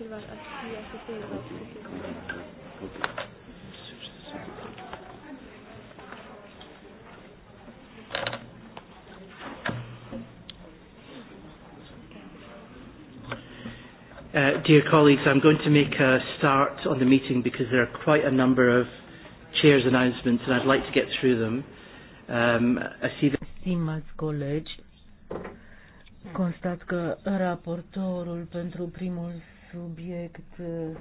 privat ar fi asistent la Uh, dear colleagues, I'm going to make a start on the meeting because there are quite a number of chair's announcements and I'd like to get through them. Um, I see that... Stimați colegi, constat că raportorul pentru primul subiect uh,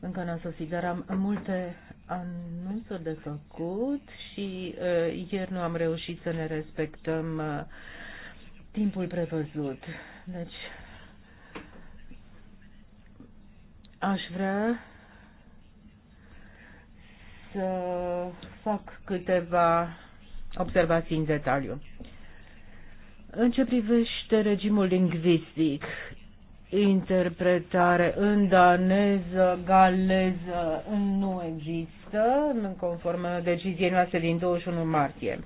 încă n-a sosit, dar am multe anunțuri de făcut și uh, ieri nu am reușit să ne respectăm uh, timpul prevăzut. Deci, aș vrea să fac câteva observații în detaliu. În ce privește regimul lingvistic, interpretare în daneză, galeză nu există, în conform deciziei noastre din 21 martie.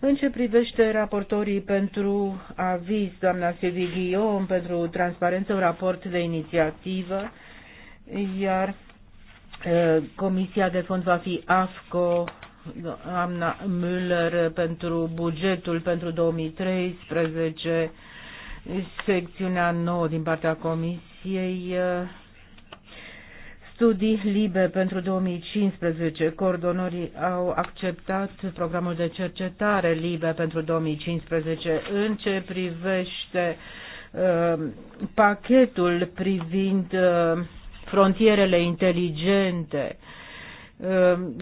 În ce privește raportorii pentru aviz, doamna Silvi Ghion, pentru transparență, un raport de inițiativă, iar e, Comisia de Fond va fi AFCO, doamna Müller, pentru bugetul pentru 2013, secțiunea nouă din partea Comisiei uh, studii libe pentru 2015. Coordonorii au acceptat programul de cercetare libe pentru 2015 în ce privește uh, pachetul privind uh, frontierele inteligente. Uh,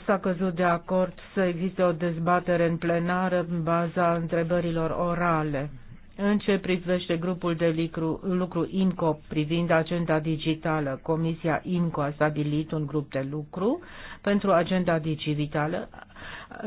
S-a căzut de acord să existe o dezbatere în plenară în baza întrebărilor orale. În ce privește grupul de lucru, lucru INCO privind agenda digitală, Comisia INCO a stabilit un grup de lucru pentru agenda digitală,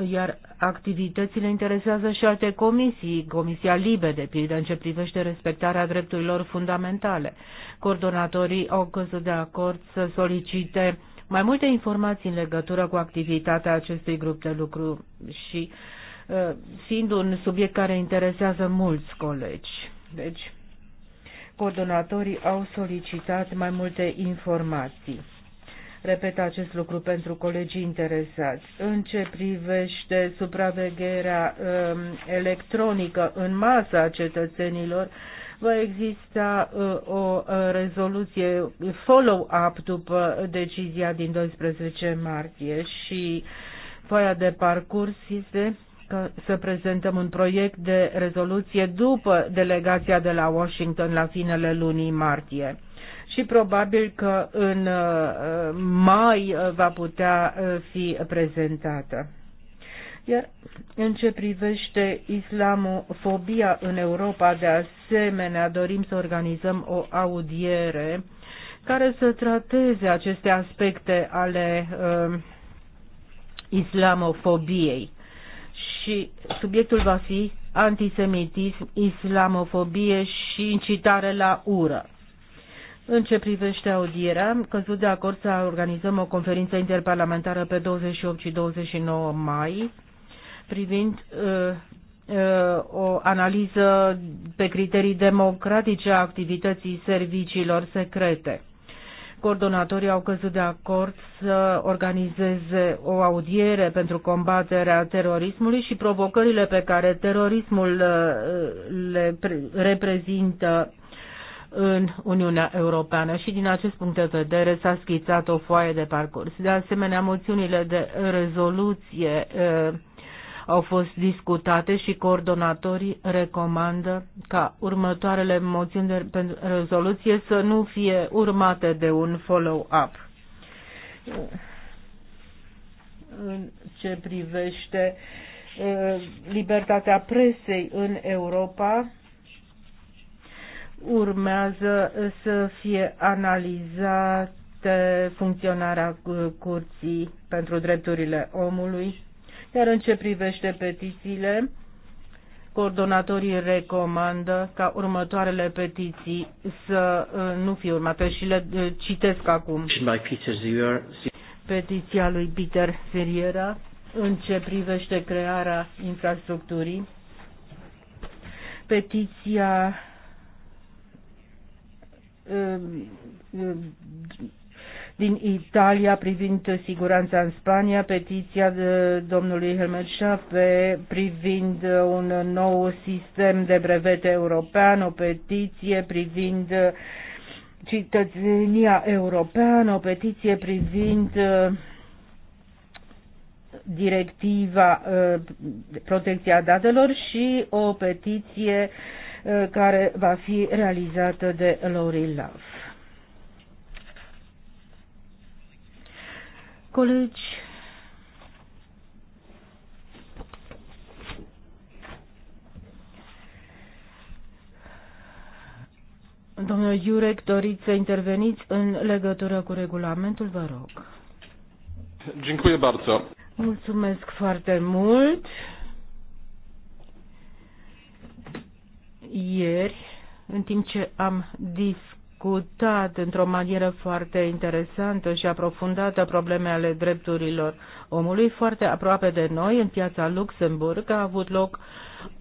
iar activitățile interesează și alte comisii, Comisia LIBE, de pildă, în ce privește respectarea drepturilor fundamentale. Coordonatorii au căzut de acord să solicite mai multe informații în legătură cu activitatea acestui grup de lucru și uh, Uh, fiind un subiect care interesează mulți colegi. Deci, coordonatorii au solicitat mai multe informații. Repet acest lucru pentru colegii interesați. În ce privește supravegherea uh, electronică în masa cetățenilor, va exista uh, o uh, rezoluție follow-up după decizia din 12 martie și foaia de parcurs este să prezentăm un proiect de rezoluție după delegația de la Washington la finele lunii martie. Și probabil că în uh, mai uh, va putea uh, fi prezentată. Iar în ce privește islamofobia în Europa, de asemenea, dorim să organizăm o audiere care să trateze aceste aspecte ale uh, islamofobiei și subiectul va fi antisemitism, islamofobie și incitare la ură. În ce privește audierea, am căzut de acord să organizăm o conferință interparlamentară pe 28 și 29 mai privind uh, uh, o analiză pe criterii democratice a activității serviciilor secrete coordonatorii au căzut de acord să organizeze o audiere pentru combaterea terorismului și provocările pe care terorismul uh, le reprezintă în Uniunea Europeană și din acest punct de vedere s-a schițat o foaie de parcurs. De asemenea, moțiunile de rezoluție uh, au fost discutate și coordonatorii recomandă ca următoarele moțiuni de rezoluție să nu fie urmate de un follow-up. În ce privește ă, libertatea presei în Europa, urmează să fie analizată funcționarea ă, Curții pentru Drepturile Omului iar în ce privește petițiile, coordonatorii recomandă ca următoarele petiții să uh, nu fie urmate și le uh, citesc acum. Petiția lui Peter Seriera în ce privește crearea infrastructurii. Petiția uh, din Italia privind siguranța în Spania, petiția de uh, domnului Helmut Schaffe privind uh, un nou sistem de brevete european, o petiție privind uh, cetățenia europeană, o petiție privind directiva protecția datelor și o petiție care va fi realizată de Lori Love. colegi, Domnul Iurec, doriți să interveniți în legătură cu regulamentul, vă rog. Dziękuję bardzo. Mulțumesc foarte mult. Ieri, în timp ce am discutat, discutat într-o manieră foarte interesantă și aprofundată probleme ale drepturilor omului. Foarte aproape de noi, în piața Luxemburg, a avut loc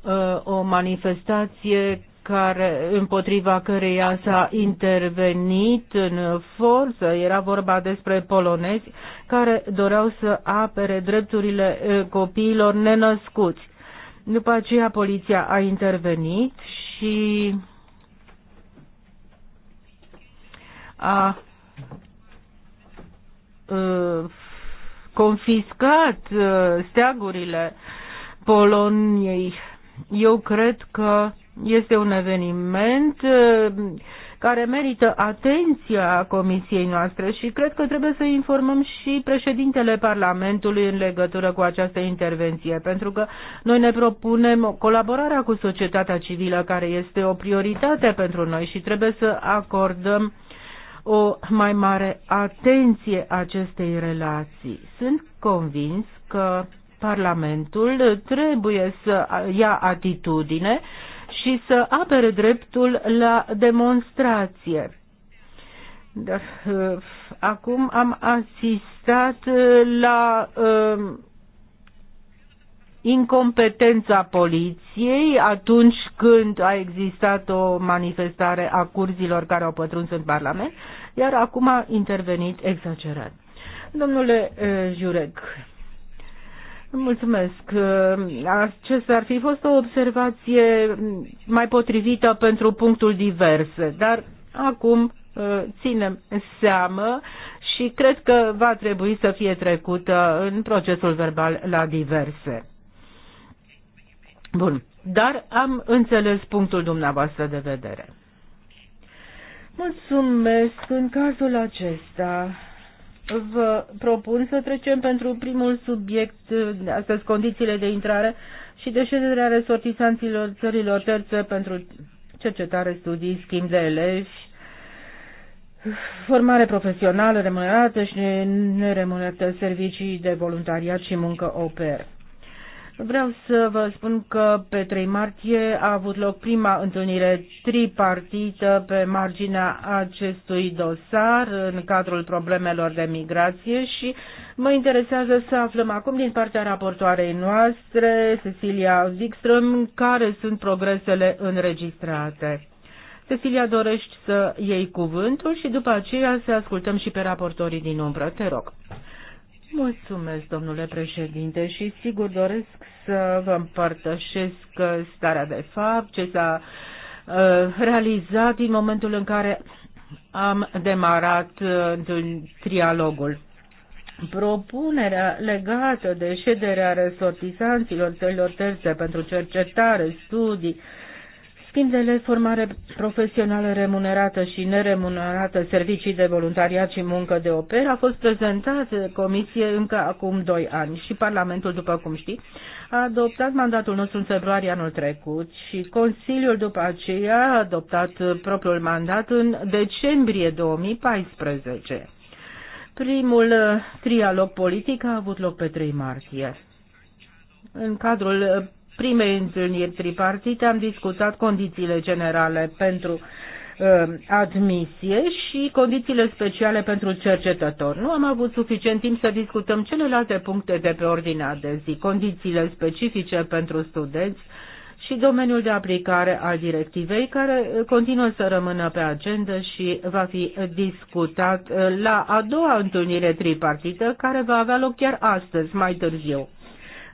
uh, o manifestație care, împotriva căreia s-a intervenit în forță. Era vorba despre polonezi care doreau să apere drepturile uh, copiilor nenăscuți. După aceea poliția a intervenit și a confiscat steagurile Poloniei. Eu cred că este un eveniment care merită atenția comisiei noastre și cred că trebuie să informăm și președintele Parlamentului în legătură cu această intervenție, pentru că noi ne propunem colaborarea cu societatea civilă, care este o prioritate pentru noi și trebuie să acordăm o mai mare atenție acestei relații. Sunt convins că Parlamentul trebuie să ia atitudine și să apere dreptul la demonstrație. Dar uh, acum am asistat la uh, incompetența poliției atunci când a existat o manifestare a curzilor care au pătruns în Parlament, iar acum a intervenit exagerat. Domnule eh, Jurek, Mulțumesc. Eh, acesta ar fi fost o observație mai potrivită pentru punctul diverse, dar acum eh, ținem seamă și cred că va trebui să fie trecută în procesul verbal la diverse. Bun, dar am înțeles punctul dumneavoastră de vedere. Mulțumesc. În cazul acesta vă propun să trecem pentru primul subiect, astăzi condițiile de intrare și de șederea resortisanților țărilor terțe pentru cercetare, studii, schimb de elevi, formare profesională remunerată și neremunerată servicii de voluntariat și muncă au pair. Vreau să vă spun că pe 3 martie a avut loc prima întâlnire tripartită pe marginea acestui dosar în cadrul problemelor de migrație și mă interesează să aflăm acum din partea raportoarei noastre, Cecilia Wikström, care sunt progresele înregistrate. Cecilia, dorești să iei cuvântul și după aceea să ascultăm și pe raportorii din umbră. Te rog. Mulțumesc, domnule președinte, și sigur doresc să vă împărtășesc starea de fapt, ce s-a uh, realizat din momentul în care am demarat uh, trialogul. Propunerea legată de șederea resortisanților țărilor terțe pentru cercetare, studii, Schimbele formare profesională remunerată și neremunerată, servicii de voluntariat și muncă de oper a fost prezentat Comisie încă acum doi ani și Parlamentul, după cum știi, a adoptat mandatul nostru în februarie anul trecut și Consiliul după aceea a adoptat propriul mandat în decembrie 2014. Primul uh, trialog politic a avut loc pe 3 martie. În cadrul uh, primei întâlniri tripartite am discutat condițiile generale pentru uh, admisie și condițiile speciale pentru cercetător. Nu am avut suficient timp să discutăm celelalte puncte de pe ordinea de zi, condițiile specifice pentru studenți și domeniul de aplicare al directivei, care uh, continuă să rămână pe agenda și va fi discutat uh, la a doua întâlnire tripartită, care va avea loc chiar astăzi, mai târziu.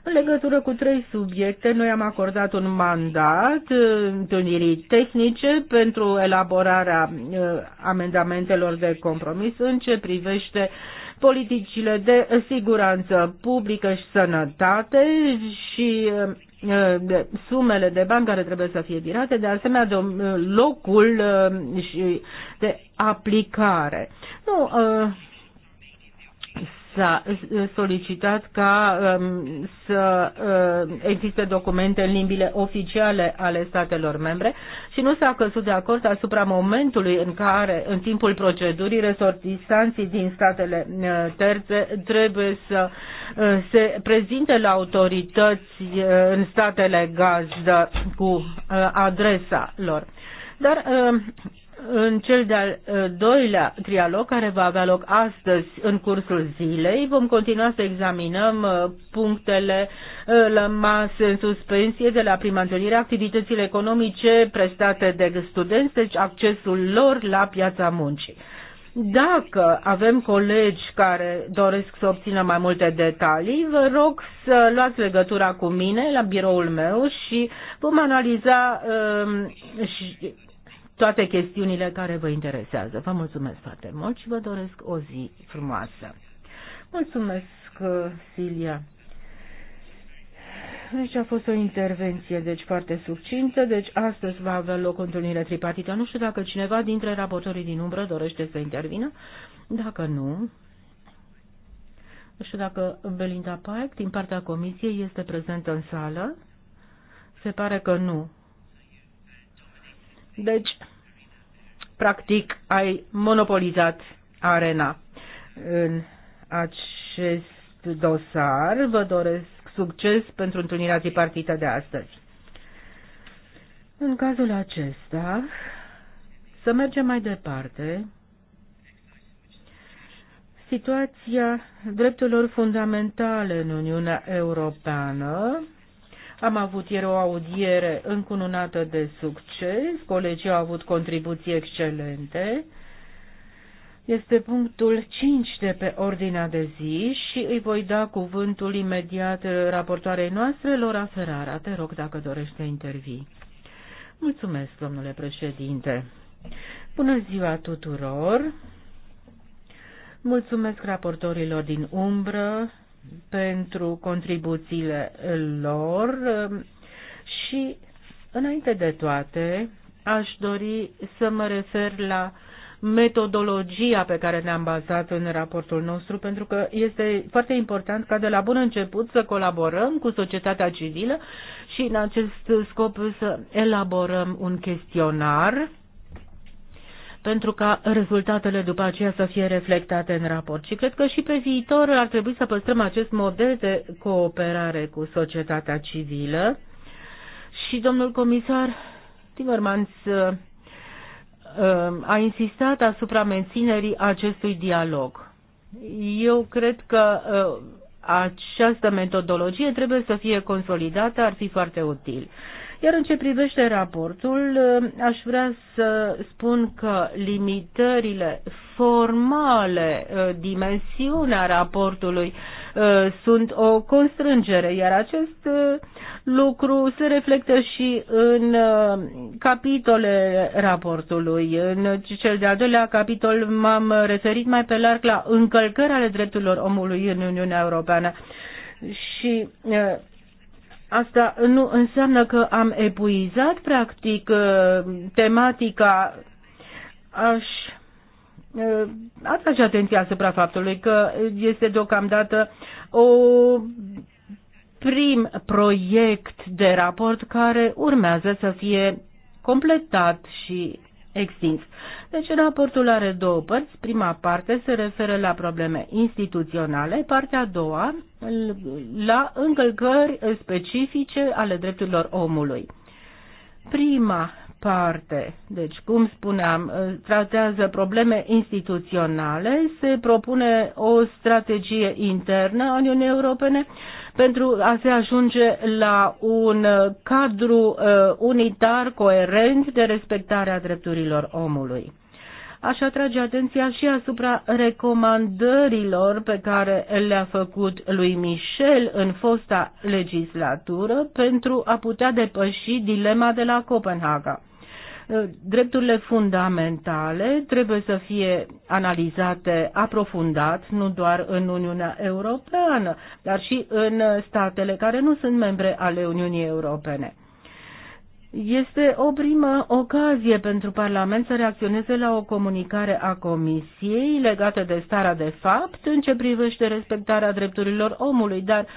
În legătură cu trei subiecte, noi am acordat un mandat uh, întâlnirii tehnice pentru elaborarea uh, amendamentelor de compromis în ce privește politicile de siguranță publică și sănătate și uh, sumele de bani care trebuie să fie virate, de asemenea de locul și de aplicare. Nu, s-a solicitat ca um, să um, existe documente în limbile oficiale ale statelor membre și nu s-a căzut de acord asupra momentului în care, în timpul procedurii, resortistanții din statele uh, terțe trebuie să uh, se prezinte la autorități uh, în statele gazdă cu uh, adresa lor. Dar uh, în cel de-al ă, doilea trialog, care va avea loc astăzi în cursul zilei, vom continua să examinăm ă, punctele rămase în suspensie de la prima întâlnire, activitățile economice prestate de studenți, deci accesul lor la piața muncii. Dacă avem colegi care doresc să obțină mai multe detalii, vă rog să luați legătura cu mine la biroul meu și vom analiza um, și toate chestiunile care vă interesează. Vă mulțumesc foarte mult și vă doresc o zi frumoasă. Mulțumesc, Silia. Deci a fost o intervenție, deci foarte succintă. Deci astăzi va avea loc o întâlnire tripartită. Nu știu dacă cineva dintre raportorii din umbră dorește să intervină. Dacă nu, nu știu dacă Belinda Paek din partea comisiei este prezentă în sală. Se pare că nu. Deci, practic, ai monopolizat arena. În acest dosar vă doresc succes pentru întâlnirea tripartită de astăzi. În cazul acesta, să mergem mai departe. Situația drepturilor fundamentale în Uniunea Europeană am avut ieri o audiere încununată de succes, colegii au avut contribuții excelente. Este punctul 5 de pe ordinea de zi și îi voi da cuvântul imediat raportoarei noastre, Lora Ferrara. Te rog dacă dorești să intervii. Mulțumesc, domnule președinte. Bună ziua tuturor! Mulțumesc raportorilor din umbră, pentru contribuțiile lor și, înainte de toate, aș dori să mă refer la metodologia pe care ne-am bazat în raportul nostru, pentru că este foarte important ca de la bun început să colaborăm cu societatea civilă și în acest scop să elaborăm un chestionar pentru ca rezultatele după aceea să fie reflectate în raport. Și cred că și pe viitor ar trebui să păstrăm acest model de cooperare cu societatea civilă. Și domnul comisar Timmermans uh, uh, a insistat asupra menținerii acestui dialog. Eu cred că uh, această metodologie trebuie să fie consolidată, ar fi foarte util. Iar în ce privește raportul, aș vrea să spun că limitările formale, ă, dimensiunea raportului ă, sunt o constrângere, iar acest ă, lucru se reflectă și în capitole raportului. În cel de-al doilea capitol m-am referit mai pe larg la încălcări ale drepturilor omului în Uniunea Europeană și Asta nu înseamnă că am epuizat, practic, uh, tematica. Aș uh, atrage atenția asupra faptului că este deocamdată o prim proiect de raport care urmează să fie completat și extins. Deci raportul are două părți. Prima parte se referă la probleme instituționale, partea a doua la încălcări specifice ale drepturilor omului. Prima parte, deci cum spuneam, tratează probleme instituționale, se propune o strategie internă a Uniunii Europene pentru a se ajunge la un uh, cadru uh, unitar, coerent de respectare a drepturilor omului aș atrage atenția și asupra recomandărilor pe care le-a făcut lui Michel în fosta legislatură pentru a putea depăși dilema de la Copenhaga. Drepturile fundamentale trebuie să fie analizate aprofundat, nu doar în Uniunea Europeană, dar și în statele care nu sunt membre ale Uniunii Europene. Este o primă ocazie pentru Parlament să reacționeze la o comunicare a Comisiei legată de starea de fapt în ce privește respectarea drepturilor omului, dar uh,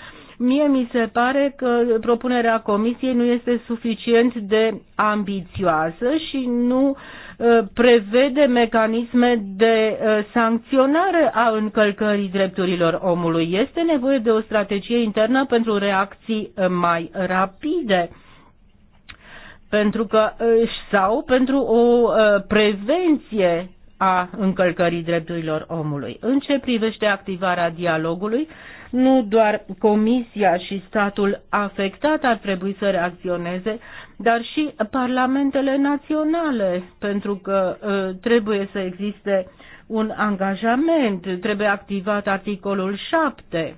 Mie mi se pare că propunerea Comisiei nu este suficient de ambițioasă și nu uh, prevede mecanisme de uh, sancționare a încălcării drepturilor omului. Este nevoie de o strategie internă pentru reacții uh, mai rapide pentru că, sau pentru o prevenție a încălcării drepturilor omului. În ce privește activarea dialogului, nu doar Comisia și statul afectat ar trebui să reacționeze, dar și parlamentele naționale, pentru că ă, trebuie să existe un angajament, trebuie activat articolul 7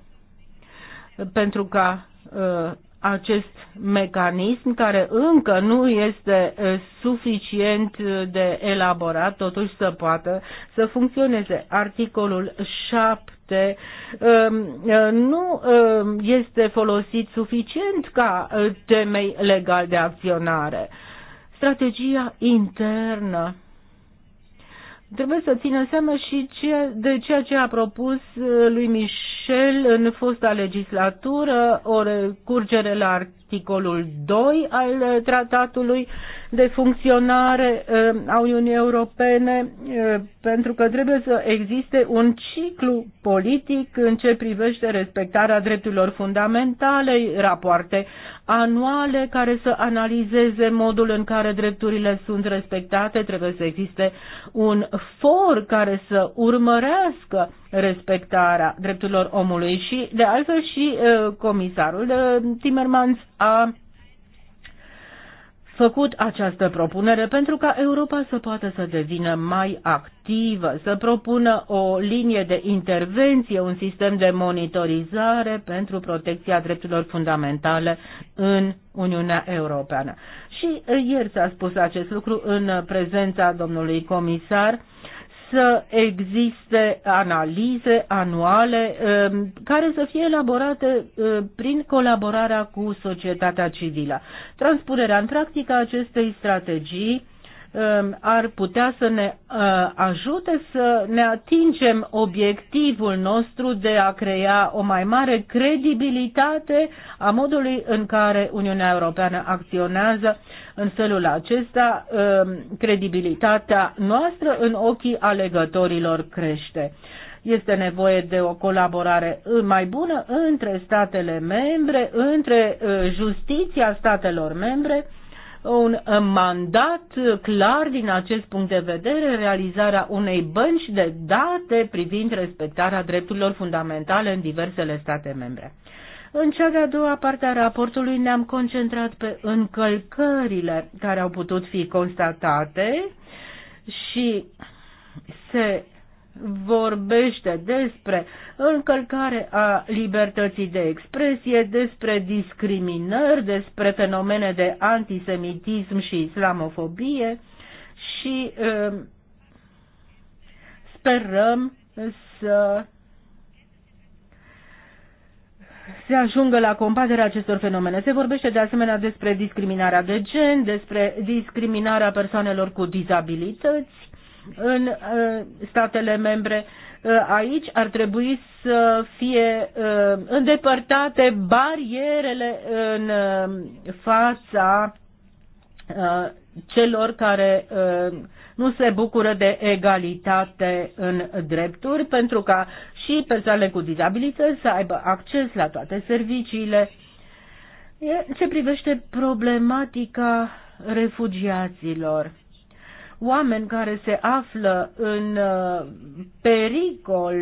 pentru ca ă, acest mecanism care încă nu este ă, suficient de elaborat, totuși să poată să funcționeze. Articolul 7 este, ehm, ehm, nu ehm, este folosit suficient ca eh, temei legal de acționare. Strategia internă trebuie să țină seama și de ceea ce a propus eh, lui Michel în fosta legislatură, o recurgere la articolul 2 al tratatului de funcționare uh, a Uniunii Europene, uh, pentru că trebuie să existe un ciclu politic în ce privește respectarea drepturilor fundamentale, rapoarte anuale care să analizeze modul în care drepturile sunt respectate, trebuie să existe un for care să urmărească respectarea drepturilor omului și, de altfel, și uh, comisarul Timmermans a făcut această propunere pentru ca Europa să poată să devină mai activă, să propună o linie de intervenție, un sistem de monitorizare pentru protecția drepturilor fundamentale în Uniunea Europeană. Și eh, ieri s-a spus acest lucru în prezența domnului comisar să existe analize anuale um, care să fie elaborate uh, prin colaborarea cu societatea civilă. Transpunerea în practică a acestei strategii um, ar putea să ne uh, ajute să ne atingem obiectivul nostru de a crea o mai mare credibilitate a modului în care Uniunea Europeană acționează în felul acesta, um, credibilitatea noastră în ochii alegătorilor crește. Este nevoie de o colaborare mai bună între statele membre, între uh, justiția statelor membre, un mandat clar din acest punct de vedere, realizarea unei bănci de date privind respectarea drepturilor fundamentale în diversele state membre. În cea de-a doua parte a raportului ne-am concentrat pe încălcările care au putut fi constatate și se vorbește despre încălcare a libertății de expresie, despre discriminări, despre fenomene de antisemitism și islamofobie și um, sperăm să se ajungă la combaterea acestor fenomene. Se vorbește de asemenea despre discriminarea de gen, despre discriminarea persoanelor cu dizabilități în uh, statele membre. Uh, aici ar trebui să fie uh, îndepărtate barierele în fața celor care nu se bucură de egalitate în drepturi, pentru ca și persoanele cu dizabilități să aibă acces la toate serviciile. În ce privește problematica refugiaților, oameni care se află în uh, pericol,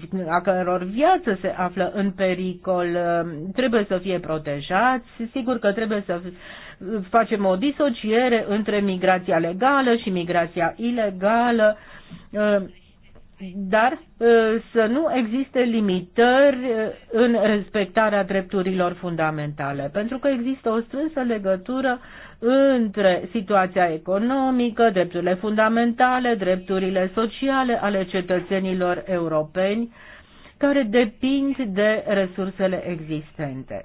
uh, a căror viață se află în pericol, uh, trebuie să fie protejați. Sigur că trebuie să facem o disociere între migrația legală și migrația ilegală dar ă, să nu existe limitări ă, în respectarea drepturilor fundamentale, pentru că există o strânsă legătură între situația economică, drepturile fundamentale, drepturile sociale ale cetățenilor europeni, care depind de resursele existente.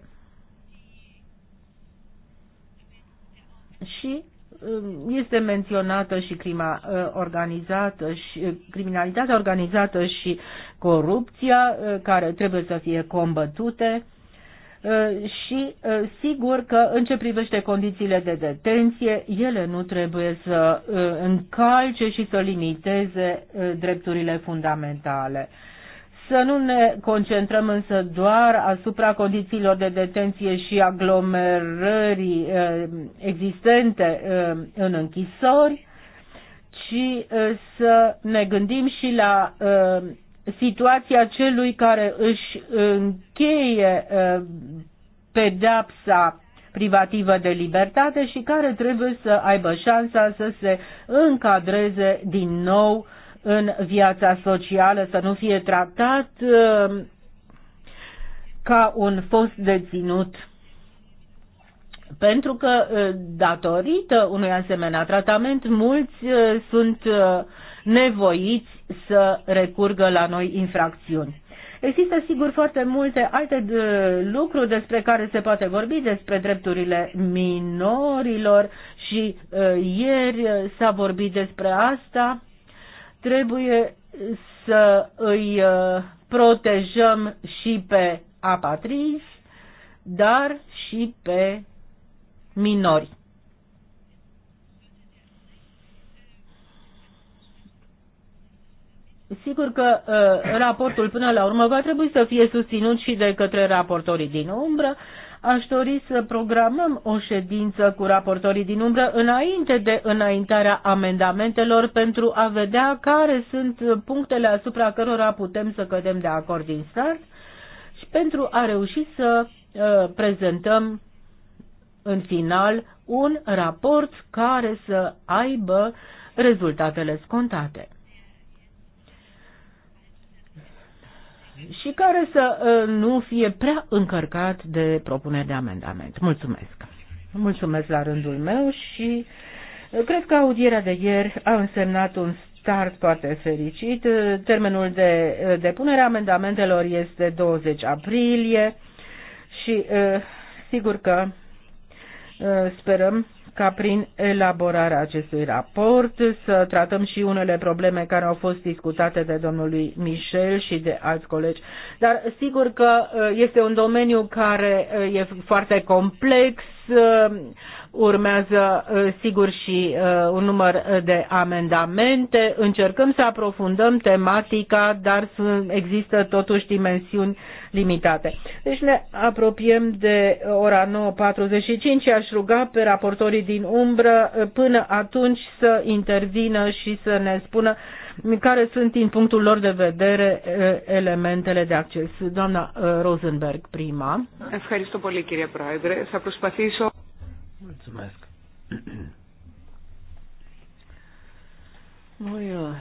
Și este menționată și crima uh, organizată și uh, criminalitatea organizată și corupția uh, care trebuie să fie combătute și sigur că în ce privește condițiile de detenție, ele nu trebuie să încalce și să limiteze drepturile fundamentale. Să nu ne concentrăm însă doar asupra condițiilor de detenție și aglomerării eh, existente eh, în închisori, ci eh, să ne gândim și la situația celui care își încheie pedapsa privativă de libertate și care trebuie să aibă șansa să se încadreze din nou în viața socială, să nu fie tratat uh, ca un fost deținut. Pentru că, uh, datorită unui asemenea tratament, mulți uh, sunt nevoiți să recurgă la noi infracțiuni. Există, sigur, foarte multe alte lucruri despre care se poate vorbi, despre drepturile minorilor și ieri s-a vorbit despre asta. Trebuie să îi uh, protejăm și pe apatrizi, dar și pe minori. Sigur că uh, raportul până la urmă va trebui să fie susținut și de către raportorii din umbră Aș dori să programăm o ședință cu raportorii din umbră înainte de înaintarea amendamentelor pentru a vedea care sunt punctele asupra cărora putem să cădem de acord din start și pentru a reuși să uh, prezentăm în final un raport care să aibă rezultatele scontate. și care să ă, nu fie prea încărcat de propuneri de amendament. Mulțumesc! Mulțumesc la rândul meu și ă, cred că audierea de ieri a însemnat un start foarte fericit. Ă, termenul de depunere a amendamentelor este 20 aprilie și sigur că sperăm ca prin elaborarea acestui raport să tratăm și unele probleme care au fost discutate de domnului Michel și de alți colegi. Dar sigur că uh, este un domeniu care uh, e foarte complex, uh, urmează sigur și un număr de amendamente. Încercăm să aprofundăm tematica, dar există totuși dimensiuni limitate. Deci ne apropiem de ora 9.45 aș ruga pe raportorii din umbră eh, până atunci să intervină și să ne spună care sunt din punctul lor de vedere eh, elementele de acces. Doamna eh, Rosenberg, prima. Mulțumesc. Voi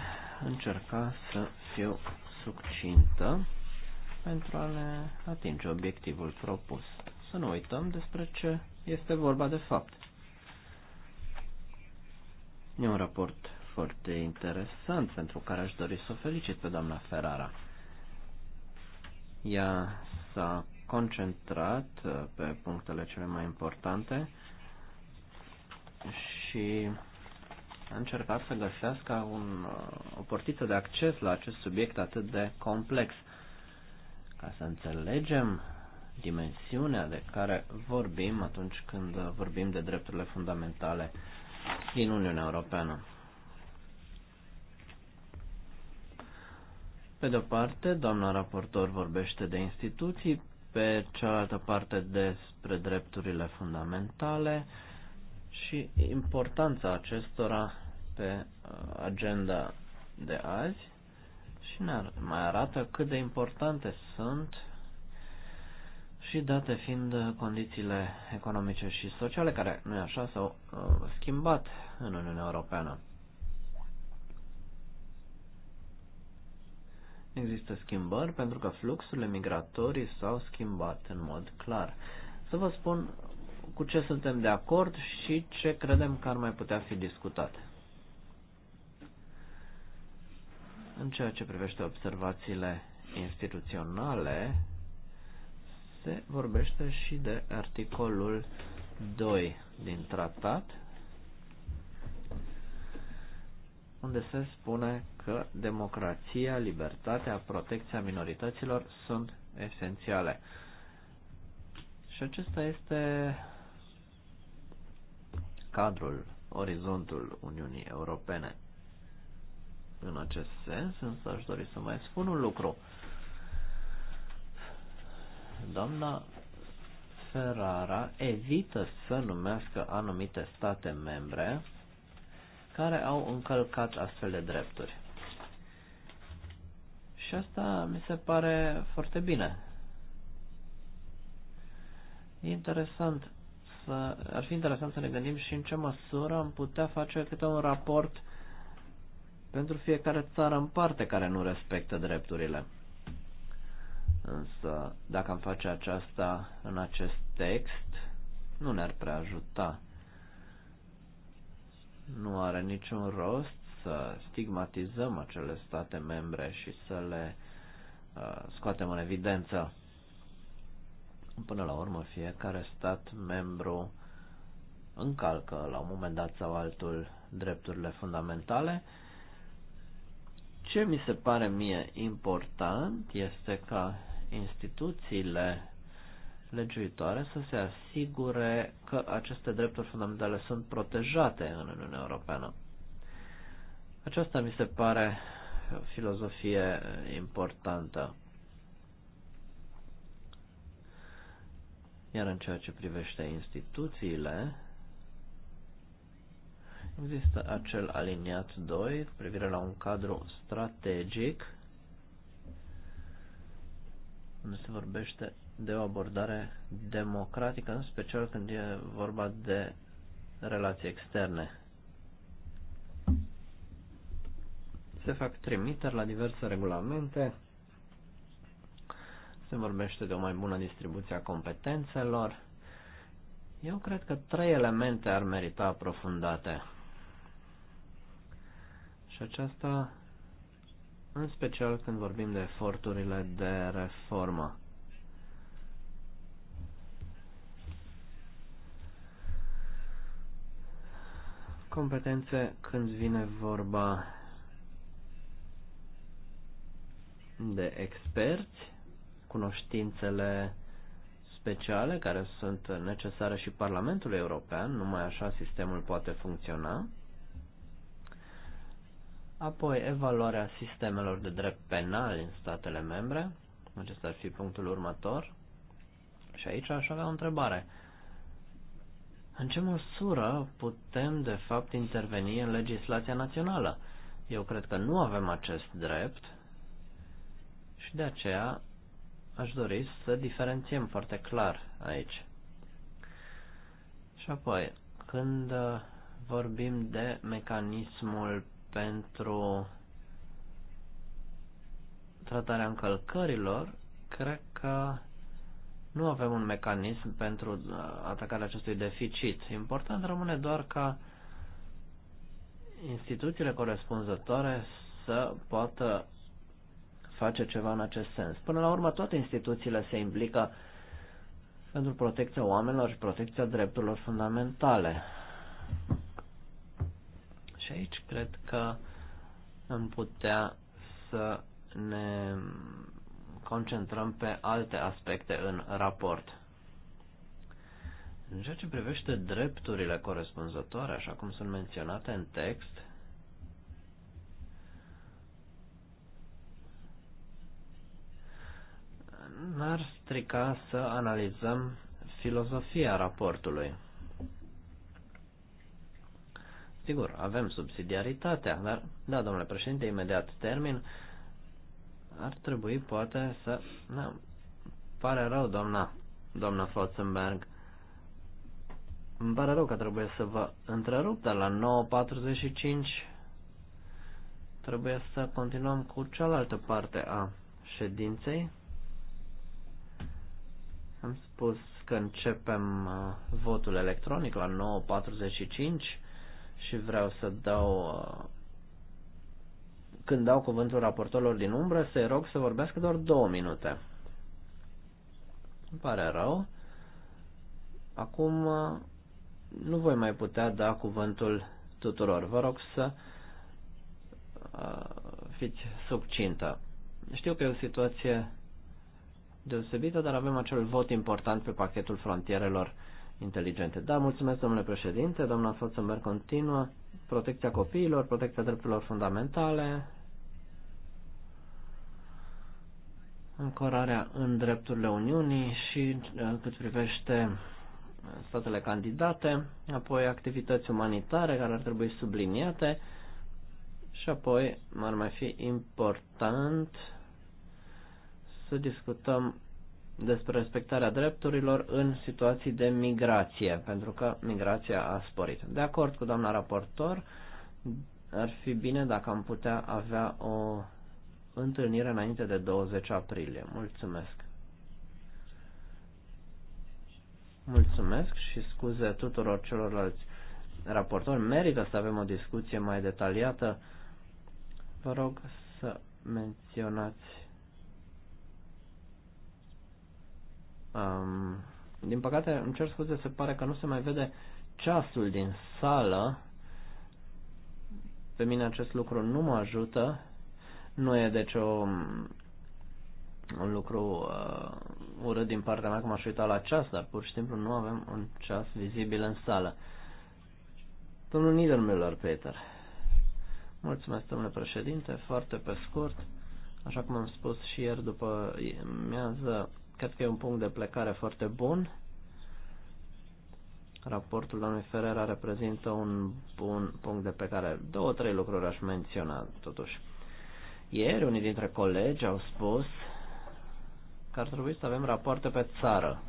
încerca să fiu succintă pentru a ne atinge obiectivul propus. Să nu uităm despre ce este vorba de fapt. E un raport foarte interesant pentru care aș dori să o felicit pe doamna Ferrara. Ea s-a concentrat uh, pe punctele cele mai importante și a încercat să găsească un, uh, o portiță de acces la acest subiect atât de complex. Ca să înțelegem dimensiunea de care vorbim atunci când vorbim de drepturile fundamentale din Uniunea Europeană. Pe de-o parte, doamna raportor vorbește de instituții, pe cealaltă parte despre drepturile fundamentale și importanța acestora pe uh, agenda de azi și ne mai arată cât de importante sunt și date fiind condițiile economice și sociale care, nu așa, s-au uh, schimbat în Uniunea Europeană. Există schimbări pentru că fluxurile migratorii s-au schimbat în mod clar. Să vă spun cu ce suntem de acord și ce credem că ar mai putea fi discutat. În ceea ce privește observațiile instituționale, se vorbește și de articolul 2 din tratat, unde se spune că democrația, libertatea, protecția minorităților sunt esențiale. Și acesta este cadrul, orizontul Uniunii Europene în acest sens, însă aș dori să mai spun un lucru. Doamna Ferrara evită să numească anumite state membre care au încălcat astfel de drepturi. Și asta mi se pare foarte bine. E interesant să, ar fi interesant să ne gândim și în ce măsură am putea face câte un raport pentru fiecare țară în parte care nu respectă drepturile. Însă, dacă am face aceasta în acest text, nu ne-ar prea ajuta. Nu are niciun rost să stigmatizăm acele state membre și să le uh, scoatem în evidență. Până la urmă, fiecare stat membru încalcă la un moment dat sau altul drepturile fundamentale ce mi se pare mie important este ca instituțiile legiuitoare să se asigure că aceste drepturi fundamentale sunt protejate în Uniunea Europeană. Aceasta mi se pare o filozofie importantă. Iar în ceea ce privește instituțiile, Există acel aliniat 2 privire la un cadru strategic unde se vorbește de o abordare democratică, în special când e vorba de relații externe. Se fac trimiteri la diverse regulamente, se vorbește de o mai bună distribuție a competențelor. Eu cred că trei elemente ar merita aprofundate. Și aceasta în special când vorbim de eforturile de reformă. Competențe când vine vorba de experți, cunoștințele speciale care sunt necesare și Parlamentului European, numai așa sistemul poate funcționa. Apoi, evaluarea sistemelor de drept penal în statele membre. Acesta ar fi punctul următor. Și aici aș avea o întrebare. În ce măsură putem, de fapt, interveni în legislația națională? Eu cred că nu avem acest drept și de aceea aș dori să diferențiem foarte clar aici. Și apoi, când uh, vorbim de mecanismul pentru tratarea încălcărilor, cred că nu avem un mecanism pentru uh, atacarea acestui deficit. Important rămâne doar ca instituțiile corespunzătoare să poată face ceva în acest sens. Până la urmă, toate instituțiile se implică pentru protecția oamenilor și protecția drepturilor fundamentale. Și aici cred că am putea să ne concentrăm pe alte aspecte în raport. În ceea ce privește drepturile corespunzătoare, așa cum sunt menționate în text, n-ar strica să analizăm filozofia raportului. Sigur, avem subsidiaritatea, dar, da, domnule președinte, imediat termin, ar trebui poate să... Da, pare rău, doamna, doamna Flotzenberg. Îmi pare rău că trebuie să vă întrerup, dar la 9.45 trebuie să continuăm cu cealaltă parte a ședinței. Am spus că începem uh, votul electronic la 9.45 și vreau să dau uh, când dau cuvântul raportorilor din umbră, să-i rog să vorbească doar două minute. Îmi pare rău. Acum uh, nu voi mai putea da cuvântul tuturor. Vă rog să uh, fiți subcintă. Știu că e o situație deosebită, dar avem acel vot important pe pachetul frontierelor inteligente. Da, mulțumesc, domnule președinte, doamna Fotzenberg continuă, protecția copiilor, protecția drepturilor fundamentale, ancorarea în drepturile Uniunii și uh, cât privește statele candidate, apoi activități umanitare care ar trebui subliniate și apoi ar mai fi important să discutăm despre respectarea drepturilor în situații de migrație, pentru că migrația a sporit. De acord cu doamna raportor, ar fi bine dacă am putea avea o întâlnire înainte de 20 aprilie. Mulțumesc! Mulțumesc și scuze tuturor celorlalți raportori. Merită să avem o discuție mai detaliată. Vă rog să menționați Um, din păcate, îmi cer scuze, se pare că nu se mai vede ceasul din sală. Pe mine acest lucru nu mă ajută. Nu e deci o, un lucru uh, urât din partea mea că m-aș uita la ceas, dar pur și simplu nu avem un ceas vizibil în sală. Domnul Niedermüller, Peter. Mulțumesc, domnule președinte, foarte pe scurt. Așa cum am spus și ieri după amiază, Cred că e un punct de plecare foarte bun. Raportul domnului Ferrera reprezintă un bun punct de plecare. Două, trei lucruri aș menționa, totuși. Ieri, unii dintre colegi au spus că ar trebui să avem rapoarte pe țară.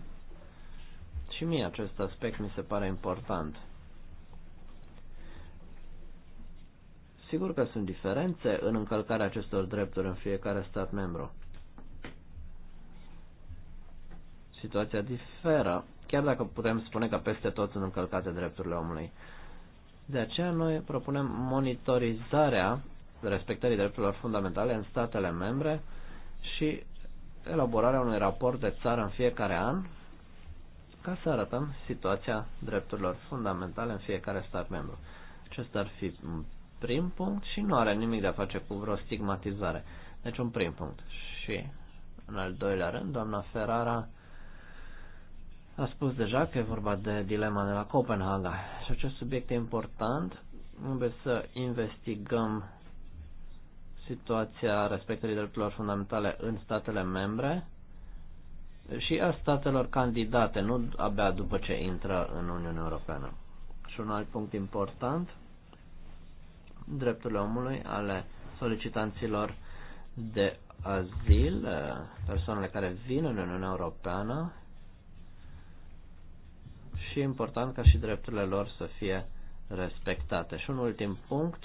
Și mie acest aspect mi se pare important. Sigur că sunt diferențe în încălcarea acestor drepturi în fiecare stat membru. situația diferă, chiar dacă putem spune că peste tot sunt încălcate drepturile omului. De aceea noi propunem monitorizarea respectării drepturilor fundamentale în statele membre și elaborarea unui raport de țară în fiecare an ca să arătăm situația drepturilor fundamentale în fiecare stat membru. Acesta ar fi un prim punct și nu are nimic de a face cu vreo stigmatizare. Deci un prim punct. Și în al doilea rând, doamna Ferrara a spus deja că e vorba de dilema de la Copenhaga și acest subiect e important. Trebuie să investigăm situația respectării drepturilor fundamentale în statele membre și a statelor candidate, nu abia după ce intră în Uniunea Europeană. Și un alt punct important, drepturile omului ale solicitanților de azil, eh, persoanele care vin în Uniunea Europeană și e important ca și drepturile lor să fie respectate. Și un ultim punct,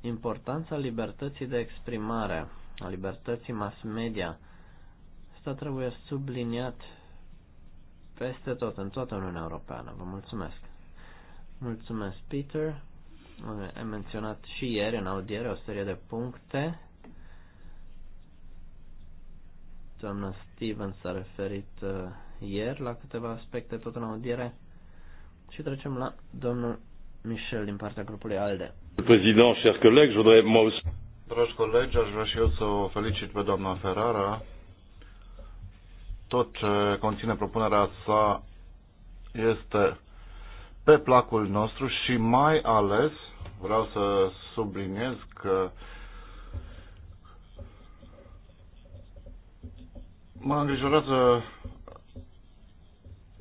importanța libertății de exprimare, a libertății mass media. Asta trebuie subliniat peste tot, în toată Uniunea Europeană. Vă mulțumesc! Mulțumesc, Peter! Am menționat și ieri în audiere o serie de puncte. Doamna Stevens a referit uh, ieri la câteva aspecte tot în audiere și trecem la domnul Michel din partea grupului ALDE. Président, chers collègues, je voudrais moi aussi... Dragi colegi, aș vrea și eu să o felicit pe doamna Ferrara. Tot ce conține propunerea sa este pe placul nostru și mai ales vreau să subliniez că mă îngrijorează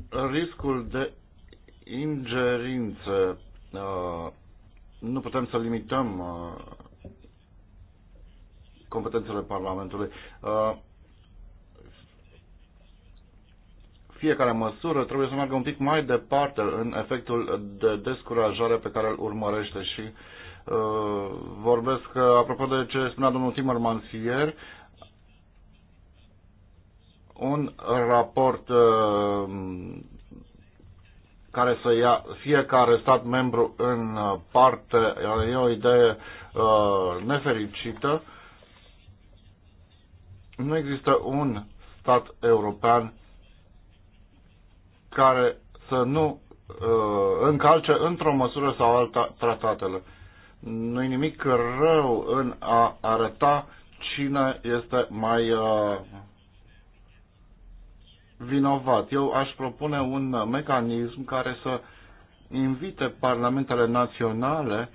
riscul de ingerință. Uh, nu putem să limităm uh, competențele Parlamentului. Uh, fiecare măsură trebuie să meargă un pic mai departe în efectul de descurajare pe care îl urmărește și vorbesc apropo de ce spunea domnul Timmermans ieri, un raport uh, care să ia fiecare stat membru în uh, parte. E o idee uh, nefericită. Nu există un stat european care să nu încalce într-o măsură sau alta tratatele. Nu-i nimic rău în a arăta cine este mai vinovat. Eu aș propune un mecanism care să invite parlamentele naționale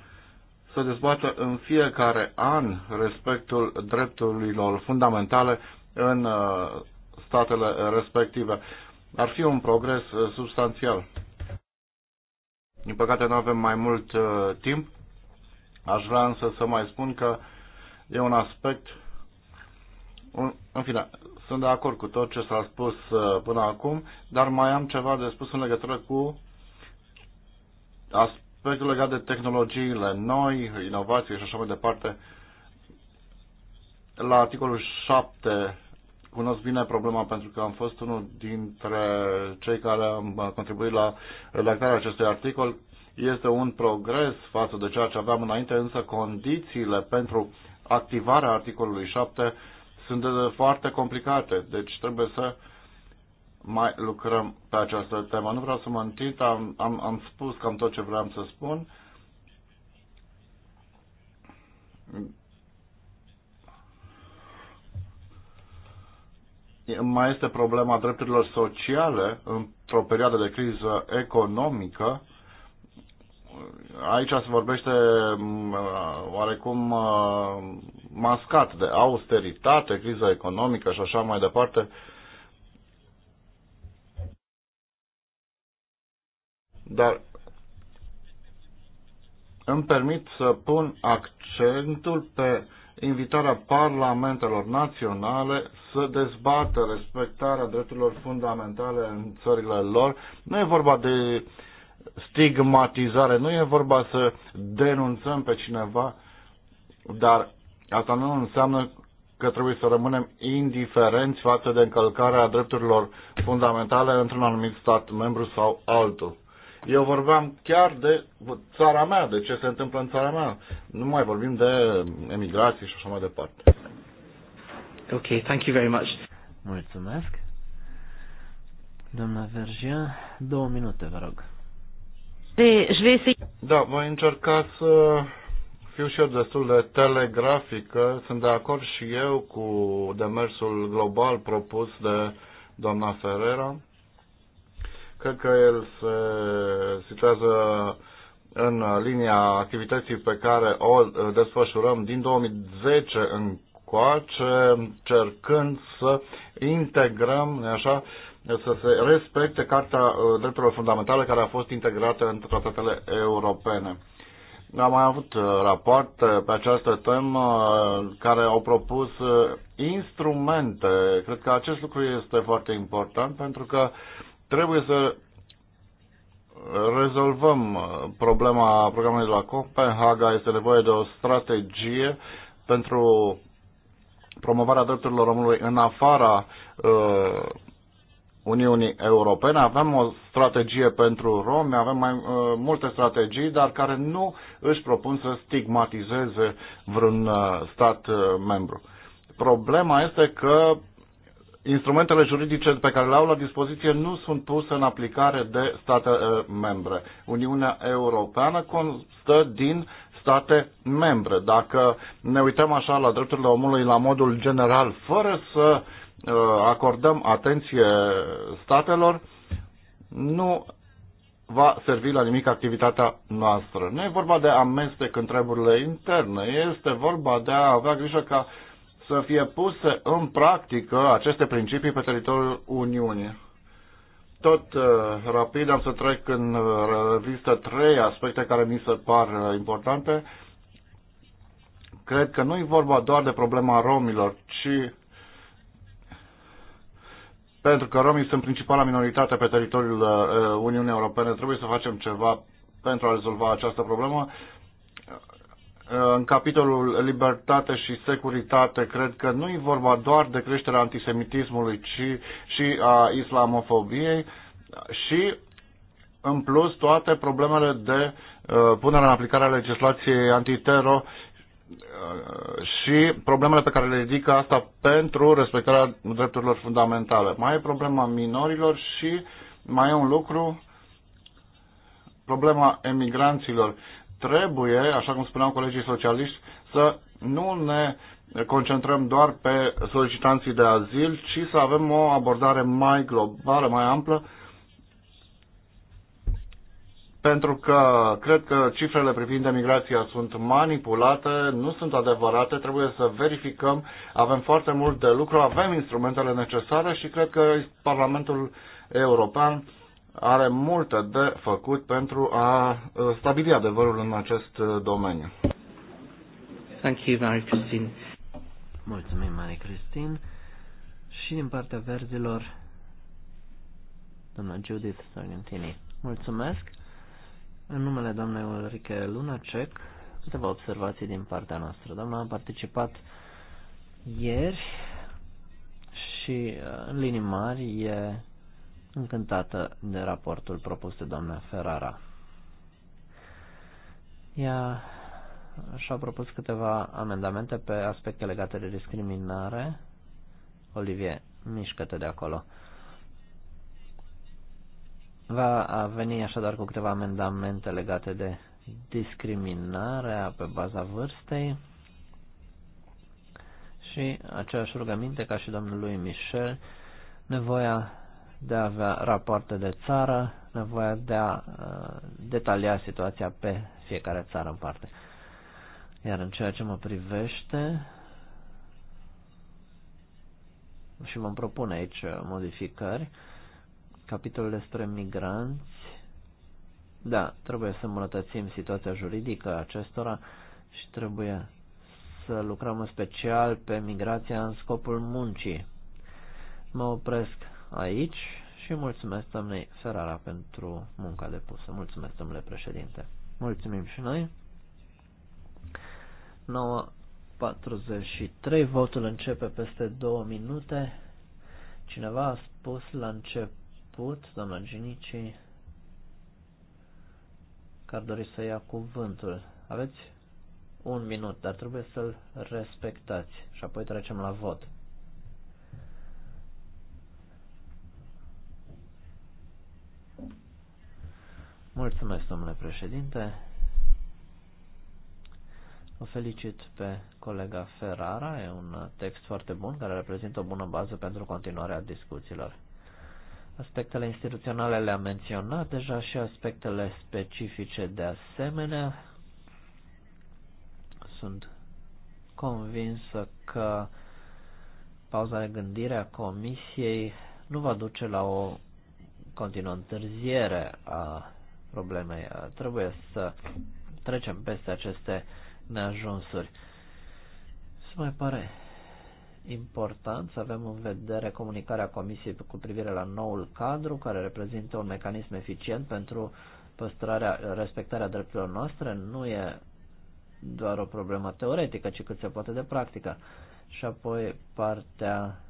să dezbată în fiecare an respectul drepturilor fundamentale în uh, statele respective. Ar fi un progres uh, substanțial. Din păcate nu avem mai mult uh, timp. Aș vrea însă să mai spun că e un aspect un, în fine, sunt de acord cu tot ce s-a spus uh, până acum, dar mai am ceva de spus în legătură cu aspectul legat de tehnologiile noi, inovații și așa mai departe. La articolul 7 cunosc bine problema pentru că am fost unul dintre cei care am uh, contribuit la redactarea acestui articol. Este un progres față de ceea ce aveam înainte, însă condițiile pentru activarea articolului 7 sunt foarte complicate, deci trebuie să mai lucrăm pe această temă. Nu vreau să mă întind, am, am, am spus cam tot ce vreau să spun. Mai este problema drepturilor sociale într-o perioadă de criză economică. Aici se vorbește mm, oarecum mascat de austeritate, criza economică și așa mai departe. Dar îmi permit să pun accentul pe invitarea parlamentelor naționale să dezbată respectarea drepturilor fundamentale în țările lor. Nu e vorba de stigmatizare, nu e vorba să denunțăm pe cineva, dar Asta nu înseamnă că trebuie să rămânem indiferenți față de încălcarea drepturilor fundamentale într-un anumit stat membru sau altul. Eu vorbeam chiar de țara mea, de ce se întâmplă în țara mea. Nu mai vorbim de emigrații și așa mai departe. Ok, thank you very much. Mulțumesc. Doamna Vergea, două minute, vă rog. Da, voi încerca să fiu și eu destul de telegrafică. Sunt de acord și eu cu demersul global propus de doamna Ferrera. Cred că el se situează în linia activității pe care o desfășurăm din 2010 încoace, cercând să integrăm, așa, să se respecte Carta Drepturilor Fundamentale care a fost integrată în tratatele europene. Am mai avut uh, rapoarte uh, pe această temă uh, care au propus instrumente. Cred că acest lucru este foarte important pentru că trebuie să rezolvăm problema programului de la Copenhaga. Este nevoie de o strategie pentru promovarea drepturilor omului în afara uh, Uniunii Europene. Avem o strategie pentru romi, avem mai uh, multe strategii, dar care nu își propun să stigmatizeze vreun uh, stat uh, membru. Problema este că instrumentele juridice pe care le au la dispoziție nu sunt puse în aplicare de state uh, membre. Uniunea Europeană constă din state membre. Dacă ne uităm așa la drepturile omului la modul general, fără să Uh, acordăm atenție statelor, nu va servi la nimic activitatea noastră. Nu e vorba de amestec în treburile interne, este vorba de a avea grijă ca să fie puse în practică aceste principii pe teritoriul Uniunii. Tot uh, rapid am să trec în uh, revistă trei aspecte care mi se par uh, importante. Cred că nu e vorba doar de problema romilor, ci pentru că romii sunt principala minoritate pe teritoriul uh, uh, Uniunii Europene, trebuie să facem ceva pentru a rezolva această problemă. Uh, în capitolul libertate și securitate, cred că nu e vorba doar de creșterea antisemitismului, ci și a islamofobiei și, în plus, toate problemele de punere în aplicare a legislației antitero Uh, și problemele pe care le ridică asta pentru respectarea drepturilor fundamentale. Mai e problema minorilor și mai e un lucru, problema emigranților. Trebuie, așa cum spuneau colegii socialiști, să nu ne concentrăm doar pe solicitanții de azil, ci să avem o abordare mai globală, mai amplă, pentru că cred că cifrele privind emigrația sunt manipulate, nu sunt adevărate, trebuie să verificăm, avem foarte mult de lucru, avem instrumentele necesare și cred că Parlamentul European are multe de făcut pentru a uh, stabili adevărul în acest uh, domeniu. Thank you, Mary Christine. Mulțumim, Mary Christine. Și din partea verzilor, doamna Judith Sargentini. Mulțumesc. În numele doamnei Ulrike Lunacek, câteva observații din partea noastră. Doamna a participat ieri și uh, în linii mari e încântată de raportul propus de doamna Ferrara. Ea și-a propus câteva amendamente pe aspecte legate de discriminare. Olivier, mișcă de acolo. Uh, Va veni așadar cu câteva amendamente legate de discriminarea pe baza vârstei și aceeași rugăminte ca și domnului Michel, nevoia de a avea rapoarte de țară, nevoia de a uh, detalia situația pe fiecare țară în parte. Iar în ceea ce mă privește, și vom propune aici uh, modificări, capitolul despre migranți, da, trebuie să îmbunătățim situația juridică a acestora și trebuie să lucrăm în special pe migrația în scopul muncii. Mă opresc aici și mulțumesc domnului Ferrara pentru munca depusă. Mulțumesc, domnule președinte. Mulțumim și noi. 9.43, votul începe peste două minute. Cineva a spus la început început, doamna Genici, că ar dori să ia cuvântul. Aveți un minut, dar trebuie să-l respectați și apoi trecem la vot. Mulțumesc, domnule președinte. O felicit pe colega Ferrara, e un text foarte bun care reprezintă o bună bază pentru continuarea discuțiilor. Aspectele instituționale le-am menționat deja și aspectele specifice de asemenea. Sunt convinsă că pauza de gândire a comisiei nu va duce la o continuă întârziere a problemei. Trebuie să trecem peste aceste neajunsuri. Să mai pare important să avem în vedere comunicarea Comisiei cu privire la noul cadru, care reprezintă un mecanism eficient pentru păstrarea, respectarea drepturilor noastre. Nu e doar o problemă teoretică, ci cât se poate de practică. Și apoi partea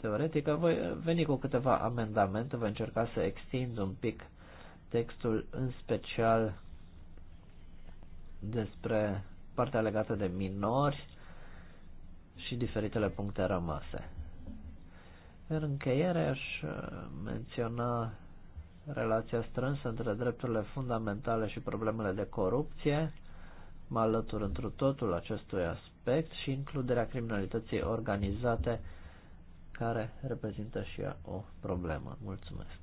teoretică, voi veni cu câteva amendamente, voi încerca să extind un pic textul, în special despre partea legată de minori, și diferitele puncte rămase. În încheiere aș uh, menționa relația strânsă între drepturile fundamentale și problemele de corupție, mă alătur întru totul acestui aspect și includerea criminalității organizate care reprezintă și ea o problemă. Mulțumesc!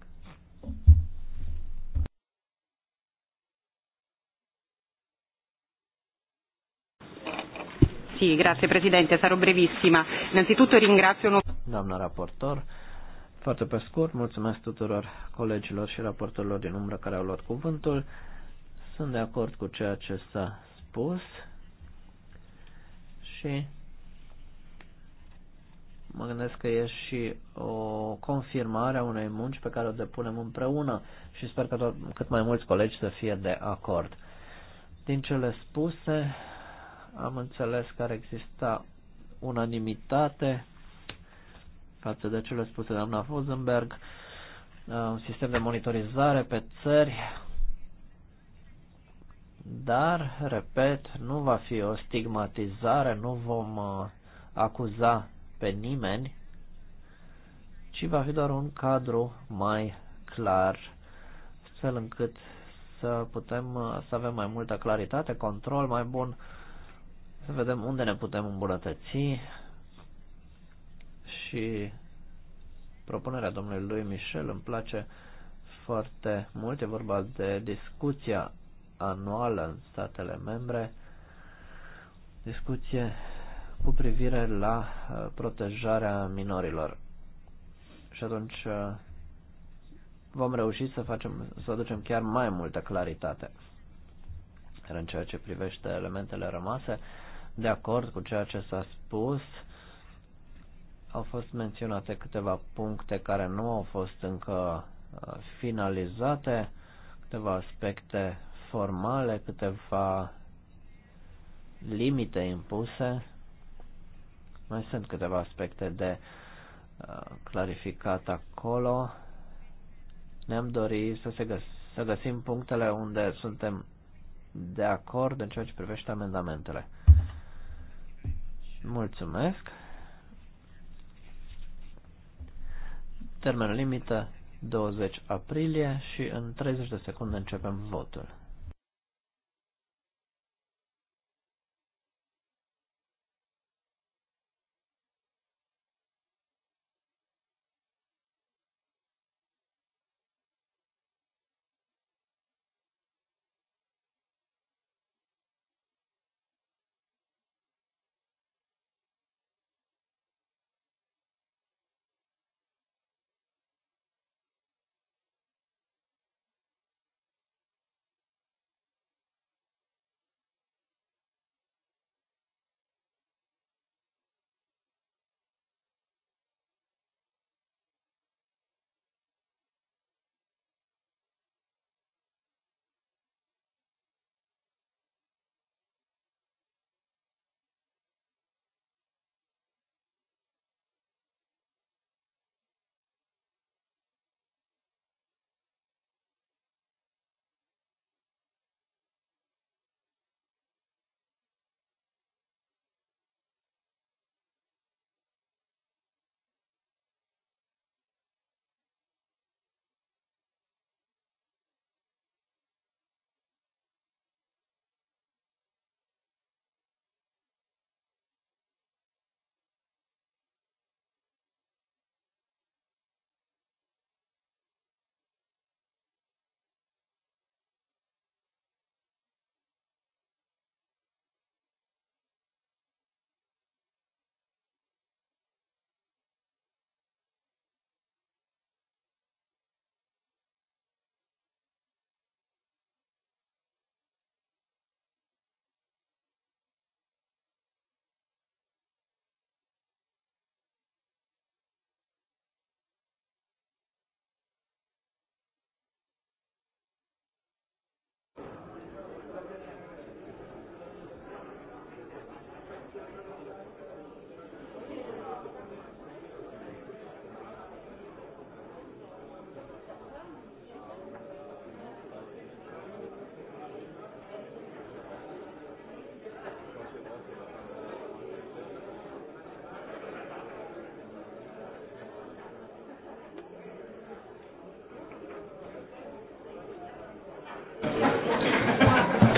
Sì, grazie Presidente, sarò brevissima. Innanzitutto ringrazio... Doamna raportor, foarte pe scurt, mulțumesc tuturor colegilor și raportorilor din umbră care au luat cuvântul. Sunt de acord cu ceea ce s-a spus și mă gândesc că e și o confirmare a unei munci pe care o depunem împreună și sper că tot, cât mai mulți colegi să fie de acord. Din cele spuse, am înțeles că ar exista unanimitate față de cele spuse de doamna Fosenberg, uh, un sistem de monitorizare pe țări, dar, repet, nu va fi o stigmatizare, nu vom uh, acuza pe nimeni, ci va fi doar un cadru mai clar, astfel încât să putem uh, să avem mai multă claritate, control mai bun să vedem unde ne putem îmbunătăți și propunerea domnului lui Michel îmi place foarte mult. E vorba de discuția anuală în statele membre, discuție cu privire la uh, protejarea minorilor. Și atunci uh, vom reuși să facem, să aducem chiar mai multă claritate. în ceea ce privește elementele rămase, de acord cu ceea ce s-a spus. Au fost menționate câteva puncte care nu au fost încă uh, finalizate, câteva aspecte formale, câteva limite impuse. Mai sunt câteva aspecte de uh, clarificat acolo. Ne-am dorit să, se găs- să găsim punctele unde suntem de acord în ceea ce privește amendamentele. Mulțumesc. Termenul limită 20 aprilie și în 30 de secunde începem votul.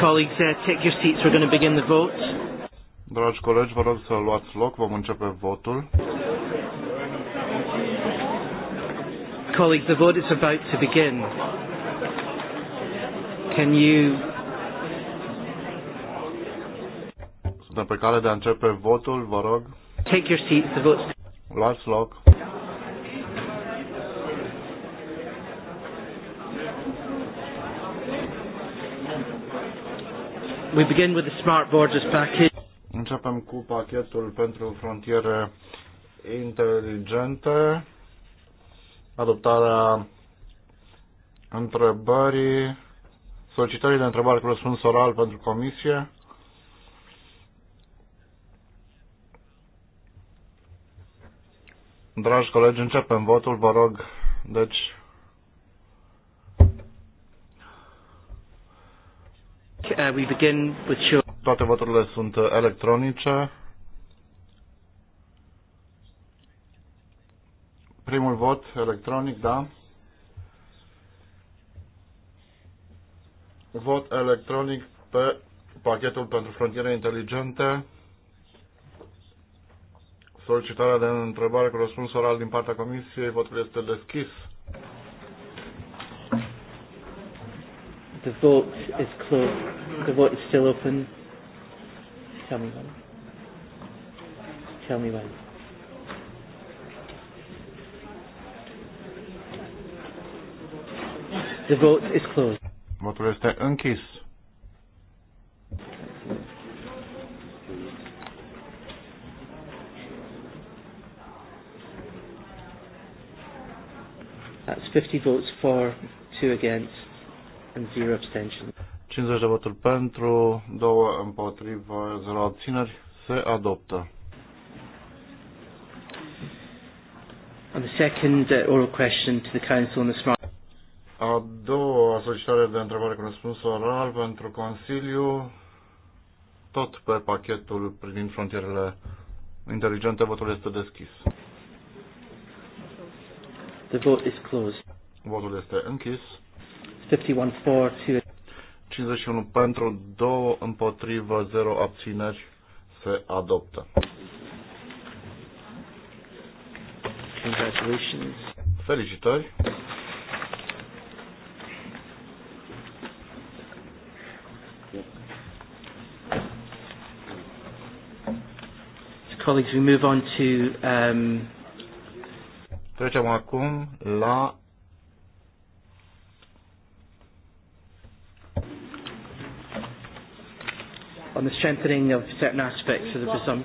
colleagues, uh, take your seats. We're going to begin the vote. Dragi colegi, vă rog să luați loc. Vom începe votul. Colleagues, the vote is about to begin. Can you... Suntem pe cale de a începe votul, vă rog. Take your seats. The vote. Luați loc. We begin with the Smart Borders Package. Începem cu pachetul pentru frontiere inteligente, adoptarea întrebării, solicitării de întrebare cu răspuns oral pentru comisie, Dragi colegi, începem votul, vă rog, deci Uh, we begin with Toate voturile sunt electronice. Primul vot electronic, da. Vot electronic pe pachetul pentru frontiere inteligente. Solicitarea de întrebare cu răspuns oral din partea Comisiei. Votul este deschis. The vote is closed. The vote is still open. Tell me when. Tell me when. The vote is closed. Votul este închis. That's 50 votes for, two against. 50 de voturi pentru, 2 împotrivă, 0 abțineri. Se adoptă. the second uh, oral question to the Council a doua solicitare de întrebare cu răspuns oral pentru Consiliu, tot pe pachetul privind frontierele inteligente, votul este deschis. The vote is closed. Votul este închis. 51 pentru, 2 împotrivă, 0 abțineri se adoptă. Congratulations. Felicitări. Colleagues, we move on to um... Trecem acum la on the strengthening of certain aspects of the presumption.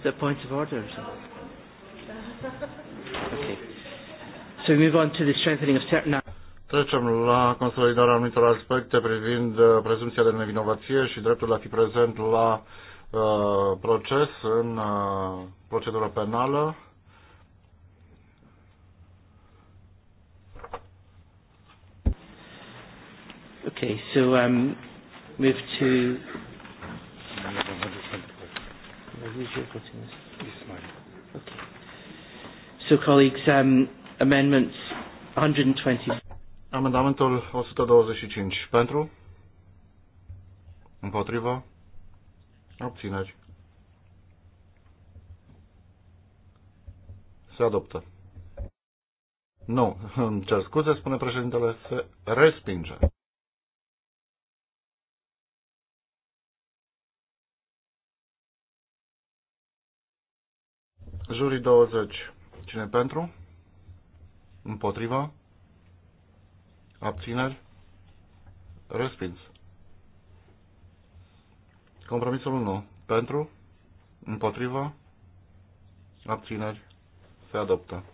Is the point of order or something? Okay. So we move on to the strengthening of certain aspects. Trecem la consolidarea anumitor aspecte privind uh, prezumția de nevinovăție și dreptul de a fi prezent la uh, proces în uh, procedură penală. Okay, so um, move to. Okay. So, colleagues, um, amendments 120. Amendamentul 125 pentru, împotriva, abțineri. Se adoptă. Nu, îmi cer scuze, spune președintele, se respinge. Jurii 20. Cine pentru? Împotriva? Abțineri? Respins. Compromisul 1. Pentru? Împotriva? Abțineri? Se adoptă.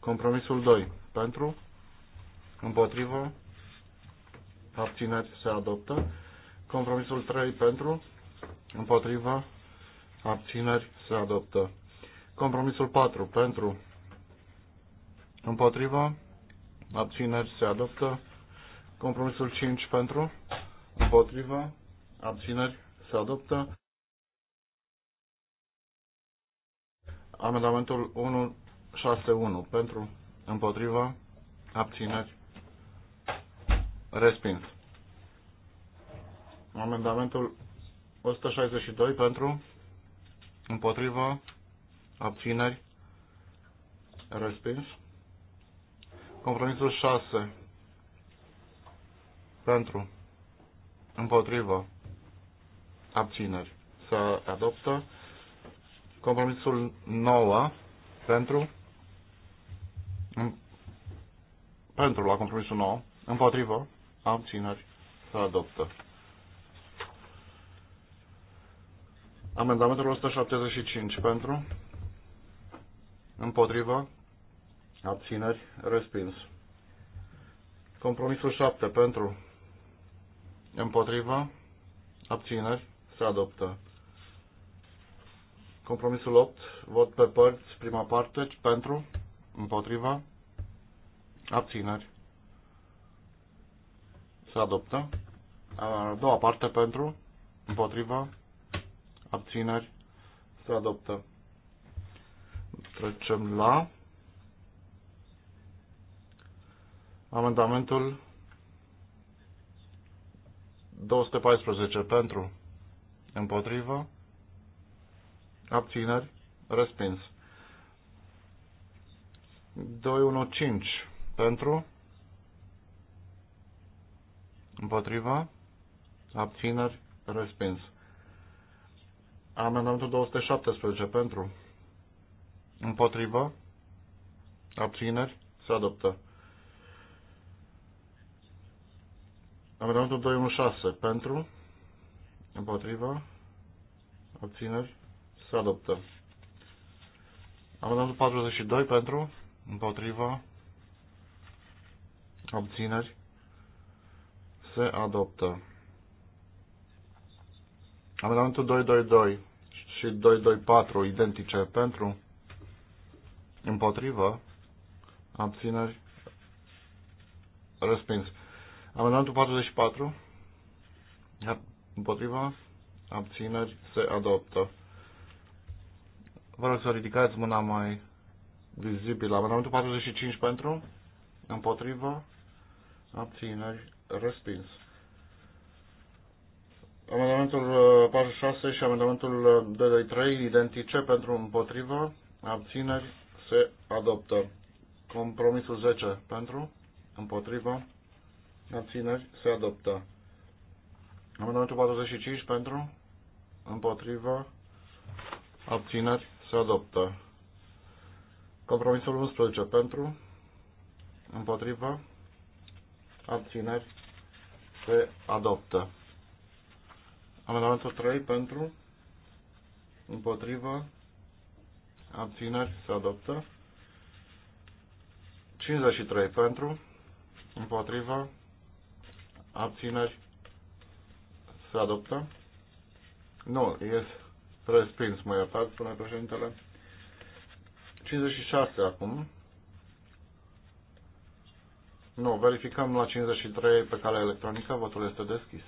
Compromisul 2. Pentru? Împotriva? Abțineri? Se adoptă. Compromisul 3. Pentru? Împotriva? Abțineri? Se adoptă. Compromisul 4 pentru împotriva, abțineri se adoptă. Compromisul 5 pentru împotriva, abțineri se adoptă. Amendamentul 161 pentru împotriva, abțineri respins. Amendamentul 162 pentru împotriva, abțineri, respins. Compromisul 6, pentru, împotrivă, abțineri, se adoptă. Compromisul 9, pentru, pentru la compromisul 9, împotrivă, abțineri, se adoptă. Amendamentul 175 pentru, împotriva, abțineri, respins. Compromisul 7 pentru, împotriva, abțineri, se adoptă. Compromisul 8, vot pe părți, prima parte, pentru, împotriva, abțineri, se adoptă. A doua parte pentru, împotriva, abțineri, se adoptă. Trecem la amendamentul 214 pentru, împotrivă, abțineri, respins. 215 pentru, împotriva, abțineri, respins. Amendamentul 217 pentru, Împotrivă? Abțineri? Se adoptă. Amendamentul 216. Pentru? Împotrivă? Abțineri? Se adoptă. Amendamentul 42. Pentru? Împotrivă? Abțineri? Se adoptă. Amendamentul 222 și 224 identice pentru Împotrivă. Abțineri. respins. Amendamentul 44. împotrivă, Abțineri. Se adoptă. Vă rog să ridicați mâna mai vizibilă. Amendamentul 45 pentru. Împotrivă. Abțineri. Respins. Amendamentul 46 uh, și amendamentul 223 uh, identice pentru împotrivă, abțineri, se adoptă. Compromisul 10 pentru, împotriva, abțineri, se adoptă. Amendamentul 45 pentru, împotriva, abțineri, se adoptă. Compromisul 11 pentru, împotriva, abțineri, se adoptă. Amendamentul 3 pentru, împotriva, abțineri se adoptă. 53 pentru, împotriva, abțineri se adoptă. Nu, ies respins, mă iertați, spune președintele. 56 acum. Nu, verificăm la 53 pe calea electronică, votul este deschis.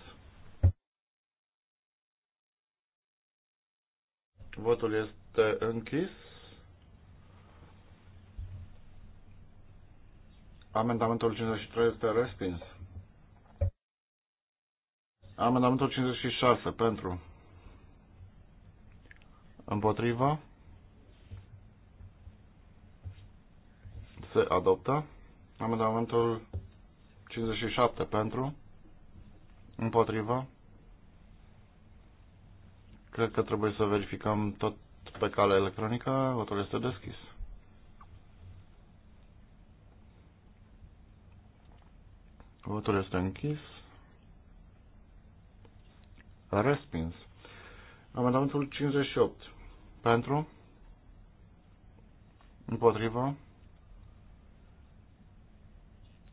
Votul este închis. Amendamentul 53 este respins. Amendamentul 56 pentru. împotriva Se adoptă. Amendamentul 57 pentru. împotriva. Cred că trebuie să verificăm tot pe cale electronică. Votul este deschis. Votul este închis. Respins. Amendamentul 58. Pentru? Împotrivă?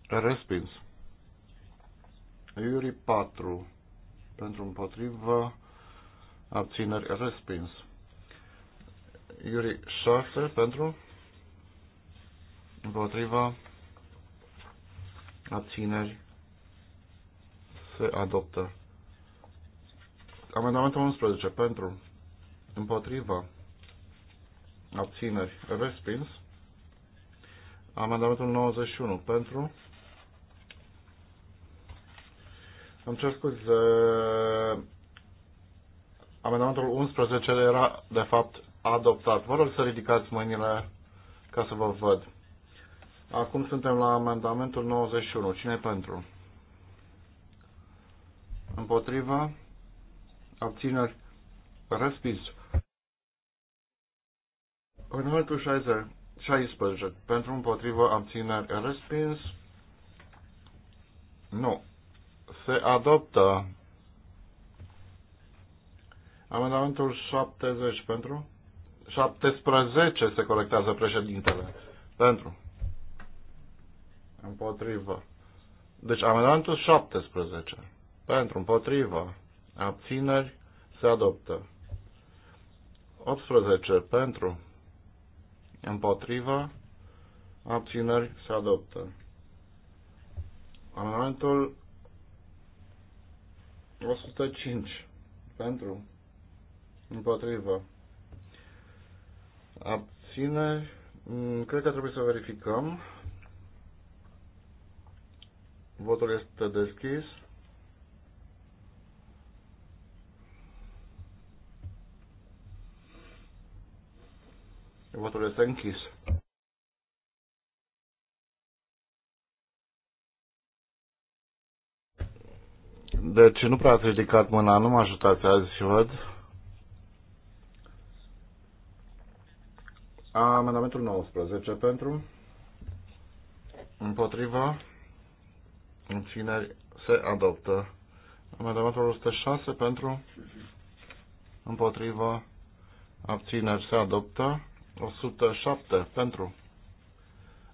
Respins. Iuri 4. Pentru împotrivă, abțineri, respins. Iuri 6. Pentru? Împotrivă? abțineri, se adoptă. Amendamentul 11 pentru, împotriva, abțineri, respins. Amendamentul 91 pentru, Am cer scuze, amendamentul 11 era de fapt adoptat. Vă rog să ridicați mâinile ca să vă văd. Acum suntem la amendamentul 91. Cine pentru? Împotriva? Abțineri? Respins. În 60. 16. Pentru împotriva abțineri respins. Nu. Se adoptă amendamentul 70 pentru 17 se colectează președintele. Pentru. Împotrivă. Deci amendamentul 17. Pentru, împotrivă. Abțineri se adoptă. 18. Pentru, împotrivă. Abțineri se adoptă. Amendamentul 105. Pentru, împotrivă. Abțineri. Mm, cred că trebuie să verificăm. Votul este deschis. Votul este închis. Deci nu prea ați ridicat mâna, nu mă ajutați azi și văd. Amendamentul 19 pentru, împotriva, tineri se adoptă. Amendamentul 106 pentru împotrivă abțineri se adoptă. 107 pentru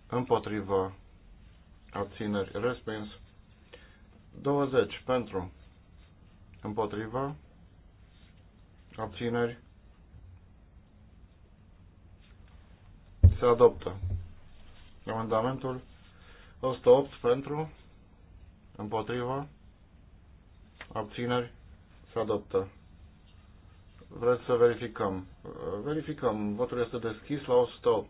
împotrivă abțineri respins. 20 pentru împotrivă abțineri se adoptă. Amendamentul 108 pentru Împotriva? Abțineri? Se adoptă. Vreți să verificăm? Verificăm. Votul este deschis la 108.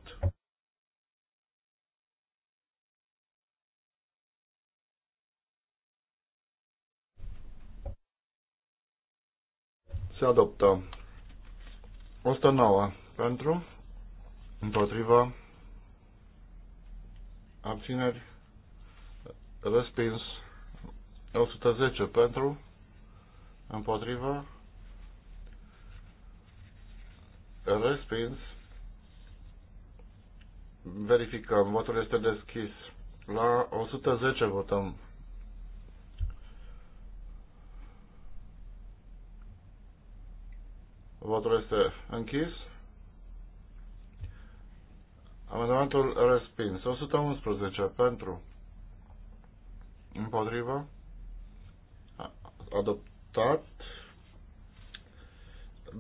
Se adoptă. 109 pentru, împotriva, abțineri, respins 110 pentru, împotriva, respins. Verificăm, votul este deschis. La 110 votăm. Votul este închis. Amendamentul respins. 111 pentru. împotriva adoptat.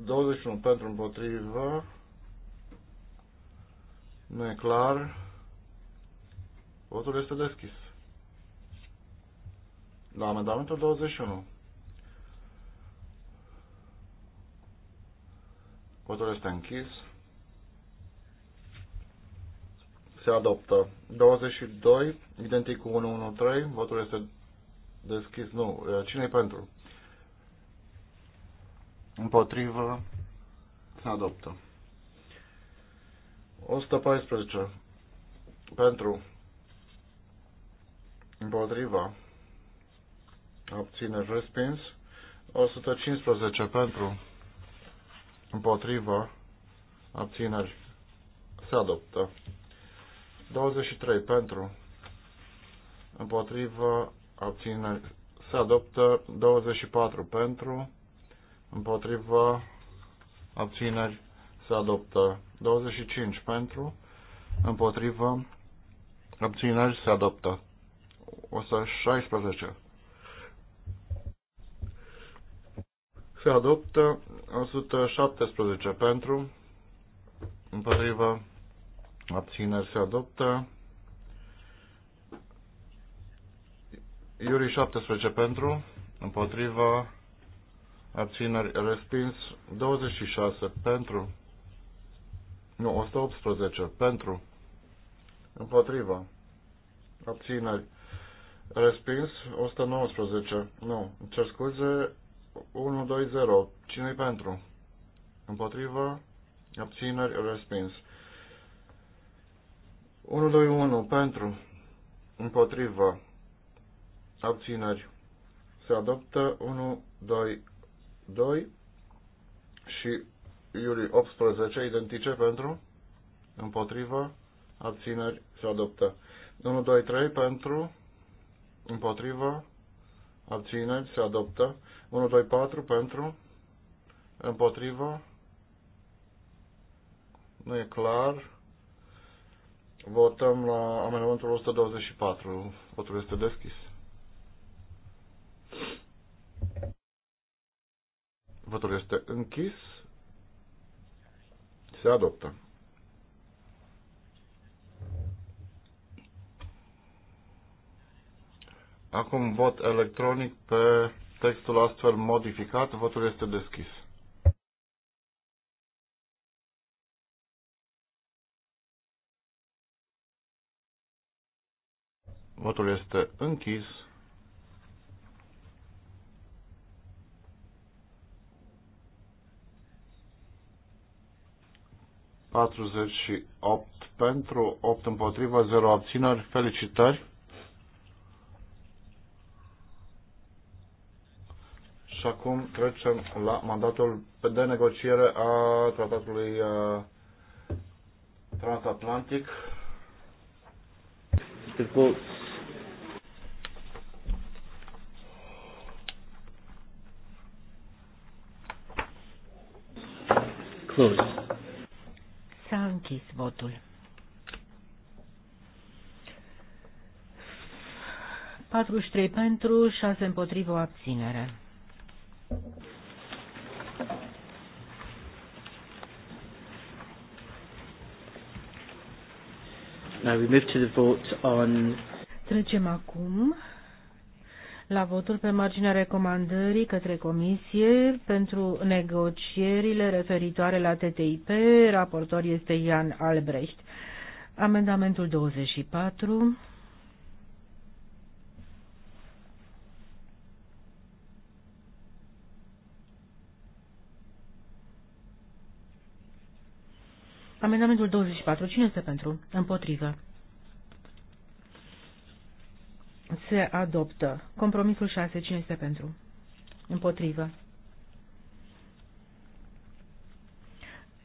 21 pentru împotrivă. Nu e clar. Votul este deschis. La amendamentul 21. Votul este închis. Se adoptă. 22, identic cu 113. Votul este deschis, nu, uh, cine-i pentru? Împotrivă, se adoptă. 114. Pentru. Împotriva. Obține respins. 115. Pentru. Împotriva. Abțineri. Se adoptă. 23. Pentru. Împotriva abțineri se adoptă 24 pentru, împotriva abțineri se adoptă 25 pentru, împotriva abțineri se adoptă 116. Se adoptă 117 pentru, împotriva abțineri se adoptă Iurii 17 pentru, împotriva, abțineri, respins, 26 pentru, nu, 118 pentru, împotriva, abțineri, respins, 119, nu, cer scuze, 120, cine pentru? Împotriva, abțineri, respins. 121 pentru, împotriva, abțineri se adoptă 1, 2, 2 și iulie 18 identice pentru împotriva abțineri se adoptă 1, 2, 3 pentru împotriva abțineri se adoptă 1, 2, 4 pentru împotriva nu e clar votăm la amendamentul 124 votul este deschis Votul este închis. Se adoptă. Acum vot electronic pe textul astfel modificat. Votul este deschis. Votul este închis. 48 pentru, 8 împotriva, 0 abțineri. Felicitări! Și acum trecem la mandatul de negociere a tratatului uh, transatlantic. Close închis votul. trei pentru, șase împotrivă, o abținere. Now we move to the vote on... Trecem acum la votul pe marginea recomandării către Comisie pentru negocierile referitoare la TTIP. Raportor este Ian Albrecht. Amendamentul 24. Amendamentul 24. Cine este pentru? Împotrivă se adoptă. Compromisul 6. Cine este pentru? Împotrivă.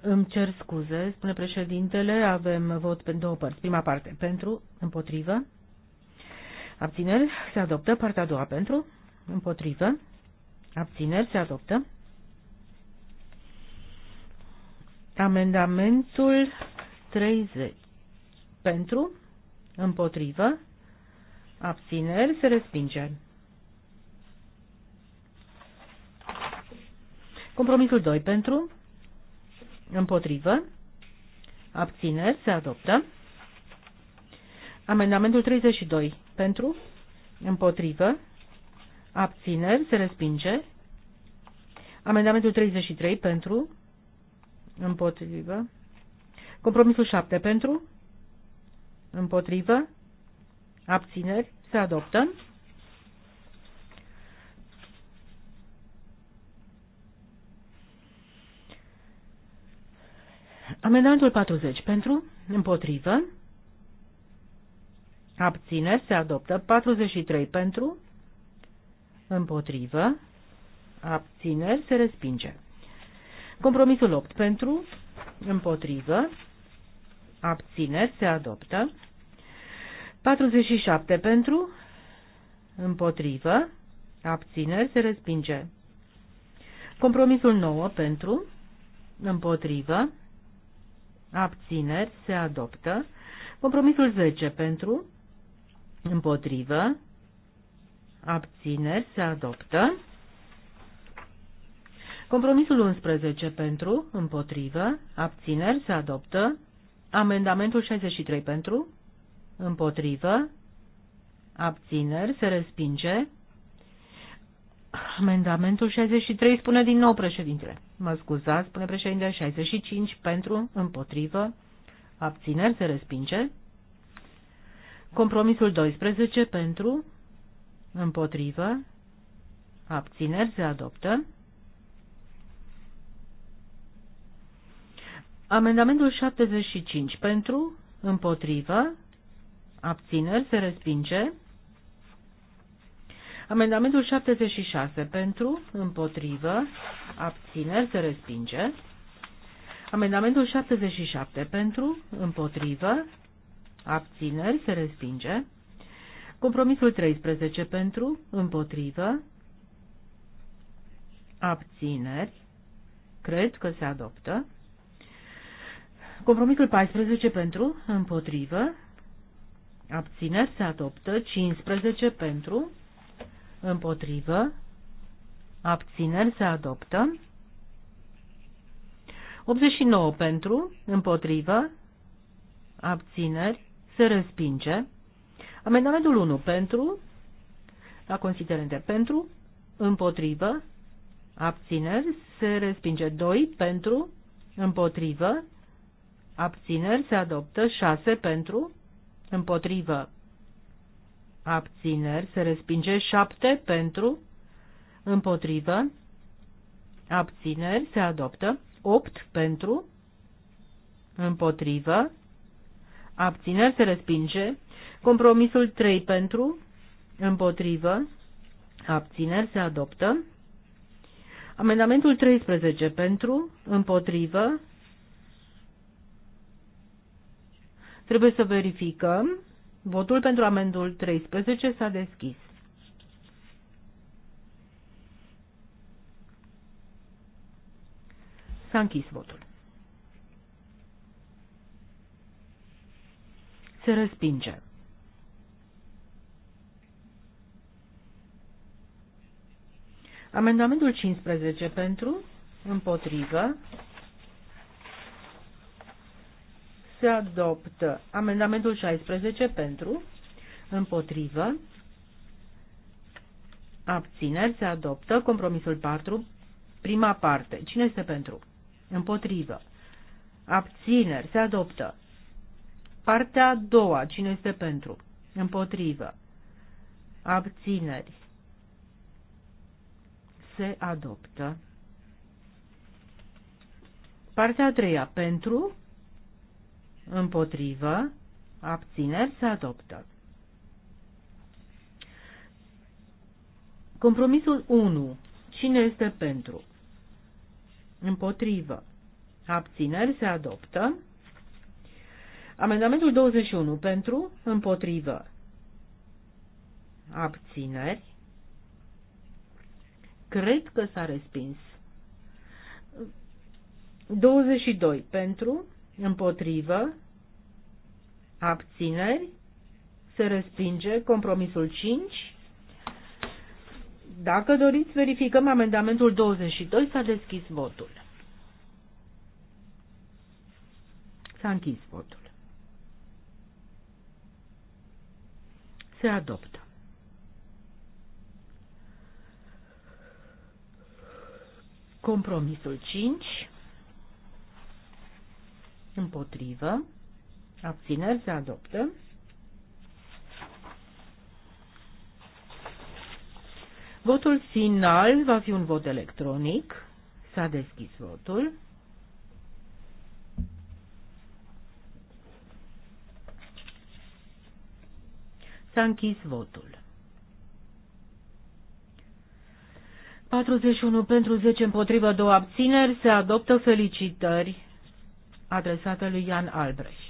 Îmi cer scuze, spune președintele, avem vot pe două părți. Prima parte pentru, împotrivă. Abțineri, se adoptă. Partea a doua pentru, împotrivă. Abțineri, se adoptă. Amendamentul 30 pentru, împotrivă, abțineri, se respinge. Compromisul 2 pentru, împotrivă, abțineri, se adoptă. Amendamentul 32 pentru, împotrivă, abțineri, se respinge. Amendamentul 33 pentru, împotrivă. Compromisul 7 pentru, împotrivă, Abțineri? Se adoptă. Amendamentul 40 pentru, împotrivă, abțineri se adoptă, 43 pentru, împotrivă, abțineri se respinge. Compromisul 8 pentru, împotrivă, abțineri se adoptă, 47 pentru, împotrivă, abțineri, se respinge. Compromisul 9 pentru, împotrivă, abțineri, se adoptă. Compromisul 10 pentru, împotrivă, abțineri, se adoptă. Compromisul 11 pentru, împotrivă, abțineri, se adoptă. Amendamentul 63 pentru, împotrivă, abțineri, se respinge. Amendamentul 63 spune din nou președintele. Mă scuzați, spune președintele 65 pentru, împotrivă, abțineri, se respinge. Compromisul 12 pentru, împotrivă, abțineri, se adoptă. Amendamentul 75 pentru, împotrivă, abțineri, se respinge. Amendamentul 76 pentru, împotrivă, abțineri, se respinge. Amendamentul 77 pentru, împotrivă, abțineri, se respinge. Compromisul 13 pentru, împotrivă, abțineri, cred că se adoptă. Compromisul 14 pentru, împotrivă, abțineri se adoptă, 15 pentru, împotrivă, abțineri se adoptă, 89 pentru, împotrivă, abțineri, se respinge. Amendamentul 1 pentru, la considerente pentru, împotrivă, abțineri, se respinge. 2 pentru, împotrivă, abțineri, se adoptă. 6 pentru, împotrivă, abțineri, se respinge 7 pentru, împotrivă, abțineri, se adoptă 8 pentru, împotrivă, abțineri, se respinge, compromisul 3 pentru, împotrivă, abțineri, se adoptă, amendamentul 13 pentru, împotrivă, Trebuie să verificăm. Votul pentru amendul 13 s-a deschis. S-a închis votul. Se respinge. Amendamentul 15 pentru, împotrivă, se adoptă. Amendamentul 16 pentru, împotrivă, abțineri, se adoptă. Compromisul 4, prima parte. Cine este pentru? Împotrivă. Abțineri, se adoptă. Partea a doua, cine este pentru? Împotrivă. Abțineri. Se adoptă. Partea a treia, pentru, împotrivă, abțineri se adoptă. Compromisul 1. Cine este pentru? Împotrivă. Abțineri se adoptă. Amendamentul 21. Pentru? Împotrivă. Abțineri. Cred că s-a respins. 22. Pentru? împotrivă, abțineri, se respinge compromisul 5. Dacă doriți, verificăm amendamentul 22, s-a deschis votul. S-a închis votul. Se adoptă. Compromisul 5 împotrivă, abțineri se adoptă. Votul final va fi un vot electronic. S-a deschis votul. S-a închis votul. 41 pentru 10 împotrivă două abțineri se adoptă felicitări adresată lui Ian Albrecht.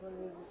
Thank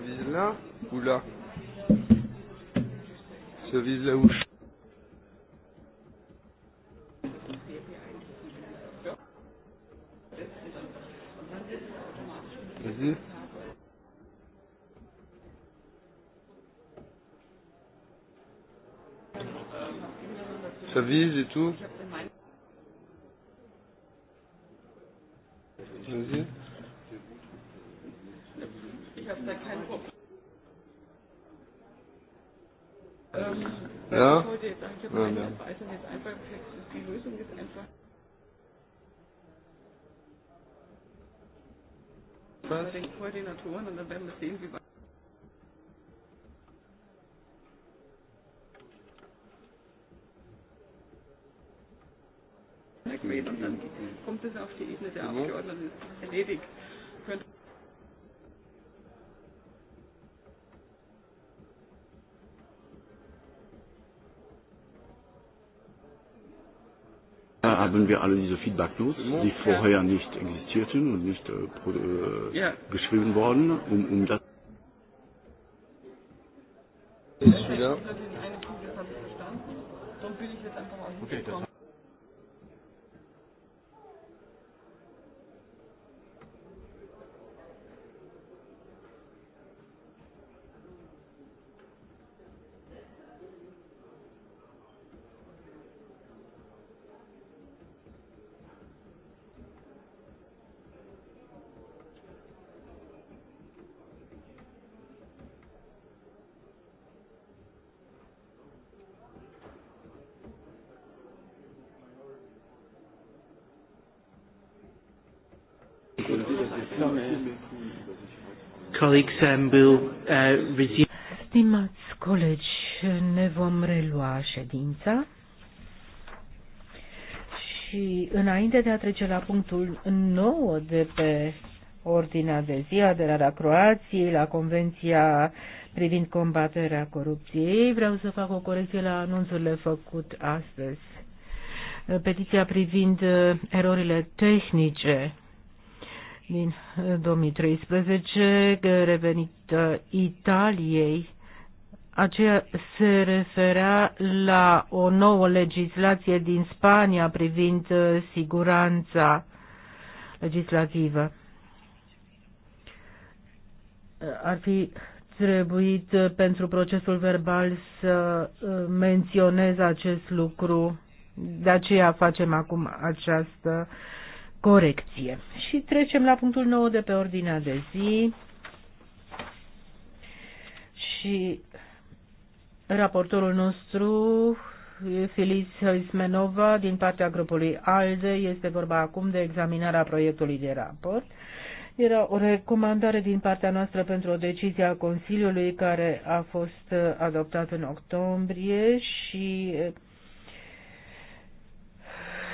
vise là ou là Ça vise là où je... Vas-y. Ça vise et tout Koordinatoren und dann werden wir sehen, wie weit. Und dann kommt es auf die Ebene der Abgeordneten erledigt. haben wir alle diese Feedback-Notes, die vorher nicht existierten und nicht äh, yeah. Äh, geschrieben worden, um, um das. Ist wieder. Okay, das Um, uh, Stimați colegi, ne vom relua ședința. Și înainte de a trece la punctul 9 de pe ordinea de zi, aderarea Croației la Convenția privind combaterea corupției, vreau să fac o corecție la anunțurile făcut astăzi. Petiția privind uh, erorile tehnice din 2013 eh, revenit Italiei aceea se referea la o nouă legislație din Spania privind eh, siguranța legislativă. Ar fi trebuit eh, pentru procesul verbal să menționez acest lucru, de aceea facem acum această corecție. Și trecem la punctul nou de pe ordinea de zi. Și raportorul nostru, Filiz Ismenova, din partea grupului ALDE, este vorba acum de examinarea proiectului de raport. Era o recomandare din partea noastră pentru o decizie a Consiliului care a fost adoptată în octombrie și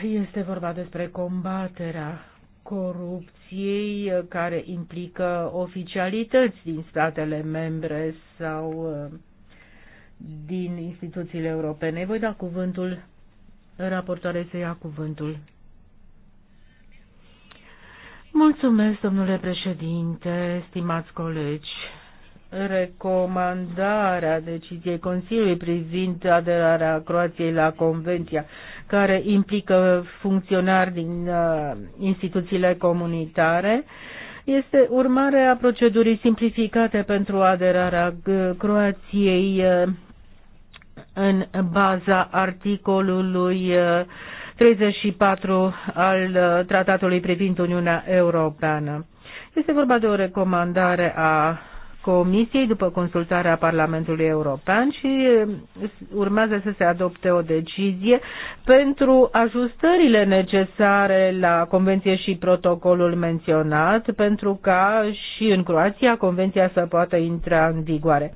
este vorba despre combaterea corupției care implică oficialități din statele membre sau uh, din instituțiile europene. Voi da cuvântul raportoare să ia cuvântul. Mulțumesc, domnule președinte, stimați colegi recomandarea deciziei Consiliului privind aderarea Croației la Convenția, care implică funcționari din uh, instituțiile comunitare, este urmarea procedurii simplificate pentru aderarea uh, Croației uh, în baza articolului uh, 34 al uh, Tratatului privind Uniunea Europeană. Este vorba de o recomandare a Comisiei după consultarea Parlamentului European și um, urmează să se adopte o decizie pentru ajustările necesare la Convenție și protocolul menționat pentru ca și în Croația Convenția să poată intra în vigoare.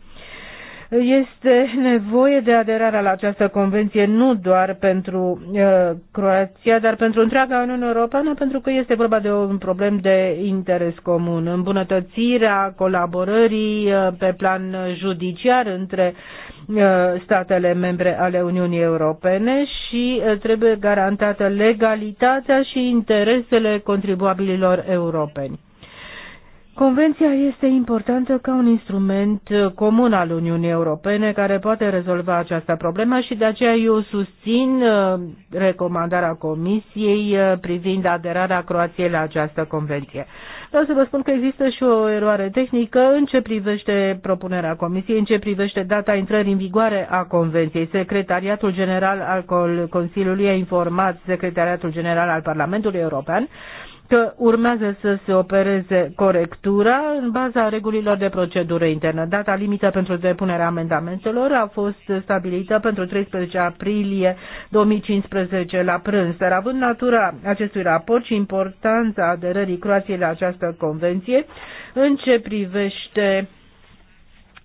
Este nevoie de aderarea la această convenție nu doar pentru uh, Croația, dar pentru întreaga Uniune Europeană, pentru că este vorba de un problem de interes comun. Îmbunătățirea colaborării uh, pe plan judiciar între uh, statele membre ale Uniunii Europene și uh, trebuie garantată legalitatea și interesele contribuabililor europeni. Convenția este importantă ca un instrument uh, comun al Uniunii Europene care poate rezolva această problemă și de aceea eu susțin uh, recomandarea Comisiei uh, privind aderarea Croației la această convenție. Vreau să vă spun că există și o eroare tehnică în ce privește propunerea Comisiei, în ce privește data intrării în vigoare a Convenției. Secretariatul General al Consiliului a informat Secretariatul General al Parlamentului European că urmează să se opereze corectura în baza regulilor de procedură internă. Data limită pentru depunerea amendamentelor a fost stabilită pentru 13 aprilie 2015 la prânz, dar având natura acestui raport și importanța aderării Croației la această convenție, în ce privește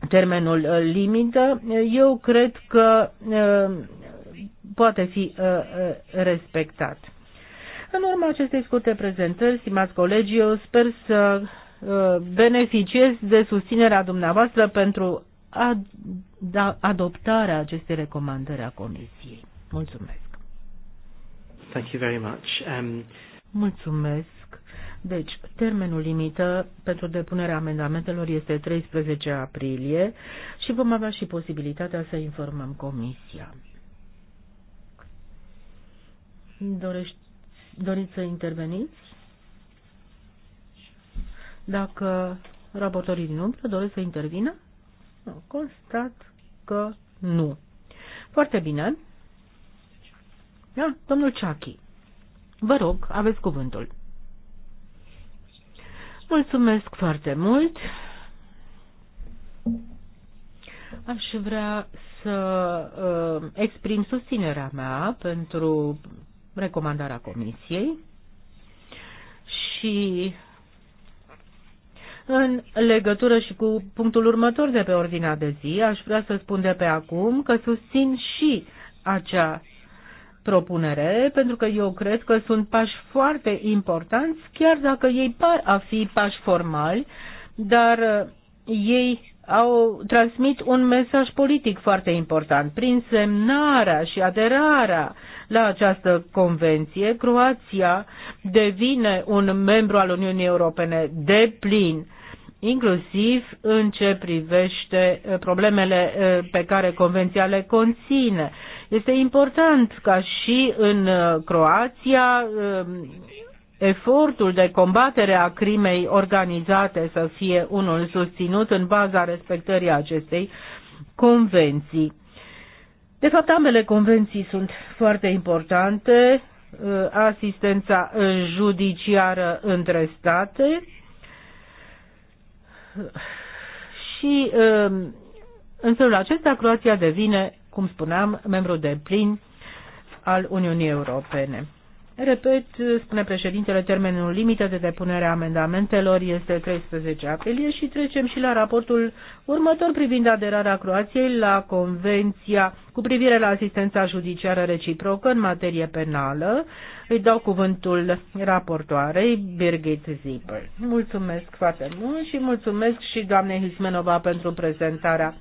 termenul limită, eu cred că eh, poate fi eh, eh, respectat. În urma acestei scurte prezentări, stimați colegi, eu sper să uh, beneficiez de susținerea dumneavoastră pentru ad- da, adoptarea acestei recomandări a Comisiei. Mulțumesc. Thank you very much. Um... Mulțumesc. Deci, termenul limită pentru depunerea amendamentelor este 13 aprilie și vom avea și posibilitatea să informăm Comisia. Dorești Doriți să interveniți? Dacă raportorii din umbră doresc să intervină, constat că nu. Foarte bine. Da, domnul Ceachi, vă rog, aveți cuvântul. Mulțumesc foarte mult. Aș vrea să uh, exprim susținerea mea pentru recomandarea Comisiei și în legătură și cu punctul următor de pe ordinea de zi, aș vrea să spun de pe acum că susțin și acea propunere, pentru că eu cred că sunt pași foarte importanți, chiar dacă ei par a fi pași formali, dar uh, ei au transmit un mesaj politic foarte important. Prin semnarea și aderarea la această convenție, Croația devine un membru al Uniunii Europene de plin, inclusiv în ce privește eh, problemele eh, pe care convenția le conține. Este important ca și în eh, Croația efortul de combatere a crimei organizate să fie unul susținut în baza respectării acestei convenții. De fapt, ambele convenții sunt foarte importante, uh, asistența judiciară între state și uh, în felul acesta Croația devine, cum spuneam, membru de plin al Uniunii Europene. Repet, spune președintele, termenul limită de depunere a amendamentelor este 13 aprilie și trecem și la raportul următor privind aderarea Croației la Convenția cu privire la asistența judiciară reciprocă în materie penală. Îi dau cuvântul raportoarei Birgit Zipel. Mulțumesc foarte mult și mulțumesc și doamnei Hismenova pentru prezentarea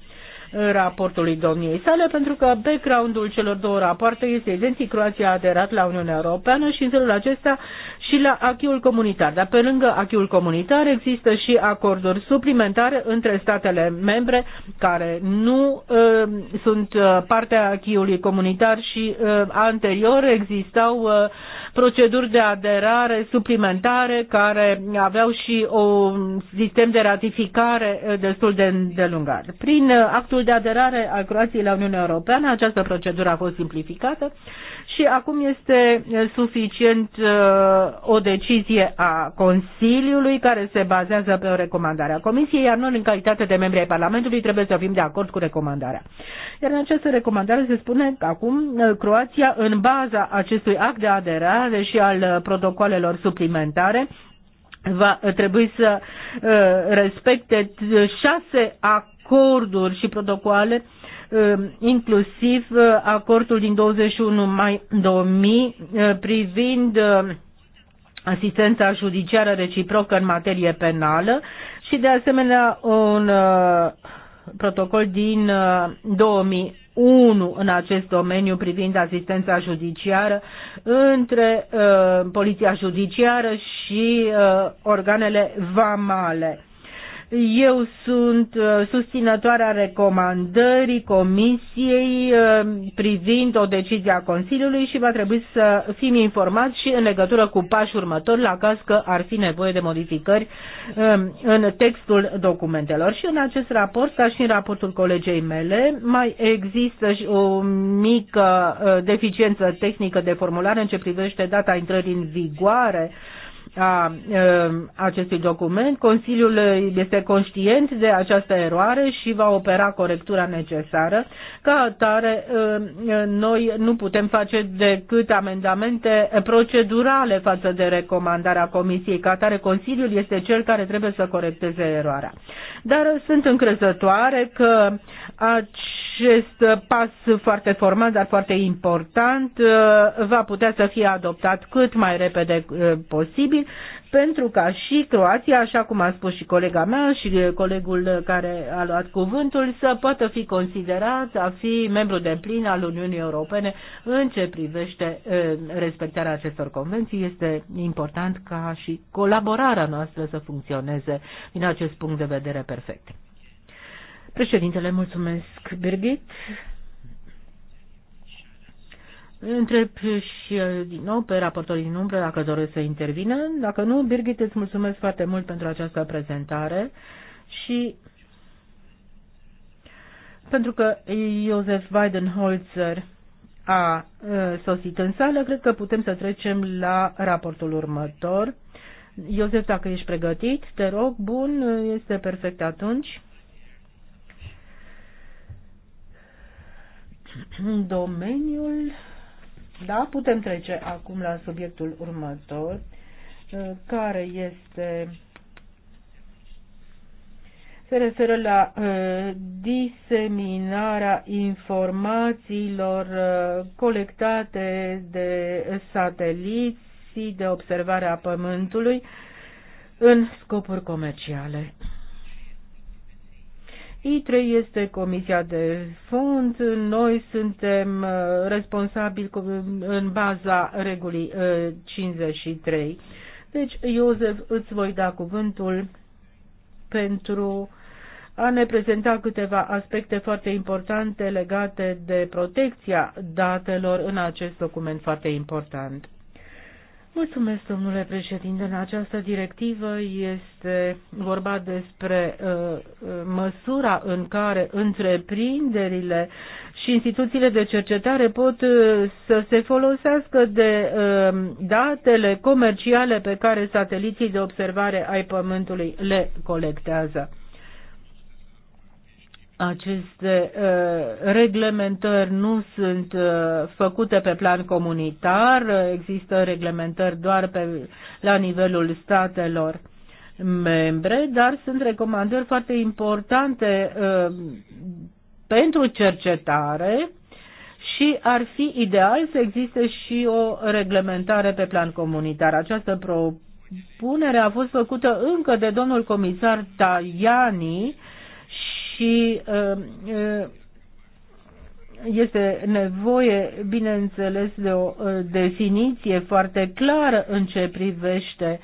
raportului domniei sale, pentru că background-ul celor două rapoarte este identic. Croația a aderat la Uniunea Europeană și în felul acesta și la achiul comunitar. Dar pe lângă achiul comunitar există și acorduri suplimentare între statele membre care nu uh, sunt ă, parte a achiului comunitar și uh, anterior existau uh, proceduri de aderare suplimentare care aveau și un sistem de ratificare destul de îndelungat. Prin actul de aderare al Croației la Uniunea Europeană această procedură a fost simplificată și acum este suficient o decizie a Consiliului care se bazează pe o recomandare a Comisiei, iar noi, în calitate de membri ai Parlamentului, trebuie să fim de acord cu recomandarea. Iar în această recomandare se spune că acum Croația, în baza acestui act de aderare și al protocolelor suplimentare, va trebui să respecte șase acorduri și protocoale uh, Um, inclusiv uh, acordul din 21 mai 2000 uh, privind um, asistența judiciară reciprocă în materie penală și de asemenea un uh, protocol din 2001 în acest domeniu privind asistența judiciară între poliția judiciară și organele vamale. Eu sunt uh, susținătoarea recomandării Comisiei uh, privind o decizie a Consiliului și va trebui să fim informați și în legătură cu pașii următori la caz că ar fi nevoie de modificări um, în textul documentelor. Și în acest raport, ca și în raportul colegei mele, mai există și o mică uh, deficiență tehnică de formulare în ce privește data intrării în vigoare a acestui document. Consiliul este conștient de această eroare și va opera corectura necesară. Ca atare, noi nu putem face decât amendamente procedurale față de recomandarea Comisiei. Ca atare, Consiliul este cel care trebuie să corecteze eroarea. Dar sunt încrezătoare că acești acest pas foarte formal, dar foarte important, uh, va putea să fie adoptat cât mai repede uh, posibil, pentru ca și Croația, așa cum a spus și colega mea și colegul care a luat cuvântul, să poată fi considerat a fi membru de plin al Uniunii Europene în ce privește uh, respectarea acestor convenții. Este important ca și colaborarea noastră să funcționeze din acest punct de vedere perfect. Președintele, mulțumesc, Birgit. Întreb și uh, din nou pe raportorii din umbră dacă doresc să intervină. Dacă nu, Birgit, îți mulțumesc foarte mult pentru această prezentare și pentru că Iosef Weidenholzer a uh, sosit în sală, cred că putem să trecem la raportul următor. Iosef, dacă ești pregătit, te rog, bun, este perfect atunci. domeniul. Da, putem trece acum la subiectul următor, uh, care este se referă la uh, diseminarea informațiilor uh, colectate de sateliți de observare a Pământului în scopuri comerciale. I I3 este comisia de fond, noi suntem uh, responsabili în baza regulii 53. Uh, deci, Iosef, îți voi da cuvântul pentru a ne prezenta câteva aspecte foarte importante legate de protecția datelor în acest document foarte important. Mulțumesc, domnule președinte. În această directivă este vorba despre uh, uh, măsura în care întreprinderile și instituțiile de cercetare pot uh, să se folosească de uh, datele comerciale pe care sateliții de observare ai Pământului le colectează aceste uh, reglementări nu sunt uh, făcute pe plan comunitar, există reglementări doar pe, la nivelul statelor membre, dar sunt recomandări foarte importante uh, pentru cercetare și ar fi ideal să existe și o reglementare pe plan comunitar. Această propunere a fost făcută încă de domnul comisar Tajani uh, și ă, ă, este nevoie, bineînțeles, de o ă, definiție foarte clară în ce privește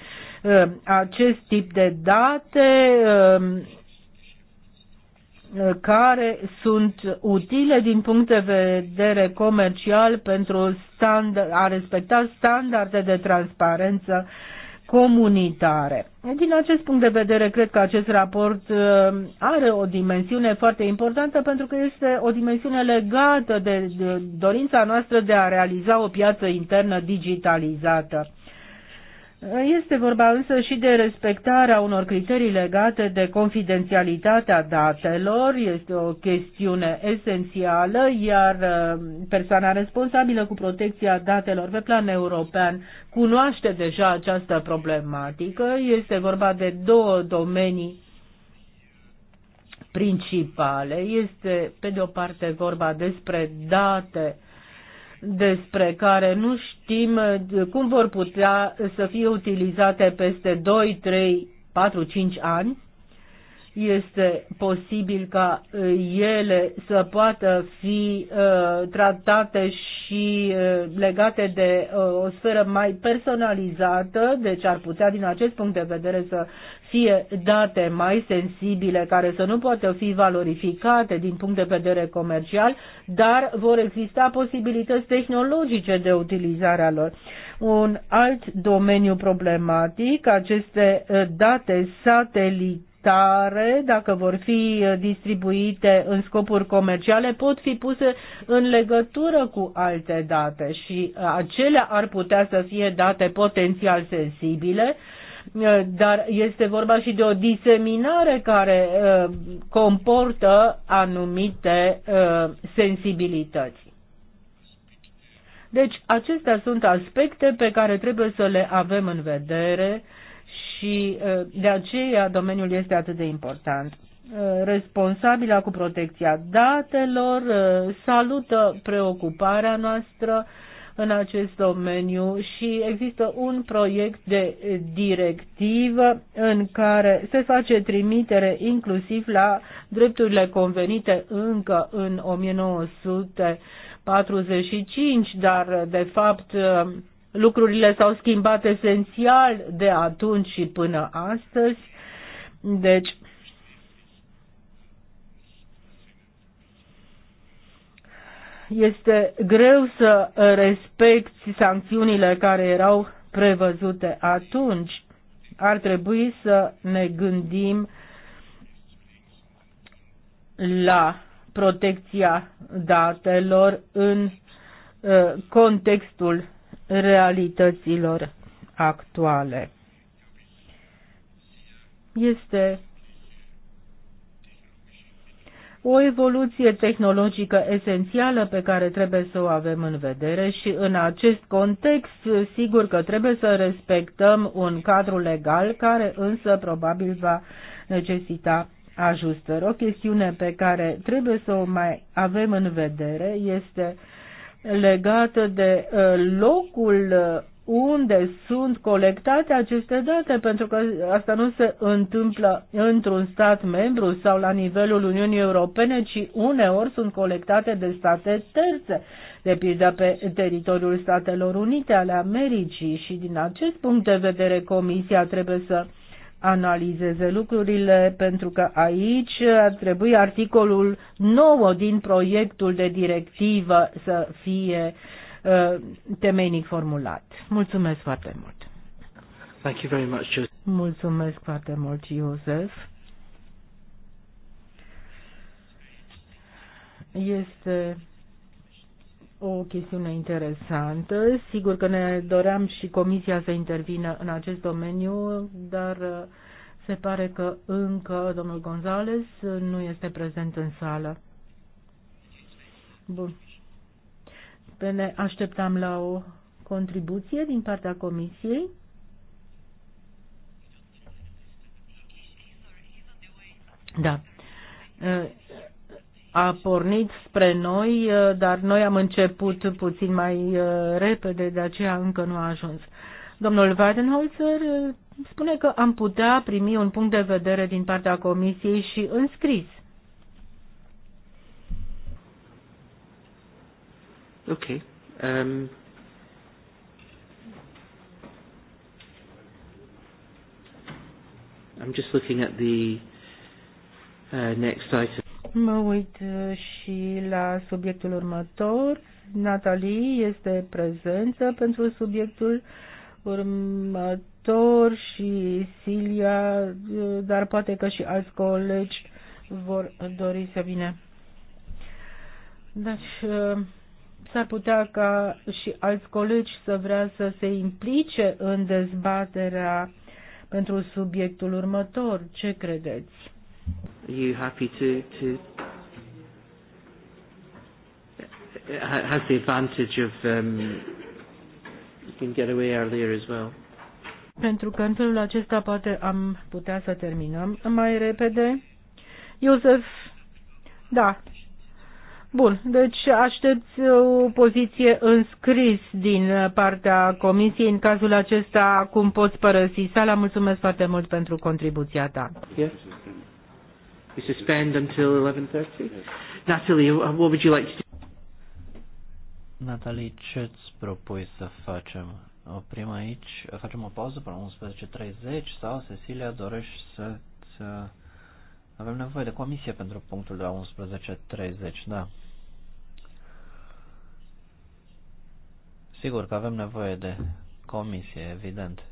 acest tip de date care sunt utile din punct de vedere comercial pentru stand, a respecta standarde de transparență uh, comunitare. Din acest punct de vedere, cred că acest raport uh, are o dimensiune foarte importantă pentru că este o dimensiune legată de dorința noastră de a realiza o piață internă digitalizată. Este vorba însă și de respectarea unor criterii legate de confidențialitatea datelor, este o chestiune esențială, iar uh, persoana responsabilă cu protecția datelor pe plan european cunoaște deja această problematică. Este vorba de două domenii principale. Este, pe de o parte, vorba despre date despre care nu știm uh, cum vor putea să fie utilizate peste 2, 3, 4, 5 ani, este posibil ca uh, ele să poată fi uh, tratate și uh, legate de uh, o sferă mai personalizată, deci ar putea din acest punct de vedere să fie date mai sensibile care să nu poată fi valorificate din punct de vedere comercial, dar vor exista posibilități tehnologice de utilizare a lor. Un alt domeniu problematic, aceste eh, date satelitare tare, dacă vor fi eh, distribuite în scopuri comerciale, pot fi puse în legătură cu alte date și eh, acelea ar putea să fie date potențial sensibile Eh, dar este vorba și de o diseminare care eh, comportă anumite eh, sensibilități. Deci acestea sunt aspecte pe care trebuie să le avem în vedere și de aceea domeniul este atât de important. Responsabila cu protecția datelor salută preocuparea noastră în acest domeniu și există un proiect de directivă în care se face trimitere inclusiv la drepturile convenite încă în 1945, dar de fapt lucrurile s-au schimbat esențial de atunci și până astăzi. Deci, este greu să respecti sancțiunile care erau prevăzute atunci. Ar trebui să ne gândim la protecția datelor în uh, contextul realităților actuale. Este o evoluție tehnologică esențială pe care trebuie să o avem în vedere și în acest context sigur că trebuie să respectăm un cadru legal care însă probabil va necesita ajustări. O chestiune pe care trebuie să o mai avem în vedere este legată de uh, locul uh, unde sunt colectate aceste date, pentru că asta nu se întâmplă într-un stat membru sau la nivelul Uniunii Europene, ci uneori sunt colectate de state terțe, de pildă pe teritoriul Statelor Unite ale Americii și din acest punct de vedere Comisia trebuie să analizeze lucrurile, pentru că aici ar trebui articolul 9 din proiectul de directivă să fie uh, Uh, temeinic formulat. Mulțumesc foarte mult! Thank you very much, Joseph. Mulțumesc foarte mult, Iosef. Este o chestiune interesantă. Sigur că ne doream și Comisia să intervină în acest domeniu, dar uh, se pare că încă domnul Gonzales nu este prezent în sală. Bun. Europene așteptam la o contribuție din partea Comisiei. Da. A pornit spre noi, dar noi am început puțin mai uh, repede, de aceea încă nu a ajuns. Domnul Weidenholzer uh, spune că am putea primi un punct de vedere din partea Comisiei și înscris Okay. Um, I'm just looking at the uh, next item. Mă uit uh, și la subiectul următor. Natalie este prezentă pentru subiectul următor și Silia, uh, dar poate că și alți colegi vor dori să vină. Deci, uh, S-ar putea ca și alți colegi să vrea să se implice în dezbaterea pentru subiectul următor. Ce credeți? Are you happy to, to has the advantage of um, you can get away earlier as well. Pentru că în felul acesta poate am putea să terminăm mai repede. Iosef, da, Bun, deci aștepți o poziție înscris din partea comisiei. În cazul acesta, Cum poți părăsi sala. Mulțumesc foarte mult pentru contribuția ta. 11.30. Natalie, ce îți propui să facem? Oprim aici, facem o pauză până 11.30 sau Cecilia dorești să-ți uh, avem nevoie de comisie pentru punctul de la 11.30, da. Sigur că avem nevoie de comisie, evident.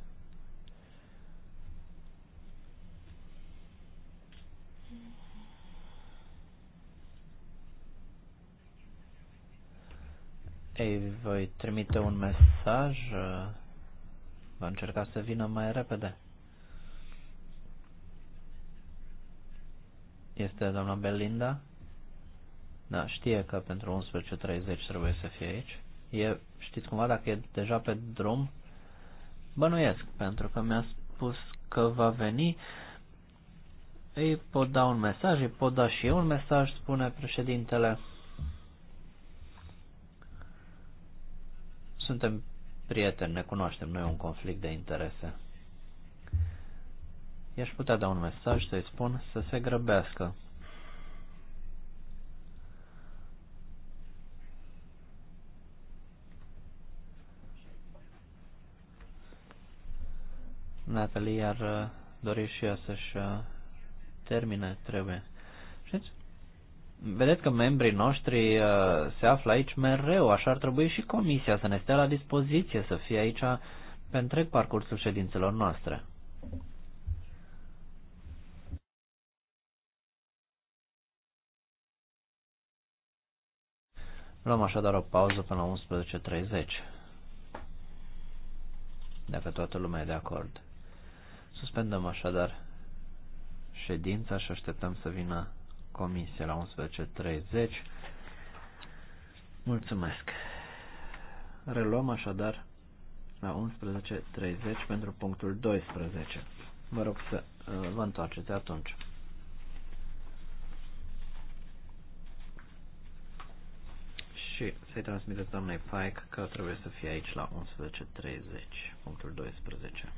Ei, voi trimite un mesaj, uh, va încerca să vină mai repede. Este doamna Belinda? Da, știe că pentru 11.30 trebuie să fie aici. E, știți cumva dacă e deja pe drum? Bănuiesc, pentru că mi-a spus că va veni. Îi pot da un mesaj, îi pot da și eu un mesaj, spune președintele. Suntem prieteni, ne cunoaștem, nu e un conflict de interese i-aș putea da un mesaj să-i spun să se grăbească. Natalie ar uh, dori și ea să-și uh, termine, trebuie. Știți? Vedeți că membrii noștri uh, se află aici mereu, așa ar trebui și comisia să ne stea la dispoziție, să fie aici pe întreg parcursul ședințelor noastre. Luăm așadar o pauză până la 11.30. Dacă toată lumea e de acord. Suspendăm așadar ședința și așteptăm să vină comisia la 11.30. Mulțumesc. Reluăm așadar la 11.30 pentru punctul 12. Vă rog să uh, vă întoarceți atunci. și să-i transmiteți doamnei Faic că trebuie să fie aici la 11.30, punctul 12.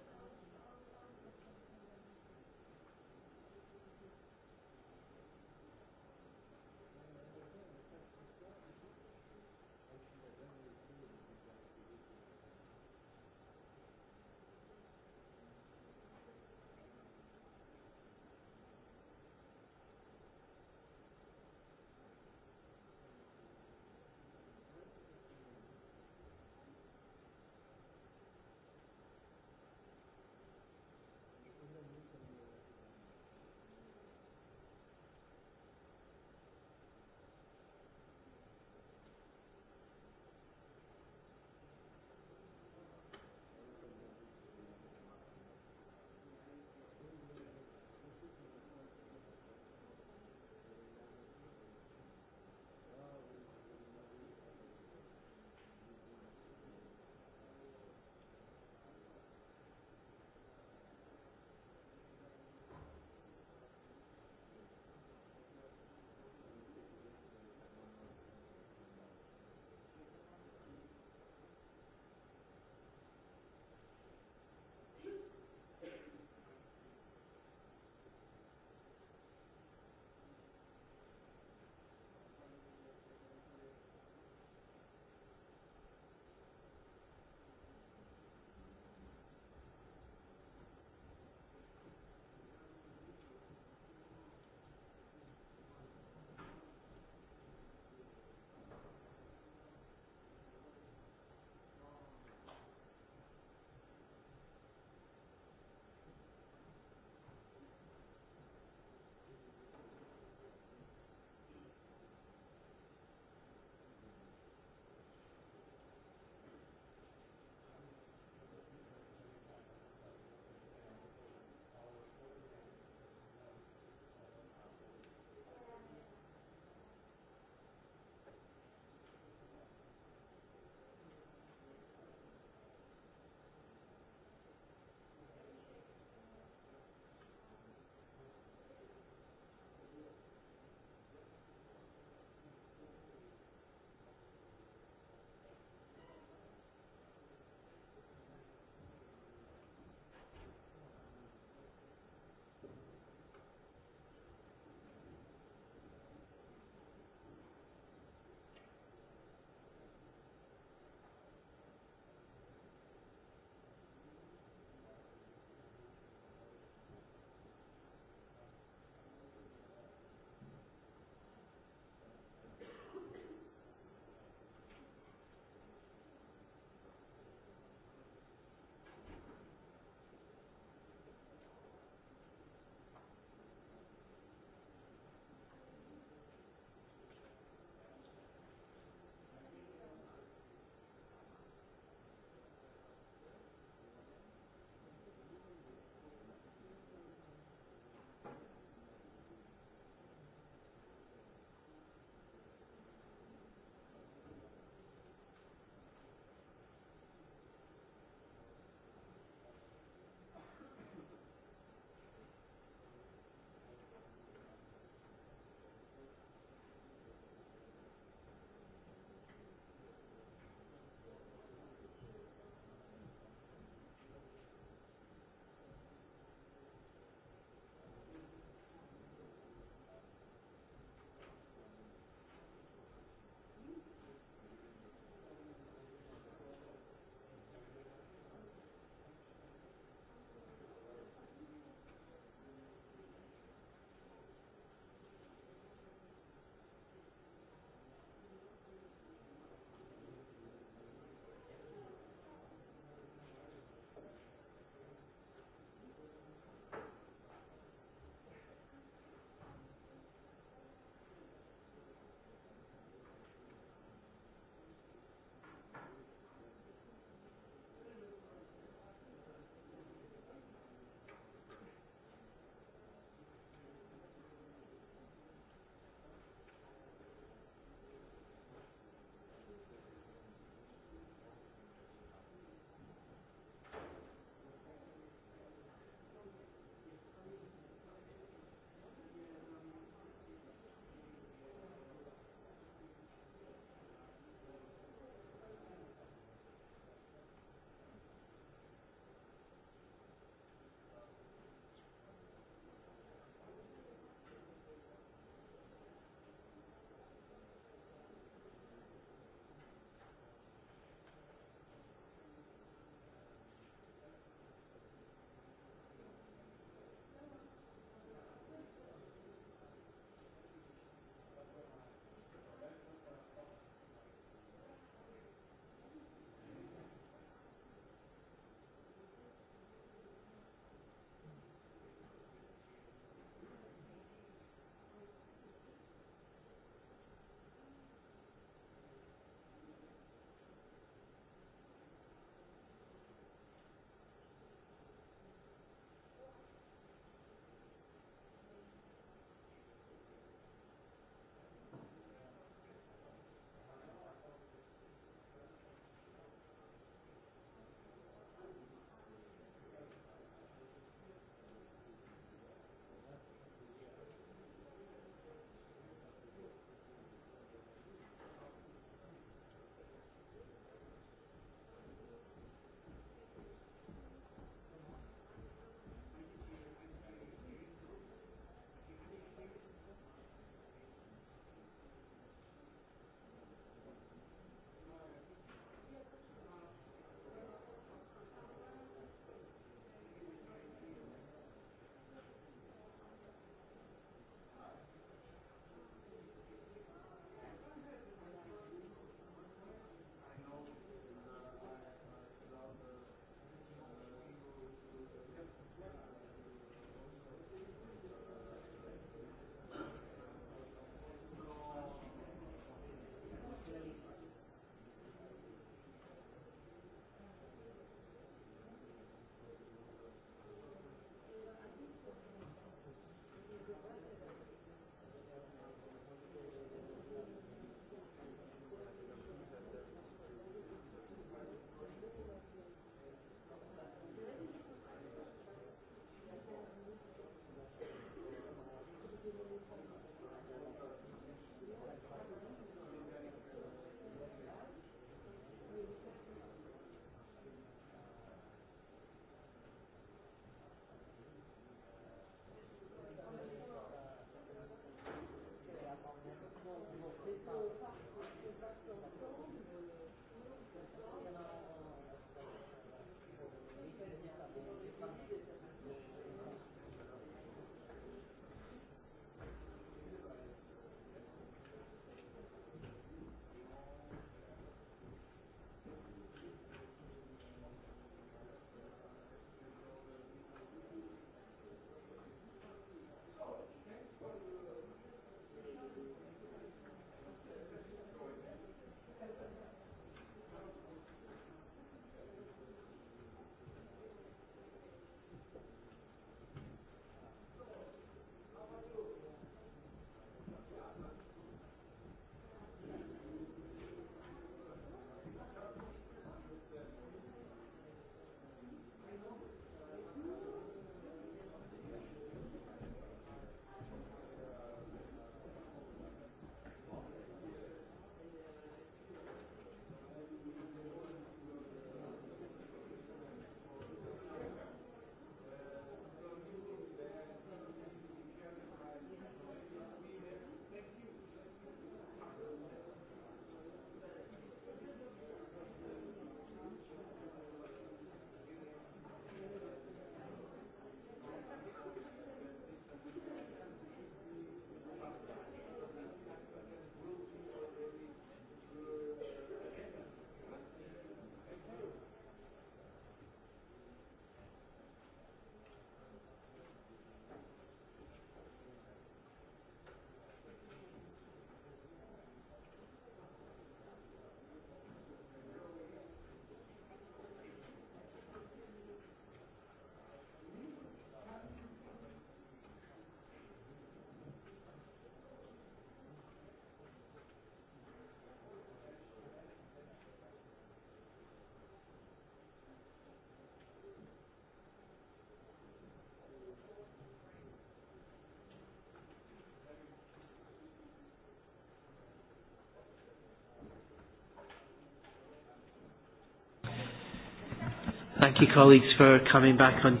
Thank you, colleagues, for coming back on.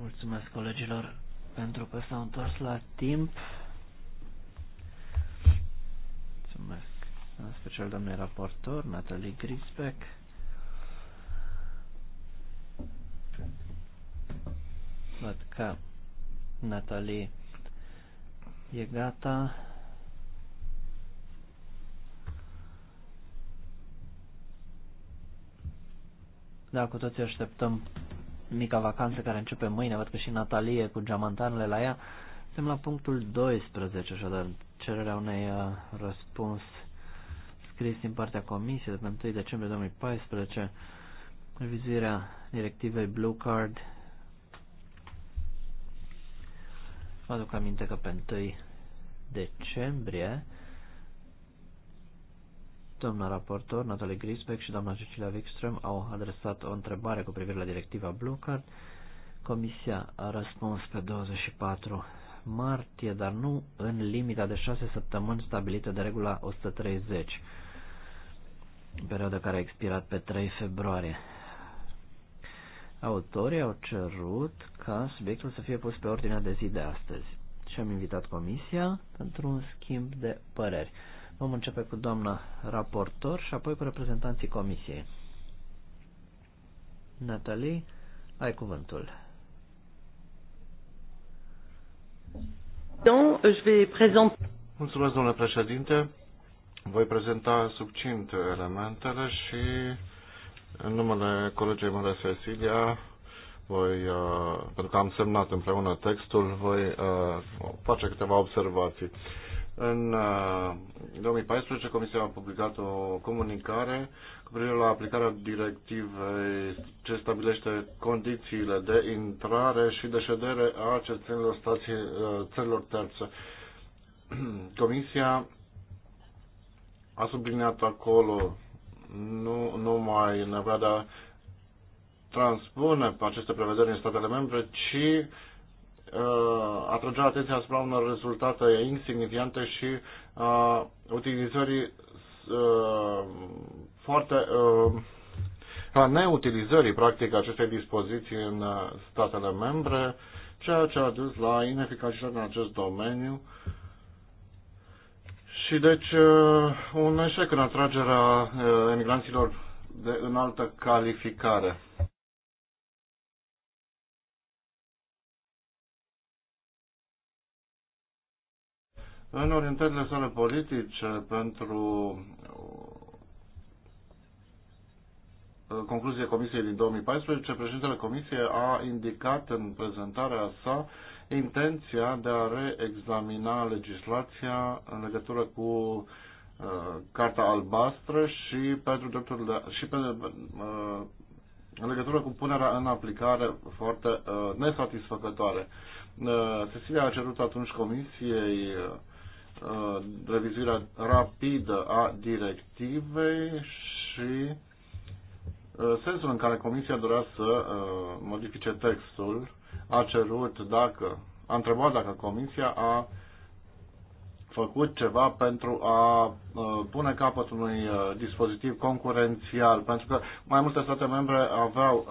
Mulțumesc colegilor pentru că s-au întors la timp. Mulțumesc în special doamnei raportor, Natalie Grisbeck. Văd că Natalie e gata. Da, cu toții așteptăm mica vacanță care începe mâine, văd că și Natalie cu geamantanele la ea. Suntem la punctul 12, așadar, cererea unei uh, răspuns scris din partea Comisiei de pe 1 decembrie 2014, revizuirea directivei Blue Card. Vă aduc aminte că pe 1 decembrie Doamna raportor, Natalie Grisbeck și doamna Cecilia Wikström au adresat o întrebare cu privire la directiva Blue Card. Comisia a răspuns pe 24 martie, dar nu în limita de 6 săptămâni stabilită de regula 130, perioada care a expirat pe 3 februarie. Autorii au cerut ca subiectul să fie pus pe ordinea de zi de astăzi și am invitat comisia pentru un schimb de păreri. Vom începe cu doamna raportor și apoi cu reprezentanții comisiei. Natalie, ai cuvântul. Mulțumesc, domnule președinte. Voi prezenta succint elementele și în numele colegei mele Cecilia voi, uh, pentru că am semnat împreună textul, voi uh, face câteva observații. În 2014, uh, Comisia a publicat o comunicare cu privire la aplicarea directivei ce stabilește condițiile de intrare și de ședere a cetățenilor stații, uh, țărilor terțe. Comisia a subliniat acolo nu numai nevoia de a transpune aceste prevederi în statele membre, ci Uh, atragea atenția asupra unor rezultate insignifiante și uh, utilizării uh, foarte uh, a neutilizării practic acestei dispoziții în statele membre, ceea ce a dus la ineficacitatea în acest domeniu și deci un eșec în atragerea emigranților de înaltă calificare. În orientările sale politice pentru uh, concluzie Comisiei din 2014, președintele Comisiei a indicat în prezentarea sa intenția de a reexamina legislația în legătură cu uh, Carta Albastră și pentru drepturile și pe, uh, în legătură cu punerea în aplicare foarte nesatisfăcătoare. Cecilia a cerut atunci Comisiei Uh, revizuirea rapidă a directivei și uh, sensul în care Comisia dorea să uh, modifice textul a cerut dacă, a întrebat dacă Comisia a făcut ceva pentru a pune capăt unui dispozitiv concurențial, pentru că mai multe state membre aveau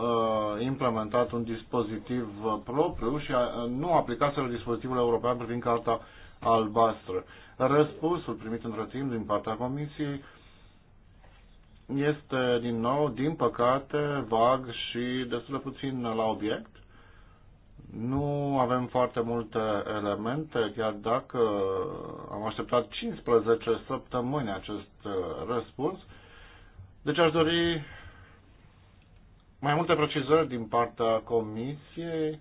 implementat un dispozitiv propriu și nu aplicaseră dispozitivul european privind Carta albastră. Răspunsul primit într-o timp din partea Comisiei este, din nou, din păcate, vag și destul de puțin la obiect. Nu avem foarte multe elemente, chiar dacă am așteptat 15 săptămâni acest uh, răspuns. Deci aș dori mai multe precizări din partea Comisiei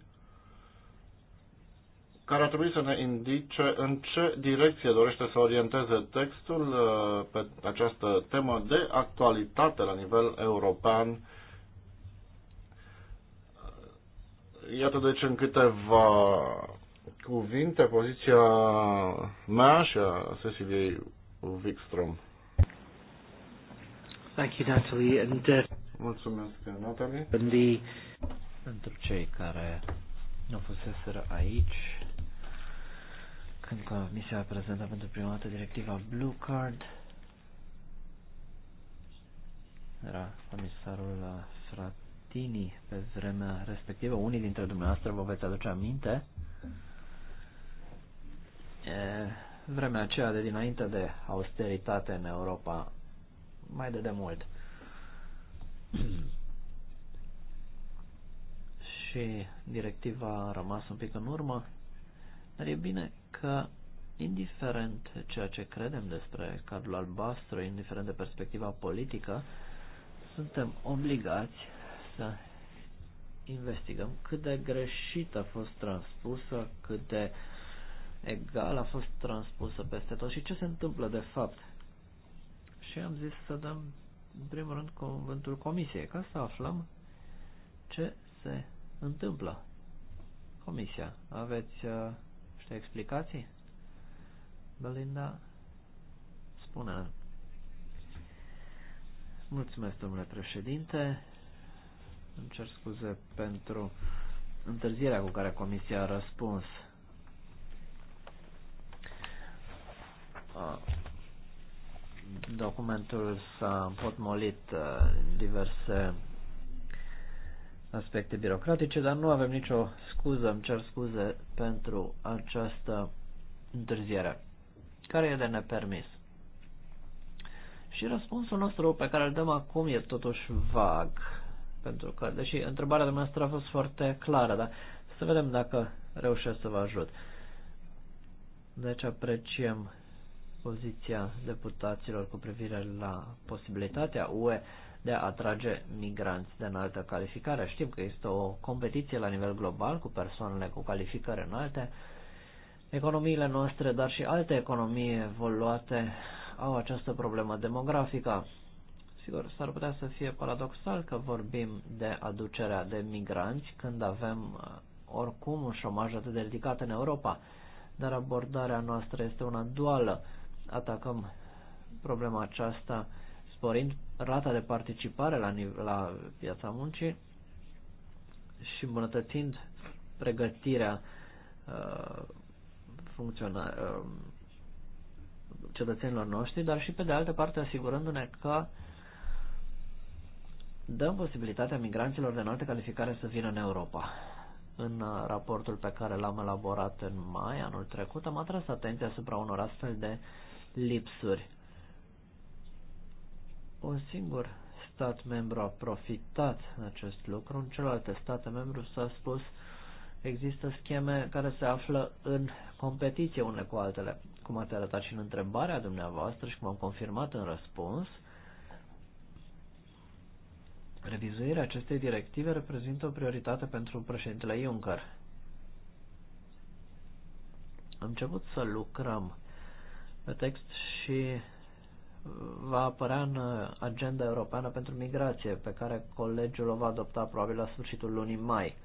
care ar trebui să ne indice în ce direcție dorește să orienteze textul uh, pe această temă de actualitate la nivel european. Iată deci în câteva cuvinte poziția mea și a Ceciliei Wikström. Thank you, Natalie. And, uh, Mulțumesc, Natalie. Pentru cei care nu fuseseră aici, când Comisia a prezentat pentru prima dată directiva Blue Card, era comisarul uh, Fratini pe vremea respectivă. Unii dintre dumneavoastră vă veți aduce aminte. E, vremea aceea de dinainte de austeritate în Europa, mai de demult. și directiva a rămas un pic în urmă. Dar e bine că, indiferent ceea ce credem despre cadrul albastru, indiferent de perspectiva politică, suntem obligați să investigăm cât de greșit a fost transpusă, cât de egal a fost transpusă peste tot și ce se întâmplă de fapt. Și am zis să dăm, în primul rând, cuvântul comisiei, ca să aflăm ce se întâmplă. Comisia, aveți uh, Există explicații? Belinda, spune Mulțumesc, domnule președinte. Îmi cer scuze pentru întârzierea cu care comisia a răspuns. Ah, documentul s-a împotmolit eh, diverse aspecte birocratice, dar nu avem nicio scuză, îmi cer scuze pentru această întârziere, care e de nepermis. Și răspunsul nostru pe care îl dăm acum e totuși vag, pentru că, deși întrebarea dumneavoastră a fost foarte clară, dar să vedem dacă reușesc să vă ajut. Deci apreciem poziția deputaților cu privire la posibilitatea UE de a atrage migranți de înaltă calificare. Știm că este o competiție la nivel global cu persoanele cu calificări înalte. Economiile noastre, dar și alte economii evoluate au această problemă demografică. Sigur, s-ar putea să fie paradoxal că vorbim de aducerea de migranți când avem uh, oricum un șomaj atât de ridicat în Europa, dar abordarea noastră este una duală. Atacăm problema aceasta sporind rata de participare la, la piața muncii și îmbunătățind pregătirea uh, funcționa, uh, cetățenilor noștri, dar și pe de altă parte asigurându-ne că dăm posibilitatea migranților de înaltă calificare să vină în Europa. În uh, raportul pe care l-am elaborat în mai anul trecut, am atras atenția asupra unor astfel de lipsuri un singur stat membru a profitat în acest lucru, în celelalte state membru s-a spus există scheme care se află în competiție unele cu altele. Cum ați arătat și în întrebarea dumneavoastră și cum am confirmat în răspuns, revizuirea acestei directive reprezintă o prioritate pentru președintele Juncker. Am început să lucrăm pe text și va apărea în uh, agenda europeană pentru migrație, pe care colegiul o va adopta probabil la sfârșitul lunii mai.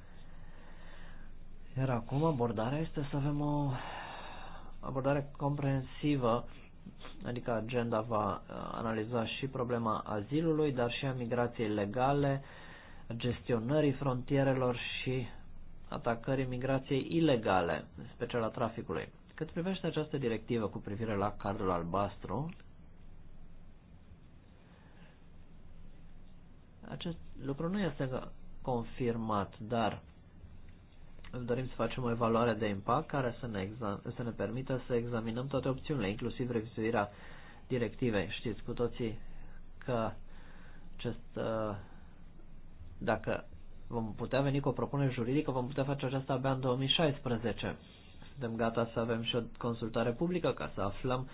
Iar acum abordarea este să avem o abordare comprehensivă, adică agenda va uh, analiza și problema azilului, dar și a migrației legale, gestionării frontierelor și atacării migrației ilegale, special a traficului. Cât privește această directivă cu privire la cardul albastru, Acest lucru nu este confirmat, dar dorim să facem o evaluare de impact care să ne, să ne permită să examinăm toate opțiunile, inclusiv revizuirea directivei. Știți cu toții că acest, uh, dacă vom putea veni cu o propunere juridică, vom putea face aceasta abia în 2016. Suntem gata să avem și o consultare publică ca să aflăm uh,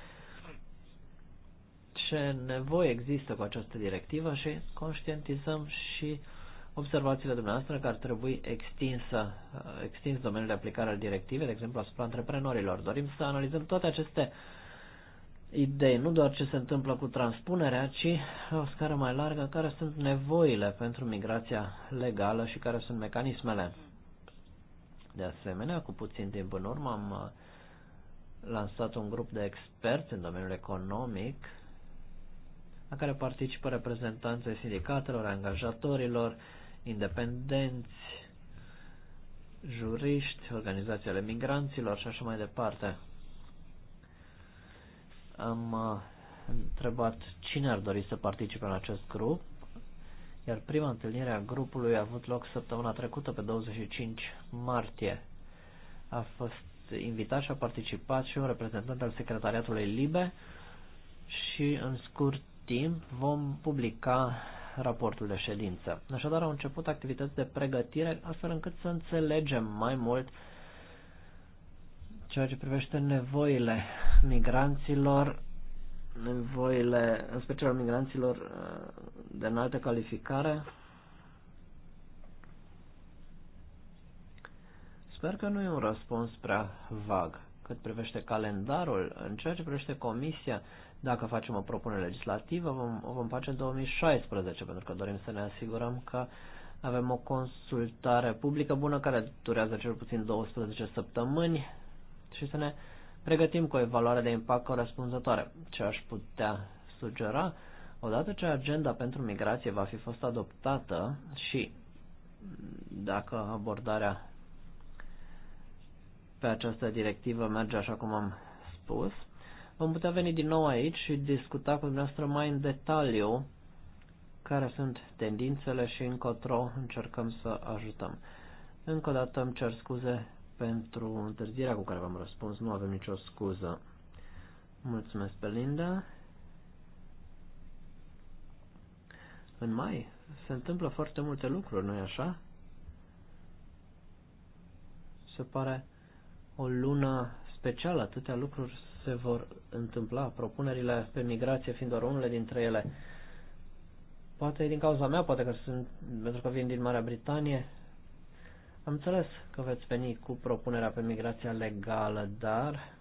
ce nevoie există cu această directivă și conștientizăm și observațiile dumneavoastră că ar trebui extinsă, extins domeniul de aplicare al directivei, de exemplu asupra antreprenorilor. Dorim să analizăm toate aceste idei, nu doar ce se întâmplă cu transpunerea, ci la o scară mai largă care sunt nevoile pentru migrația legală și care sunt mecanismele. De asemenea, cu puțin timp în urmă am uh, lansat un grup de experți în domeniul economic la care participă reprezentanții sindicatelor, angajatorilor, independenți, juriști, organizațiile migranților și așa mai departe. Am uh, întrebat cine ar dori să participe în acest grup, iar prima întâlnire a grupului a avut loc săptămâna trecută, pe 25 martie. A fost invitat și a participat și un reprezentant al secretariatului LIBE și, în scurt timp vom publica raportul de ședință. Așadar au început activități de pregătire astfel încât să înțelegem mai mult ceea ce privește nevoile migranților, nevoile, în special migranților uh, de înaltă calificare. Sper că nu e un răspuns prea vag cât privește calendarul, în ceea ce privește comisia, dacă facem o propunere legislativă, vom, o vom face în 2016, pentru că dorim să ne asigurăm că avem o consultare publică bună care durează cel puțin 12 săptămâni și să ne pregătim cu o evaluare de impact corespunzătoare. Ce aș putea sugera? Odată ce agenda pentru migrație va fi fost adoptată și dacă abordarea pe această directivă merge așa cum am spus. Vom putea veni din nou aici și discuta cu dumneavoastră mai în detaliu care sunt tendințele și încotro încercăm să ajutăm. Încă o dată îmi cer scuze pentru întârzierea cu care v-am răspuns, nu avem nicio scuză. Mulțumesc, Belinda. În mai se întâmplă foarte multe lucruri, nu-i așa? Se pare o lună specială, atâtea lucruri se vor întâmpla, propunerile pe migrație fiind doar unele dintre ele. Poate din cauza mea, poate că sunt, pentru că vin din Marea Britanie, am înțeles că veți veni cu propunerea pe migrația legală, dar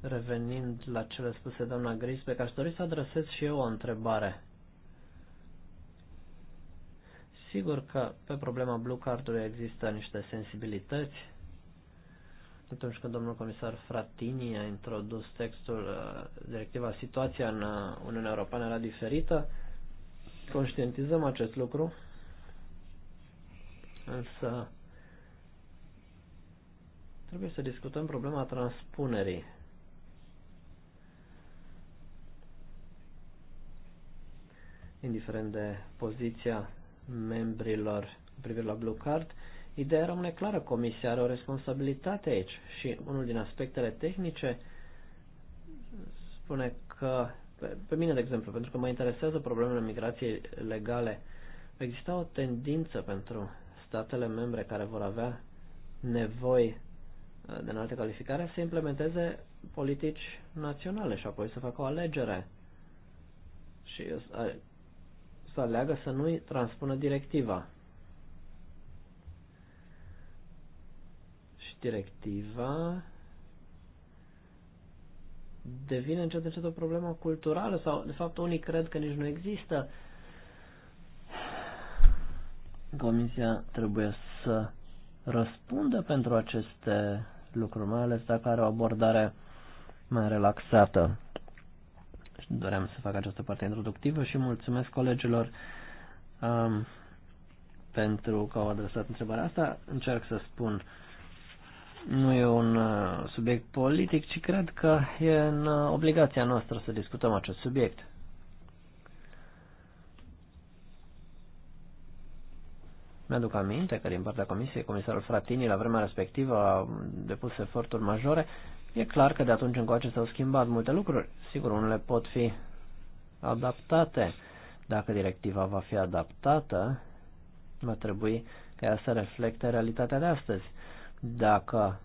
revenind la cele spuse doamna Grisbeck, aș dori să adresez și eu o întrebare. Sigur că pe problema blue card-ului există niște sensibilități. Atunci când domnul comisar Fratini a introdus textul, uh, directiva, situația în uh, Uniunea Europeană era diferită. Conștientizăm acest lucru, însă trebuie să discutăm problema transpunerii. Indiferent de poziția membrilor cu privire la Blue Card, ideea rămâne clară, comisia are o responsabilitate aici și unul din aspectele tehnice spune că, pe, pe mine de exemplu, pentru că mă interesează problemele migrației legale, exista o tendință pentru statele membre care vor avea nevoi uh, de înaltă calificare să implementeze politici naționale și apoi să facă o alegere. Și uh, să aleagă să nu i transpună directiva. Și directiva devine încet încet o problemă culturală sau, de fapt, unii cred că nici nu există. Comisia trebuie să răspundă pentru aceste lucruri, mai ales dacă are o abordare mai relaxată doream să fac această parte introductivă și mulțumesc colegilor um, pentru că au adresat întrebarea asta. Încerc să spun, nu e un uh, subiect politic, ci cred că e în uh, obligația noastră să discutăm acest subiect. Mi-aduc aminte că din partea Comisiei, comisarul Fratini la vremea respectivă a depus eforturi majore E clar că de atunci încoace s-au schimbat multe lucruri. Sigur, unele pot fi adaptate. Dacă directiva va fi adaptată, va trebui ca ea să reflecte realitatea de astăzi. Dacă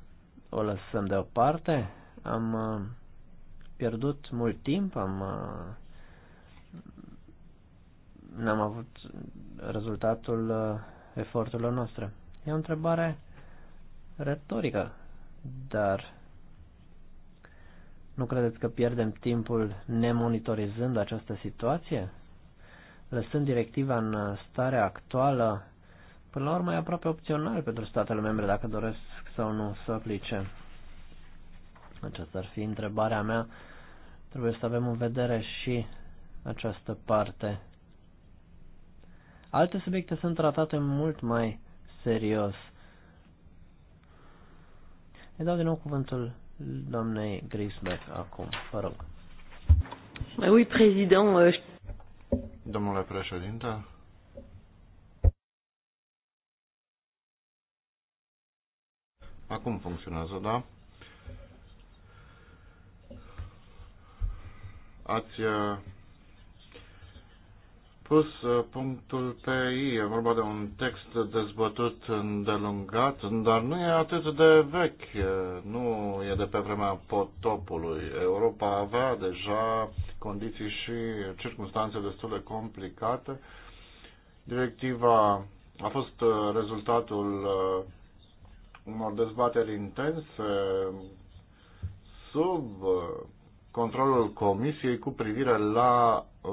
o lăsăm deoparte, am uh, pierdut mult timp, am uh, n-am avut rezultatul uh, eforturilor noastre. E o întrebare retorică, dar nu credeți că pierdem timpul nemonitorizând această situație? Lăsând directiva în starea actuală, până la urmă e aproape opțional pentru statele membre dacă doresc sau nu să aplice. Aceasta ar fi întrebarea mea. Trebuie să avem în vedere și această parte. Alte subiecte sunt tratate mult mai serios. Îi dau din nou cuvântul doamnei Grisbeck acum. Vă rog. Oui, président. Uh, Domnule președinte, Acum funcționează, da? Ați uh, pus uh, punctul pe I. E vorba de un text dezbătut îndelungat, dar nu e atât de vechi. Uh, nu e de pe vremea potopului. Europa avea deja condiții și circunstanțe destul de complicate. Directiva a fost uh, rezultatul unor dezbateri intense sub controlul Comisiei cu privire la uh,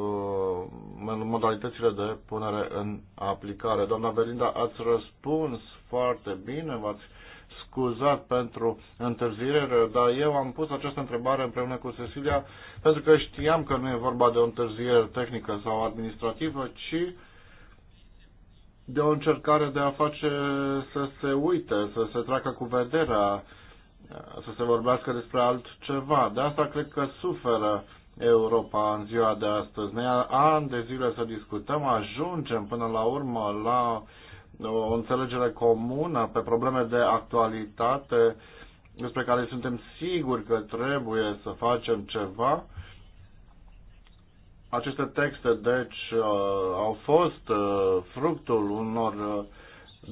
modalitățile de punere în aplicare. Doamna Belinda, ați răspuns foarte bine, v-ați scuzat pentru întârziere, dar eu am pus această întrebare împreună cu Cecilia pentru că știam că nu e vorba de o întârziere tehnică sau administrativă, ci de o încercare de a face să se uite, să se treacă cu vederea uh, să se vorbească despre altceva. De asta cred că suferă Europa în ziua de astăzi. Ne ani de zile să discutăm, ajungem până la urmă la o înțelegere comună pe probleme de actualitate despre care suntem siguri că trebuie să facem ceva. Aceste texte, deci, uh, au fost uh, fructul unor uh,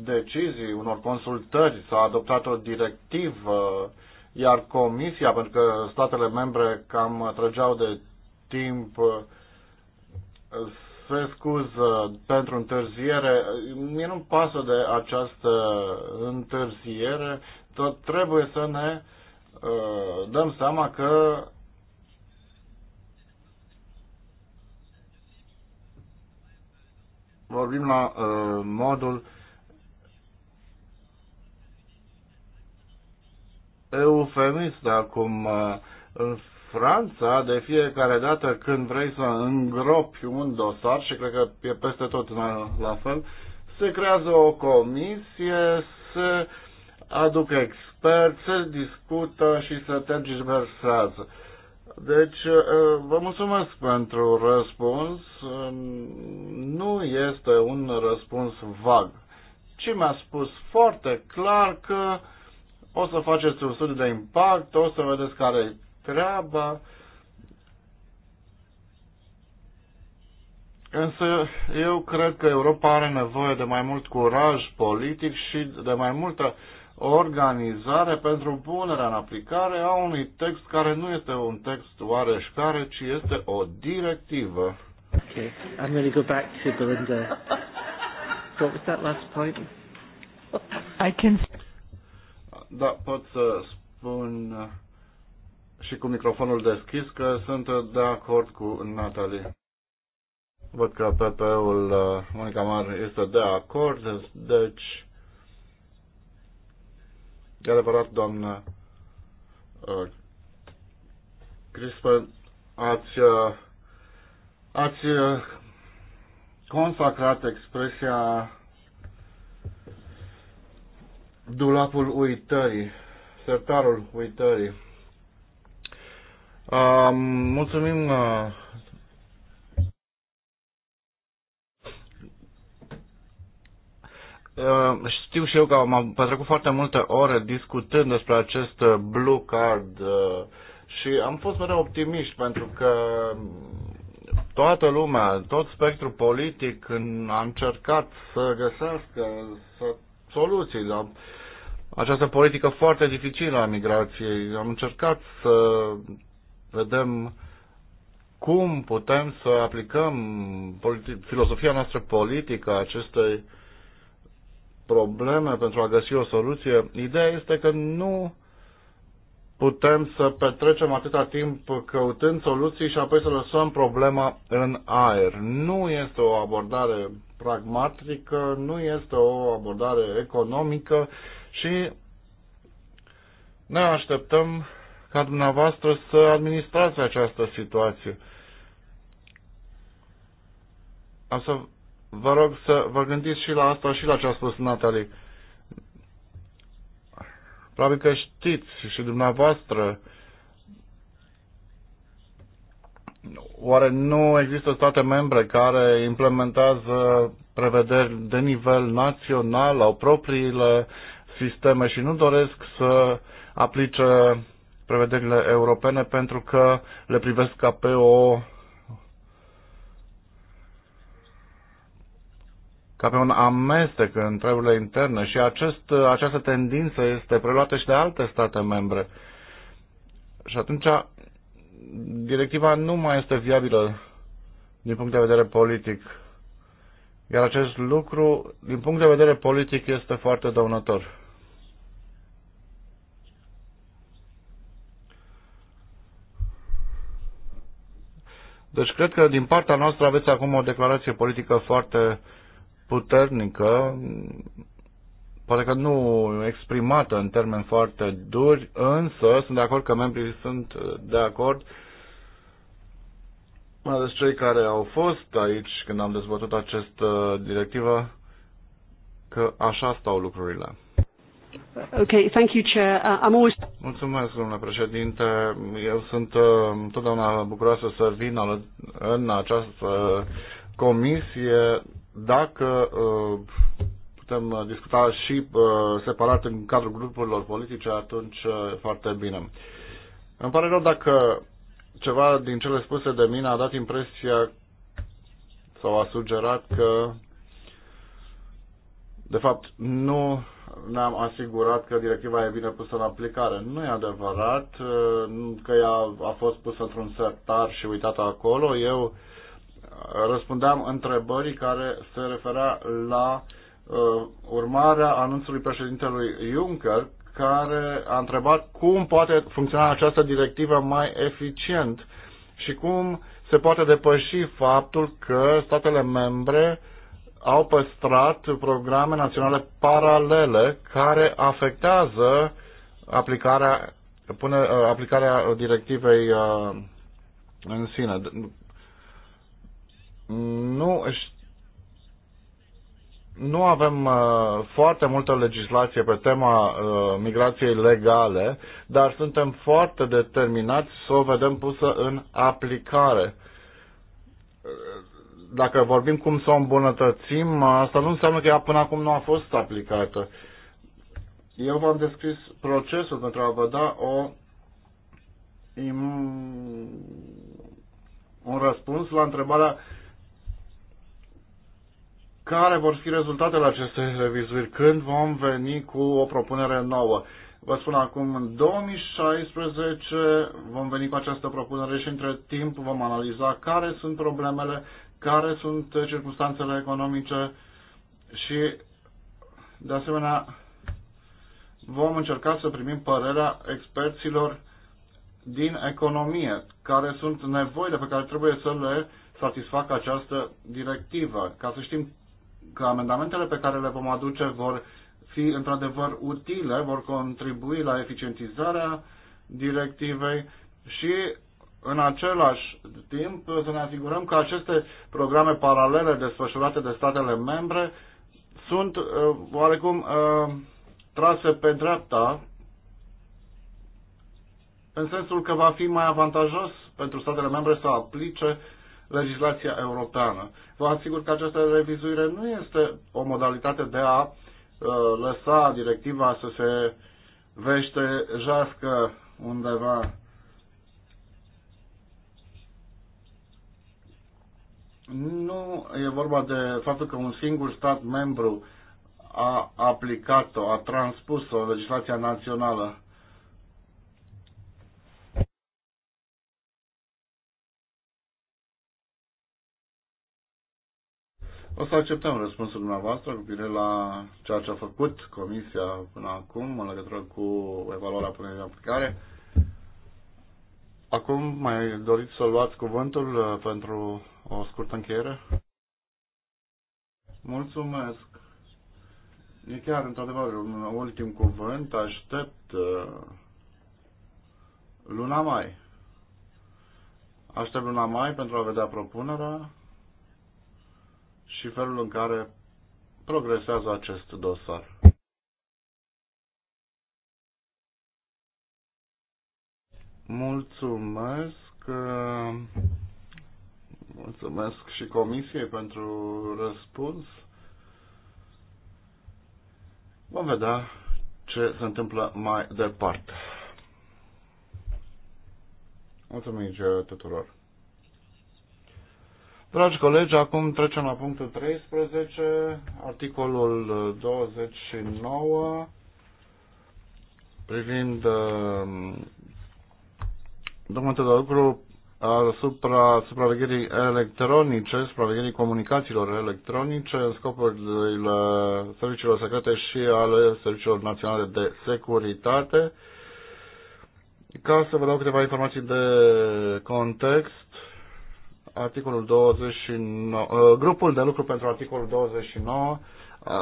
decizii, unor consultări, s-a adoptat o directivă, iar Comisia, pentru că statele membre cam trăgeau de timp, se scuză pentru întârziere. Mie nu-mi pasă de această întârziere, tot trebuie să ne uh, dăm seama că vorbim la uh, modul eufemist acum. Uh, în Franța, de fiecare dată când vrei să îngropi un dosar, și cred că e peste tot la fel, se creează o comisie, se aduc experți, se discută și se tergiversează. Deci, uh, vă mulțumesc pentru răspuns. Um, nu este un răspuns vag, ci mi-a spus foarte clar că uh, o să faceți un studiu de impact, o să vedeți care e treaba. Însă eu cred că Europa are nevoie de mai mult curaj politic și de mai multă organizare pentru punerea în aplicare a unui text care nu este un text oareșcare, ci este o directivă. Okay, I'm going to go back to Belinda. What was that last point? I can da, pot să spun uh, și cu microfonul deschis că sunt uh, de acord cu Natalie. Văd că PP-ul uh, Monica Mar este de acord, deci e adevărat, doamnă Crispă, ați, ați consacrat expresia dulapul uitării, sertarul uitării. Uh, mulțumim uh, Uh, știu și eu că am petrecut foarte multe ore discutând despre acest blue card uh, și am fost mereu optimiști pentru că toată lumea, tot spectrul politic a încercat să găsească, să soluții Am da. această politică foarte dificilă a migrației. Am încercat să vedem cum putem să aplicăm filosofia noastră politică acestei probleme pentru a găsi o soluție. Ideea este că nu putem să petrecem atâta timp căutând soluții și apoi să lăsăm problema în aer. Nu este o abordare pragmatică, nu este o abordare economică și ne așteptăm ca dumneavoastră să administrați această situație. Am să vă rog să vă gândiți și la asta și la ce a spus Natalie. Probabil că știți și dumneavoastră Oare nu există state membre care implementează prevederi de nivel național, au propriile sisteme și nu doresc să aplice prevederile europene pentru că le privesc ca pe o ca pe un amestec în treburile interne și acest, această tendință este preluată și de alte state membre. Și atunci directiva nu mai este viabilă din punct de vedere politic. Iar acest lucru, din punct de vedere politic, este foarte dăunător. Deci cred că din partea noastră aveți acum o declarație politică foarte puternică, poate că nu exprimată în termeni foarte duri, însă sunt de acord că membrii sunt de acord mai ales cei care au fost aici când am dezbătut această directivă, că așa stau lucrurile. Okay, thank you, Chair. Uh, I'm always... Mulțumesc, domnule președinte. Eu sunt uh, întotdeauna bucuroasă să vin în această comisie dacă uh, putem discuta și uh, separat în cadrul grupurilor politice, atunci uh, foarte bine. Îmi pare rău dacă ceva din cele spuse de mine a dat impresia sau a sugerat că de fapt nu ne-am asigurat că directiva e bine pusă în aplicare. Nu e adevărat că ea a fost pusă într-un sertar și uitată acolo. Eu răspundeam întrebării care se referea la uh, urmarea anunțului președintelui Juncker, care a întrebat cum poate funcționa această directivă mai eficient și cum se poate depăși faptul că statele membre au păstrat programe naționale paralele care afectează aplicarea, pune, uh, aplicarea directivei uh, în sine nu nu avem uh, foarte multă legislație pe tema uh, migrației legale, dar suntem foarte determinați să o vedem pusă în aplicare. Dacă vorbim cum să o îmbunătățim, uh, asta nu înseamnă că ea până acum nu a fost aplicată. Eu v-am descris procesul pentru a vă da o, un răspuns la întrebarea uh, care vor fi rezultatele acestei revizuiri, când vom veni cu o propunere nouă. Vă spun acum, în 2016 vom veni cu această propunere și între timp vom analiza care sunt problemele, care sunt circunstanțele economice și, de asemenea, vom încerca să primim părerea experților din economie, care sunt nevoile pe care trebuie să le satisfacă această directivă, ca să știm că amendamentele pe care le vom aduce vor fi într-adevăr utile, vor contribui la eficientizarea directivei și în același timp să ne asigurăm că aceste programe paralele desfășurate de statele membre sunt uh, oarecum uh, trase pe dreapta în sensul că va fi mai avantajos pentru statele membre să aplice uh, legislația europeană. Vă asigur că această revizuire nu este o modalitate de a uh, lăsa directiva să se veștejească undeva nu e vorba de faptul că un singur stat membru a aplicat-o, a transpus-o legislația națională. O să acceptăm răspunsul dumneavoastră cu privire la ceea ce a făcut Comisia până acum în legătură cu evaluarea punerii în aplicare. Acum mai doriți să luați cuvântul uh, pentru o scurtă încheiere? Mulțumesc! E chiar, într-adevăr, un ultim cuvânt. Aștept uh, luna mai. Aștept luna mai pentru a vedea propunerea și felul în care progresează acest dosar. Mulțumesc. Uh, mulțumesc și comisiei pentru răspuns. Vom vedea ce se întâmplă mai departe. Mulțumim tuturor! Dragi colegi, acum trecem la punctul 13, articolul 29, privind um, documente de lucru asupra supravegherii electronice, supravegherii comunicațiilor electronice în scopul serviciilor secrete și ale serviciilor naționale de securitate. Ca să vă dau câteva informații de context, articolul 29, uh, grupul de lucru pentru articolul 29 uh,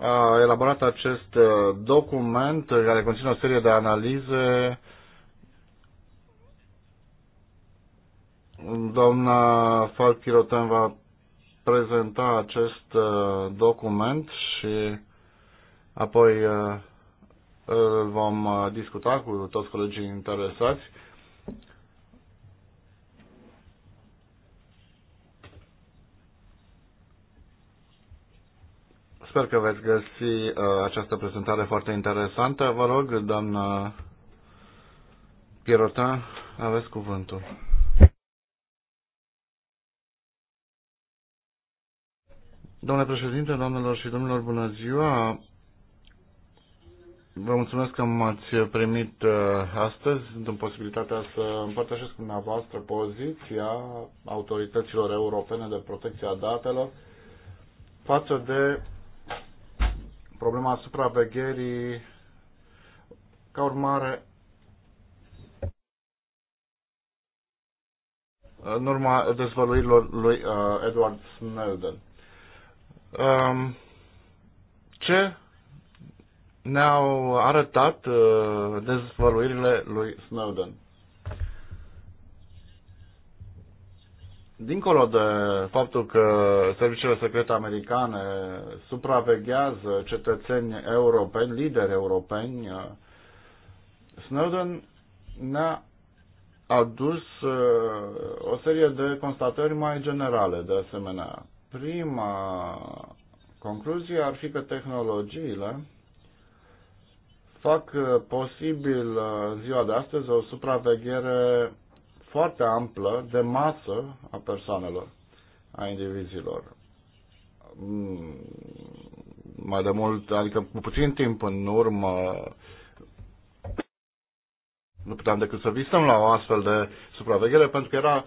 a elaborat acest uh, document care conține o serie de analize Doamna Falchiroten va prezenta acest document și apoi Ă, vom ă, discuta cu toți colegii interesați. Sper că veți găsi uh, această prezentare foarte interesantă. Vă rog, doamnă Pierotin, aveți cuvântul. Domnule președinte, doamnelor și domnilor, bună ziua! Vă mulțumesc că m-ați primit uh, astăzi. Sunt în posibilitatea să împărtășesc cu dumneavoastră poziția autorităților europene de protecție a datelor față de problema supravegherii ca urmare în urma dezvăluirilor lui uh, Edward Snowden. Um, ce ne-au arătat uh, dezvăluirile lui Snowden. Dincolo de faptul că serviciile secrete americane supraveghează cetățeni europeni, lideri europeni, uh, Snowden ne-a adus uh, o serie de constatări mai generale, de asemenea. Prima concluzie ar fi că tehnologiile fac uh, posibil uh, în ziua de astăzi o supraveghere foarte amplă, de masă, a persoanelor, a indivizilor. Mm, mai de mult, adică cu puțin timp în urmă, nu puteam decât să visăm la o astfel de supraveghere pentru că era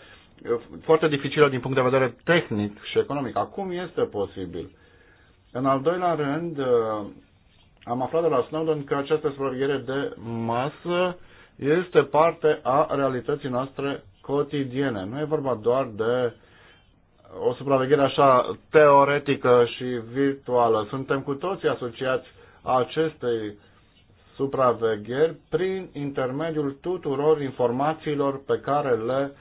uh, foarte dificilă din punct de vedere tehnic și economic. Acum este posibil. În al doilea rând, am aflat de la Snowden că această supraveghere de masă este parte a realității noastre cotidiene. Nu e vorba doar de o supraveghere așa teoretică și virtuală. Suntem cu toții asociați acestei supravegheri prin intermediul tuturor informațiilor pe care le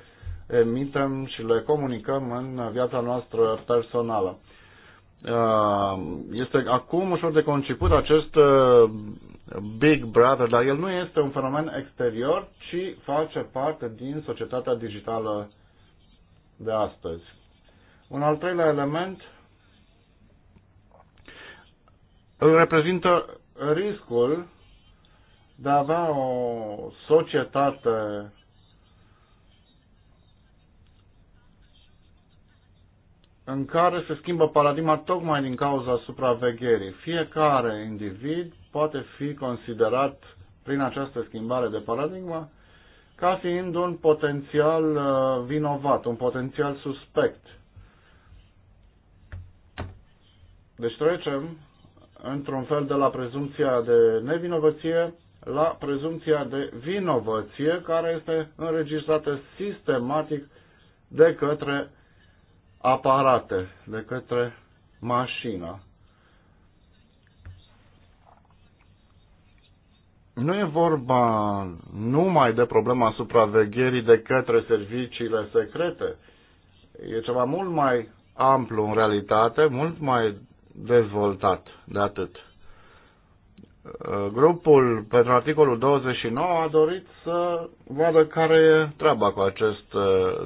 emitem și le comunicăm în viața noastră personală. Uh, este acum ușor de conceput acest uh, Big Brother, dar el nu este un fenomen exterior, ci face parte din societatea digitală de astăzi. Un al treilea element îl reprezintă riscul de a avea o societate în care se schimbă paradigma tocmai din cauza supravegherii. Fiecare individ poate fi considerat prin această schimbare de paradigma ca fiind un potențial uh, vinovat, un potențial suspect. Deci trecem într-un fel de la prezumția de nevinovăție la prezumția de vinovăție care este înregistrată sistematic de către aparate, de către mașină. Nu e vorba numai de problema supravegherii de către serviciile secrete. E ceva mult mai amplu în realitate, mult mai dezvoltat de atât. Uh, grupul pentru articolul 29 a dorit să vadă care e treaba cu acest uh,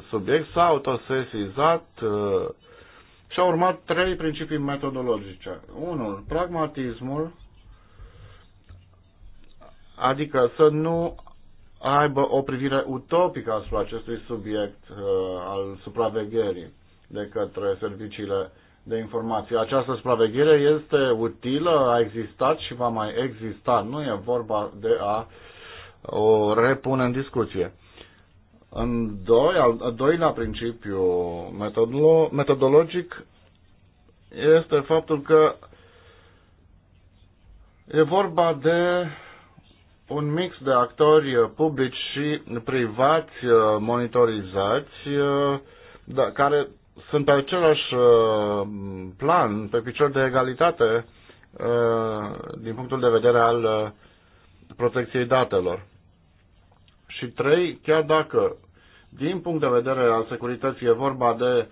subiect, s-a autosesizat uh, și a urmat trei principii metodologice. Unul, pragmatismul, adică să nu aibă o privire utopică asupra acestui subiect al supravegherii de către serviciile de informații. Această supraveghere este utilă, a existat și va mai exista. Nu e vorba de a o repune în discuție. În doi, al doilea principiu metodolo, metodologic este faptul că e vorba de un mix de actori publici și privați monitorizați da, care sunt pe același uh, plan, pe picior de egalitate uh, din punctul de vedere al uh, protecției datelor. Și trei, chiar dacă din punct de vedere al securității e vorba de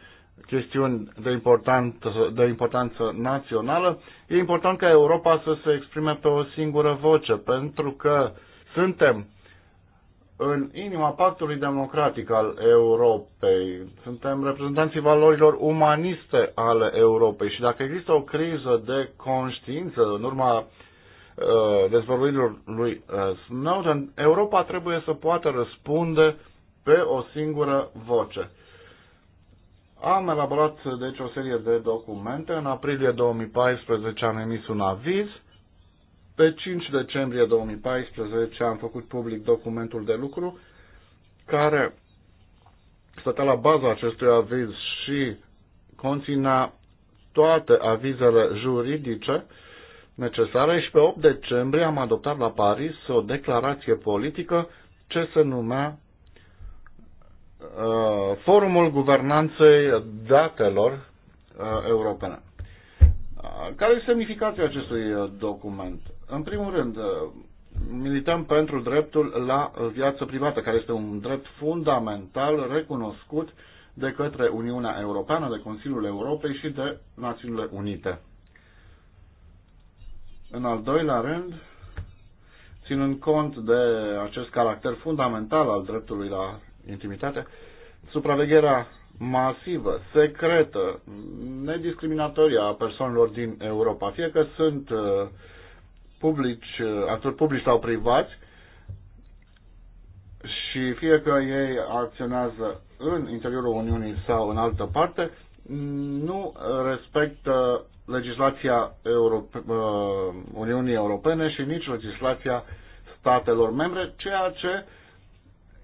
chestiuni de, important, de importanță națională, e important ca Europa să se exprime pe o singură voce, pentru că suntem în inima pactului democratic al Europei. Suntem reprezentanții valorilor umaniste ale Europei și dacă există o criză de conștiință în urma uh, dezvăluirilor lui uh, Snowden, Europa trebuie să poată răspunde pe o singură voce. Am elaborat, deci, o serie de documente. În aprilie 2014 am emis un aviz pe 5 decembrie 2014 am făcut public documentul de lucru care stătea la baza acestui aviz și conținea toate avizele juridice necesare și pe 8 decembrie am adoptat la Paris o declarație politică ce se numea uh, Forumul Guvernanței Datelor uh, Europene. Uh, care este semnificația acestui document? În primul rând, uh, milităm pentru dreptul la viață privată, care este un drept fundamental recunoscut de către Uniunea Europeană, de Consiliul Europei și de Națiunile Unite. În al doilea rând, ținând cont de acest caracter fundamental al dreptului la intimitate, supravegherea masivă, secretă, nediscriminatorie a persoanelor din Europa, fie că sunt uh, publici, uh, actori publici sau privați și fie că ei acționează în interiorul Uniunii sau în altă parte, nu respectă legislația Europe, uh, Uniunii Europene și nici legislația statelor membre, ceea ce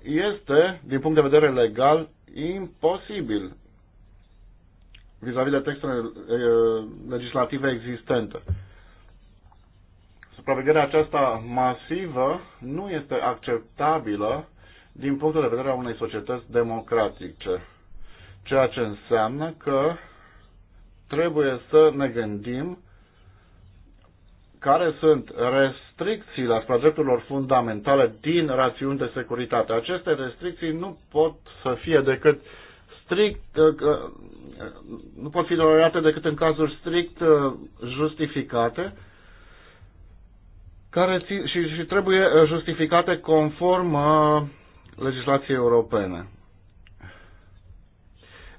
este, din punct de vedere legal, imposibil vis-a-vis -vis de textele uh, legislative existente supravegherea aceasta masivă nu este acceptabilă din punctul de vedere a unei societăți democratice. Ceea ce înseamnă că trebuie să ne gândim care sunt restricțiile asupra drepturilor fundamentale din rațiuni de securitate. Aceste restricții nu pot să fie decât strict, uh, uh, nu pot fi tolerate decât în cazuri strict uh, justificate care ți, și, și trebuie uh, justificate conform uh, legislației europene.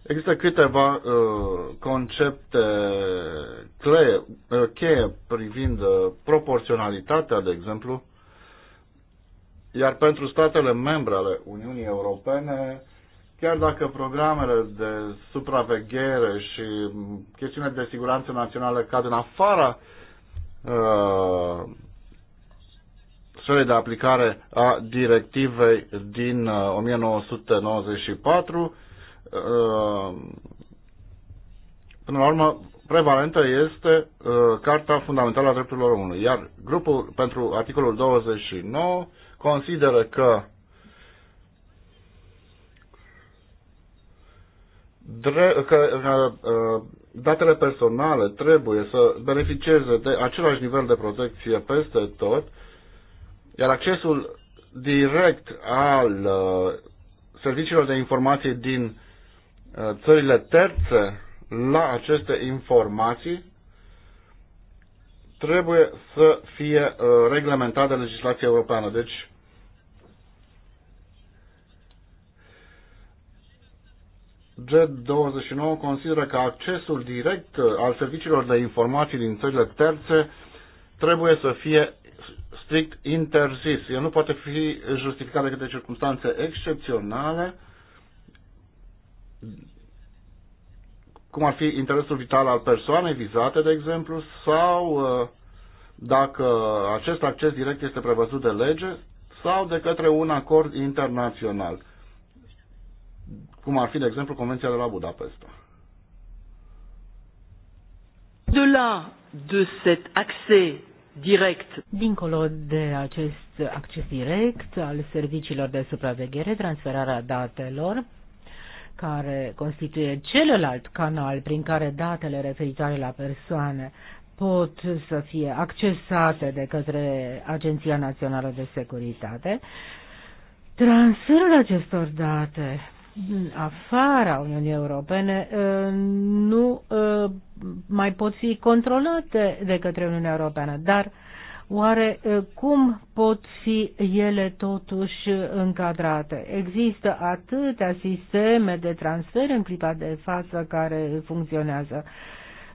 Există câteva uh, concepte cleie, uh, cheie privind uh, proporționalitatea, de exemplu, iar pentru statele membre ale Uniunii Europene, chiar dacă programele de supraveghere și chestiunile de siguranță națională cad în afara uh, sferei de aplicare a directivei din 1994. Uh, uh, până la urmă, prevalentă este uh, Carta Fundamentală a Drepturilor Omului, iar grupul pentru articolul 29 consideră că că, că datele personale trebuie să beneficieze de același nivel de protecție peste tot iar accesul direct al uh, serviciilor de informații din uh, țările terțe la aceste informații trebuie să fie uh, reglementat de legislația europeană. Deci, G29 consideră că accesul direct al serviciilor de informații din țările terțe trebuie să fie strict interzis. El nu poate fi justificat decât de circunstanțe excepționale, cum ar fi interesul vital al persoanei vizate, de exemplu, sau uh, dacă acest acces direct este prevăzut de lege, sau de către un acord internațional, cum ar fi, de exemplu, Convenția de la Budapesta. De la de cet accès direct. Dincolo de acest acces direct al serviciilor de supraveghere, transferarea datelor, care constituie celălalt canal prin care datele referitoare la persoane pot să fie accesate de către Agenția Națională de Securitate, transferul acestor date afara Uniunii Europene uh, nu uh, mai pot fi controlate de către Uniunea Europeană, dar Oare uh, cum pot fi ele totuși încadrate? Există atâtea sisteme de transfer în clipa de față care funcționează.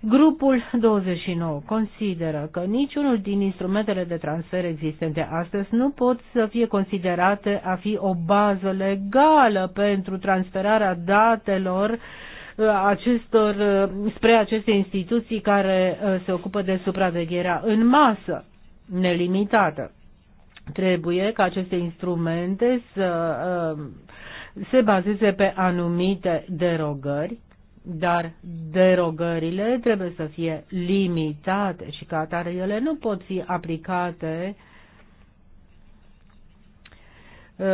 Grupul 29 consideră că niciunul din instrumentele de transfer existente astăzi nu pot să fie considerate a fi o bază legală pentru transferarea datelor uh, acestor, uh, spre aceste instituții care uh, se ocupă de supravegherea în masă nelimitată. Trebuie ca aceste instrumente să se bazeze pe anumite derogări dar derogările trebuie să fie limitate și ca atare ele nu pot fi aplicate uh,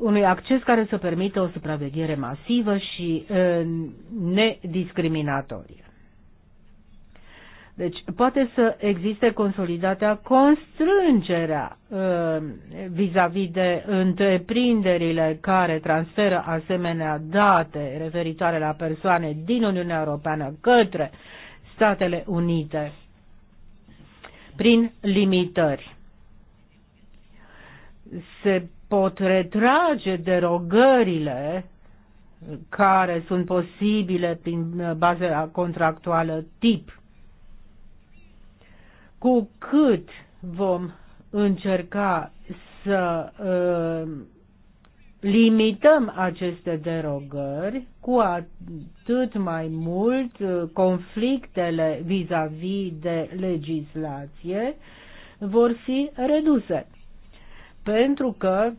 unui acces care să permită o supraveghere masivă și uh, nediscriminatorie. Deci poate să existe consolidată constrângerea uh, vis-a-vis -vis de întreprinderile care transferă asemenea date referitoare la persoane din Uniunea Europeană către Statele Unite prin limitări. Se pot retrage derogările care sunt posibile prin uh, baza contractuală tip cu cât vom încerca să uh, limităm aceste derogări, cu atât mai mult uh, conflictele vis-a-vis -vis de legislație vor fi reduse. Pentru că,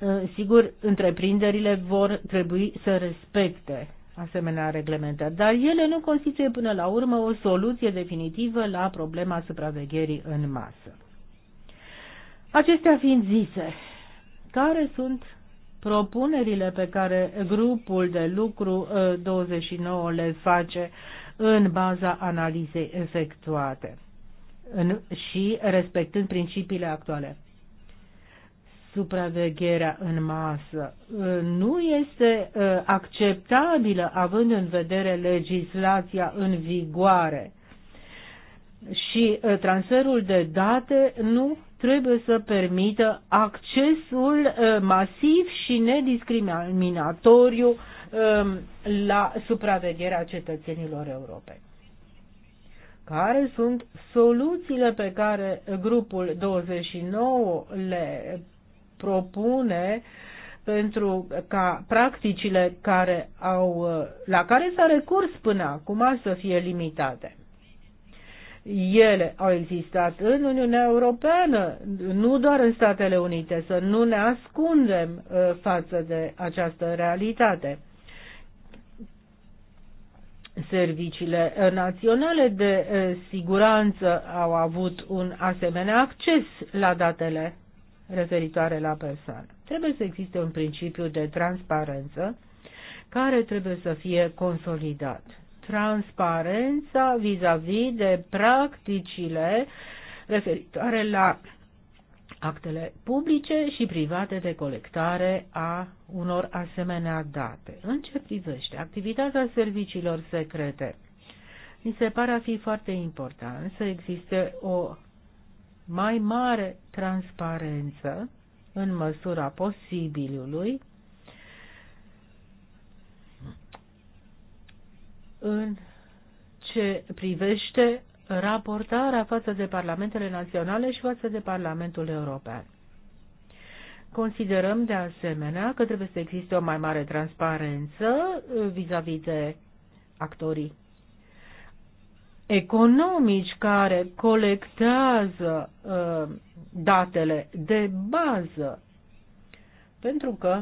uh, sigur, întreprinderile vor trebui să respecte asemenea reglementări, dar ele nu constituie până la urmă o soluție definitivă la problema supravegherii în masă. Acestea fiind zise, care sunt propunerile pe care grupul de lucru 29 uh, le face în baza analizei efectuate în, și respectând principiile actuale supravegherea în masă uh, nu este uh, acceptabilă având în vedere legislația în vigoare. Și uh, transferul de date nu trebuie să permită accesul masiv și nediscriminatoriu um, la supravegherea cetățenilor europeni care sunt soluțiile pe care grupul 29 le propune pentru ca practicile care au, la care s-a recurs până acum să fie limitate. Ele au existat în Uniunea Europeană, nu doar în Statele Unite, să nu ne ascundem uh, față de această realitate serviciile uh, naționale de uh, siguranță au avut un asemenea acces la datele referitoare la persoană. Trebuie să existe un principiu de transparență care trebuie să fie consolidat. Transparența vis-a-vis -vis de practicile referitoare la actele publice și private de colectare a unor asemenea date. În ce privește activitatea serviciilor secrete? Mi se pare a fi foarte important să existe o mai mare transparență în măsura posibilului în ce privește raportarea față de parlamentele naționale și față de Parlamentul European. Considerăm de asemenea că trebuie să existe o mai mare transparență vis-a-vis -vis de actorii economici care colectează uh, datele de bază. Pentru că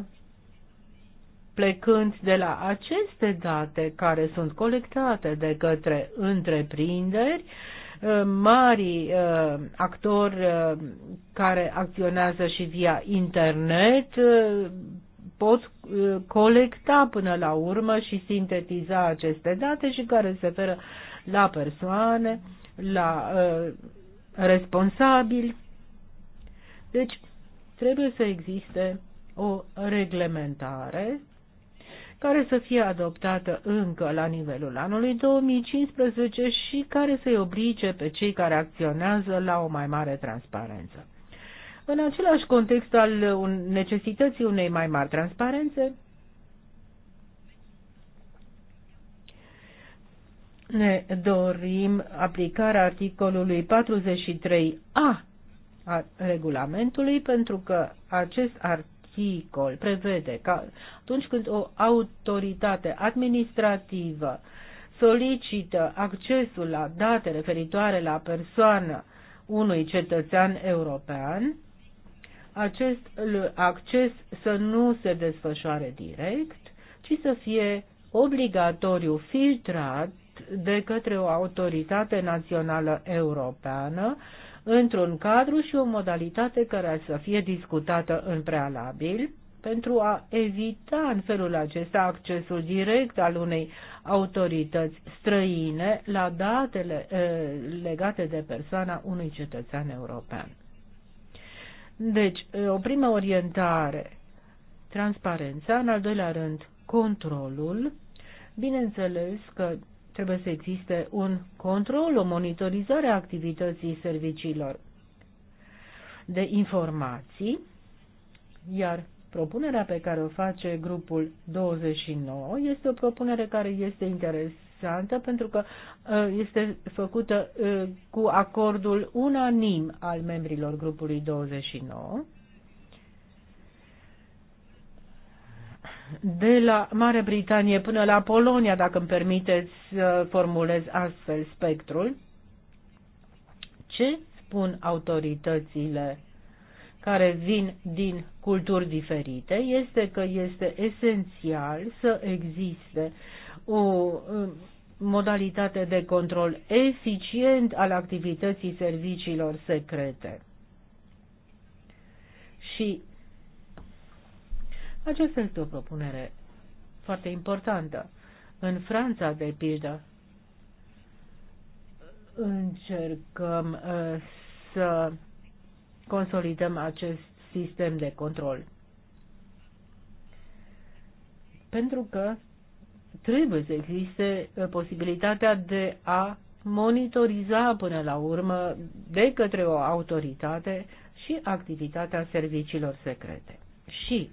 plecând de la aceste date care sunt colectate de către întreprinderi, uh, mari uh, actori uh, care acționează și via internet pot colecta până la urmă și sintetiza aceste date și care se feră la persoane, la uh, responsabili. Deci, trebuie să existe o reglementare care să fie adoptată încă la nivelul anului 2015 și care să-i oblige pe cei care acționează la o mai mare transparență. În același context al necesității unei mai mari transparențe, ne dorim aplicarea articolului 43a a regulamentului, pentru că acest articol prevede că atunci când o autoritate administrativă solicită accesul la date referitoare la persoană unui cetățean european, acest acces să nu se desfășoare direct, ci să fie obligatoriu filtrat de către o autoritate națională europeană într-un cadru și o modalitate care să fie discutată în prealabil pentru a evita în felul acesta accesul direct al unei autorități străine la datele legate de persoana unui cetățean european. Deci, o primă orientare, transparența, în al doilea rând, controlul. Bineînțeles că Trebuie să existe un control, o monitorizare a activității serviciilor de informații, iar propunerea pe care o face grupul 29 este o propunere care este interesantă pentru că uh, este făcută uh, cu acordul unanim al membrilor grupului 29 de la Marea Britanie până la Polonia, dacă îmi permiteți să formulez astfel spectrul. Ce spun autoritățile care vin din culturi diferite este că este esențial să existe o um, modalitate de control eficient al activității serviciilor secrete. Și aceasta este o propunere foarte importantă. În Franța, de pildă, încercăm uh, să consolidăm acest sistem de control. Pentru că trebuie să existe uh, posibilitatea de a monitoriza până la urmă de către o autoritate și activitatea serviciilor secrete. Și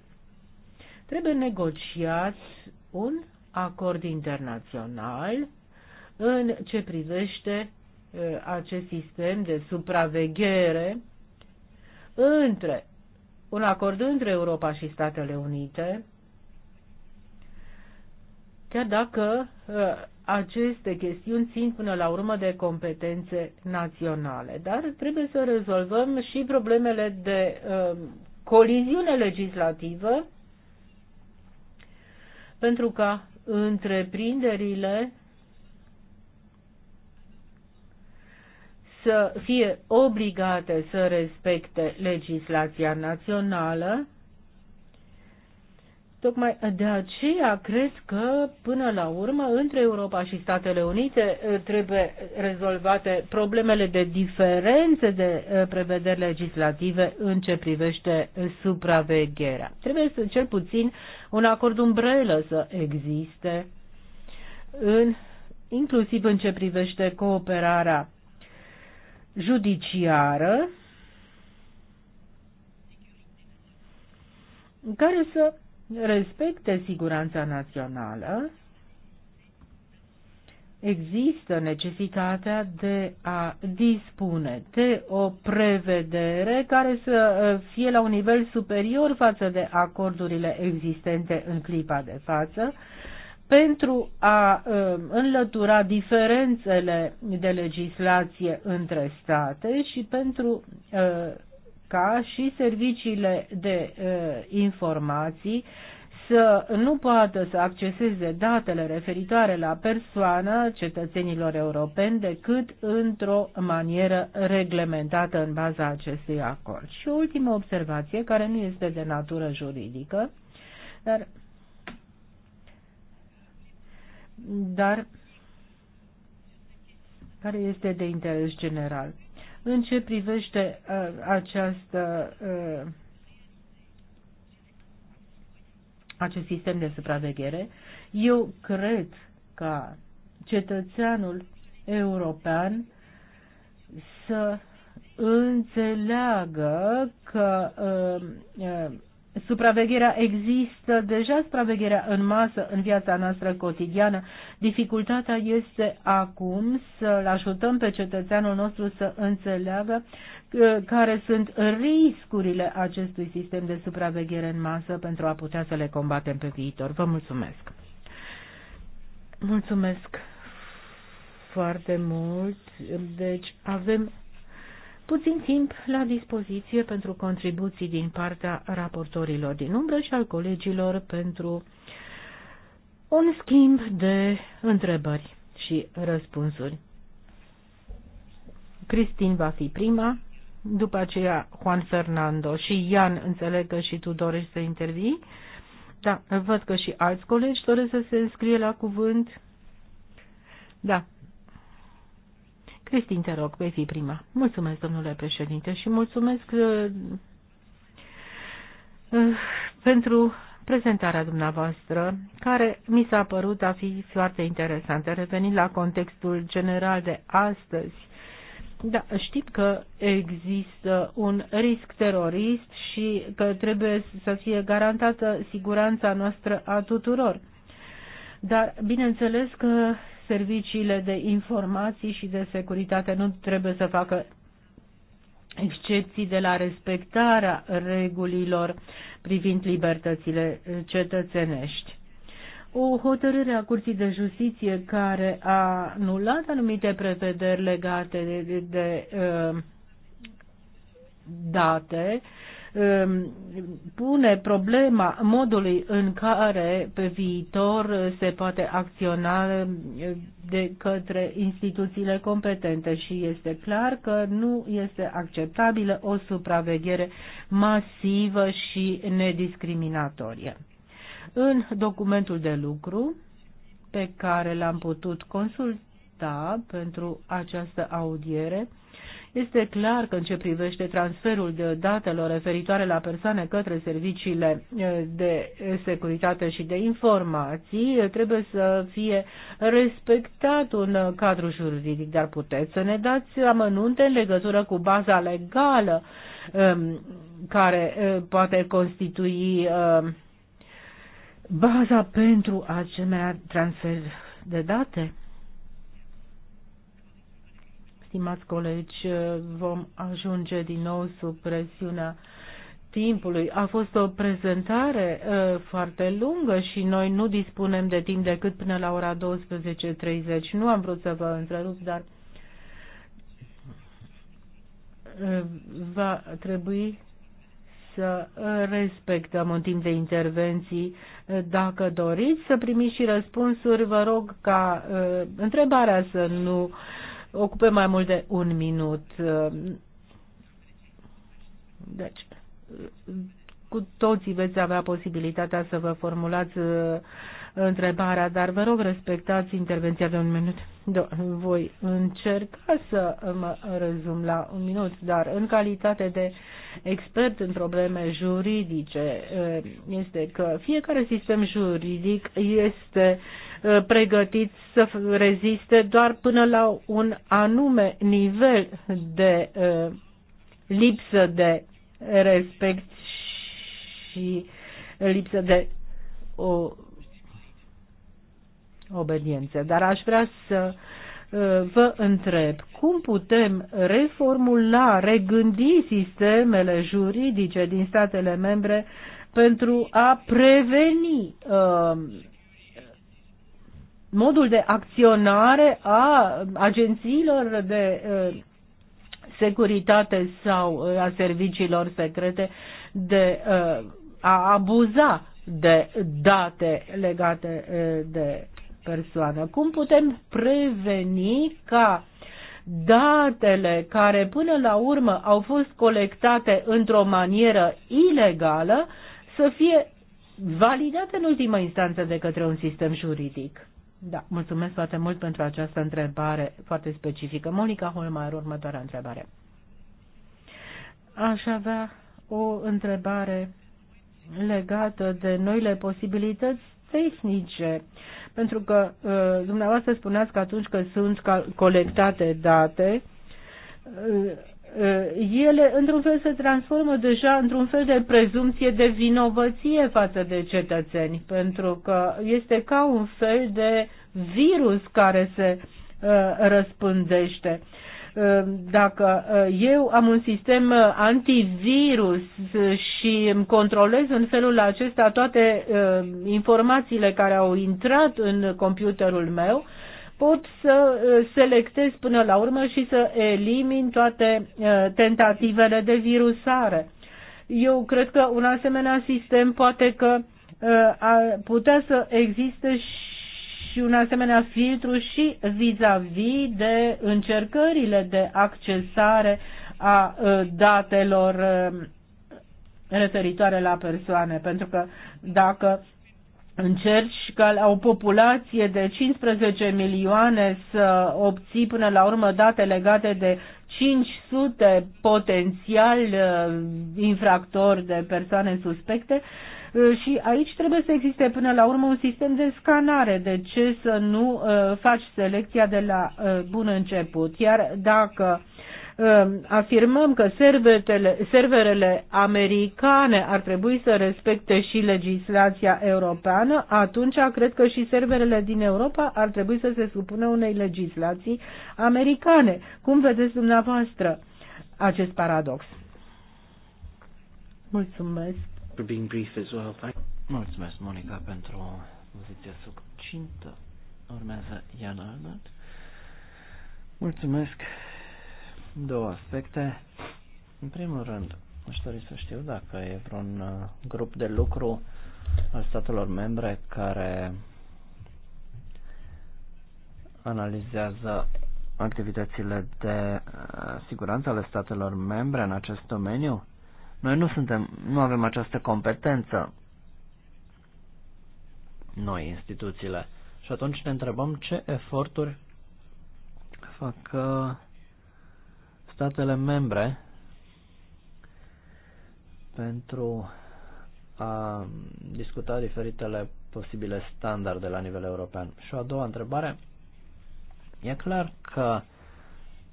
Trebuie negociat un acord internațional în ce privește uh, acest sistem de supraveghere între un acord între Europa și Statele Unite, chiar dacă uh, aceste chestiuni țin până la urmă de competențe naționale. Dar trebuie să rezolvăm și problemele de uh, coliziune legislativă pentru ca întreprinderile să fie obligate să respecte legislația națională. Tocmai de aceea cred că, până la urmă, între Europa și Statele Unite eh, trebuie rezolvate problemele de diferențe de eh, prevederi legislative în ce privește eh, supravegherea. Trebuie să, cel puțin un acord umbrelă să existe, în, inclusiv în ce privește cooperarea judiciară, care să respecte siguranța națională există necesitatea de a dispune de o prevedere care să uh, fie la un nivel superior față de acordurile existente în clipa de față pentru a um, înlătura diferențele de legislație între state și pentru uh, ca și serviciile de uh, informații să nu poată să acceseze datele referitoare la persoană cetățenilor europeni decât într-o manieră reglementată în baza acestui acord. Și o ultimă observație, care nu este de natură juridică, dar, dar care este de interes general. În ce privește uh, această uh, acest sistem de supraveghere, eu cred ca cetățeanul european să înțeleagă că uh, uh, supravegherea există, deja supravegherea în masă în viața noastră cotidiană. Dificultatea este acum să-l ajutăm pe cetățeanul nostru să înțeleagă care sunt riscurile acestui sistem de supraveghere în masă pentru a putea să le combatem pe viitor. Vă mulțumesc! Mulțumesc foarte mult. Deci avem puțin timp la dispoziție pentru contribuții din partea raportorilor din umbră și al colegilor pentru un schimb de întrebări și răspunsuri. Cristin va fi prima după aceea Juan Fernando și Ian, înțeleg că și tu dorești să intervii. Da, văd că și alți colegi doresc să se înscrie la cuvânt. Da. Cristin, te rog, vei fi prima. Mulțumesc, domnule președinte, și mulțumesc uh, uh, pentru prezentarea dumneavoastră, care mi s-a părut a fi foarte interesantă, revenind la contextul general de astăzi da, știm că există un risc terorist și că trebuie să fie garantată siguranța noastră a tuturor. Dar bineînțeles că serviciile de informații și de securitate nu trebuie să facă excepții de la respectarea regulilor privind libertățile cetățenești o hotărâre a Curții de Justiție care a anulat anumite prevederi legate de, de, de uh, date um, pune problema modului în care pe viitor se poate acționa uh, de către instituțiile competente și este clar că nu este acceptabilă o supraveghere masivă și nediscriminatorie. În documentul de lucru pe care l-am putut consulta pentru această audiere, este clar că în ce privește transferul de datelor referitoare la persoane către serviciile eh, de securitate și de informații, eh, trebuie să fie respectat un eh, cadru juridic, dar puteți să ne dați amănunte în legătură cu baza legală ehm, care poate constitui ehm, baza pentru acelea transfer de date? Stimați colegi, vom ajunge din nou sub presiunea timpului. A fost o prezentare uh, foarte lungă și noi nu dispunem de timp decât până la ora 12.30. Nu am vrut să vă întrerup, dar uh, va trebui să uh, respectăm în timp de intervenții. Uh, dacă doriți să primiți și răspunsuri, vă rog ca uh, întrebarea să nu ocupe mai mult de un minut. Deci, cu toții veți avea posibilitatea să vă formulați întrebarea, dar vă rog respectați intervenția de un minut. Do da, voi încerca să mă rezum la un minut, dar în calitate de expert în probleme juridice este că fiecare sistem juridic este uh, pregătit să reziste doar până la un anume nivel de uh, lipsă de respect și lipsă de o obediență. Dar aș vrea să uh, vă întreb cum putem reformula, regândi sistemele juridice din statele membre pentru a preveni uh, modul de acționare a agențiilor de uh, securitate sau a serviciilor secrete de a abuza de date legate de persoană. Cum putem preveni ca datele care până la urmă au fost colectate într-o manieră ilegală să fie validate în ultima instanță de către un sistem juridic? Da, mulțumesc foarte mult pentru această întrebare foarte specifică. Monica Holmar, următoarea întrebare. Aș avea o întrebare legată de noile posibilități tehnice pentru că uh, dumneavoastră spuneați că atunci când sunt colectate date, uh, uh, ele într-un fel se transformă deja într-un fel de prezumție de vinovăție față de cetățeni, pentru că este ca un fel de virus care se uh, răspândește. Uh, Ehm, dacă eh, eu am un sistem eh, antivirus și îmi controlez în felul acesta toate ehm, informațiile care au intrat în computerul meu, pot să eh, selectez până la urmă și să elimin toate tentativele de virusare. Eu cred că un asemenea sistem poate că ar putea să existe și un asemenea filtru și vis-a-vis -vis de încercările de accesare a ă, datelor ă, referitoare la persoane, pentru că dacă încerci ca la o populație de 15 milioane să obții până la urmă date legate de 500 potențial ă, infractori de persoane suspecte, Eh, și aici trebuie să existe până la urmă un sistem de scanare. De ce să nu eh, faci selecția de la eh, bun început? Iar dacă afirmăm că serverele americane ar trebui să respecte și legislația europeană, atunci cred că și serverele din Europa ar trebui să se supună unei legislații americane. Cum vedeți dumneavoastră acest paradox? Mulțumesc for being brief as well. Thank Mulțumesc, Monica, pentru o poziție succintă. Urmează Ian Arnold. Mulțumesc. Două aspecte. În primul rând, aș dori să știu dacă e vreun uh, grup de lucru al statelor membre care analizează activitățile de uh, siguranță ale statelor membre în acest domeniu noi nu suntem, nu avem această competență, noi, instituțiile. Și atunci ne întrebăm ce eforturi fac uh, statele membre pentru a discuta diferitele posibile standarde la nivel european. Și o a doua întrebare. E clar că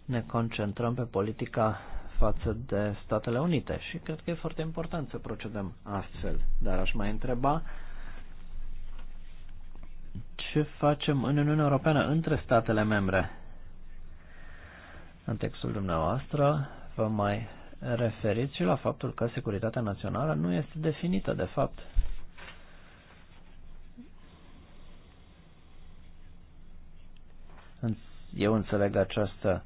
ne concentrăm pe politica față de Statele Unite și cred că e foarte important să procedăm astfel. Dar aș mai întreba ce facem în Uniunea Europeană între statele membre. În textul dumneavoastră vă mai referiți și la faptul că securitatea națională nu este definită, de fapt. Eu înțeleg această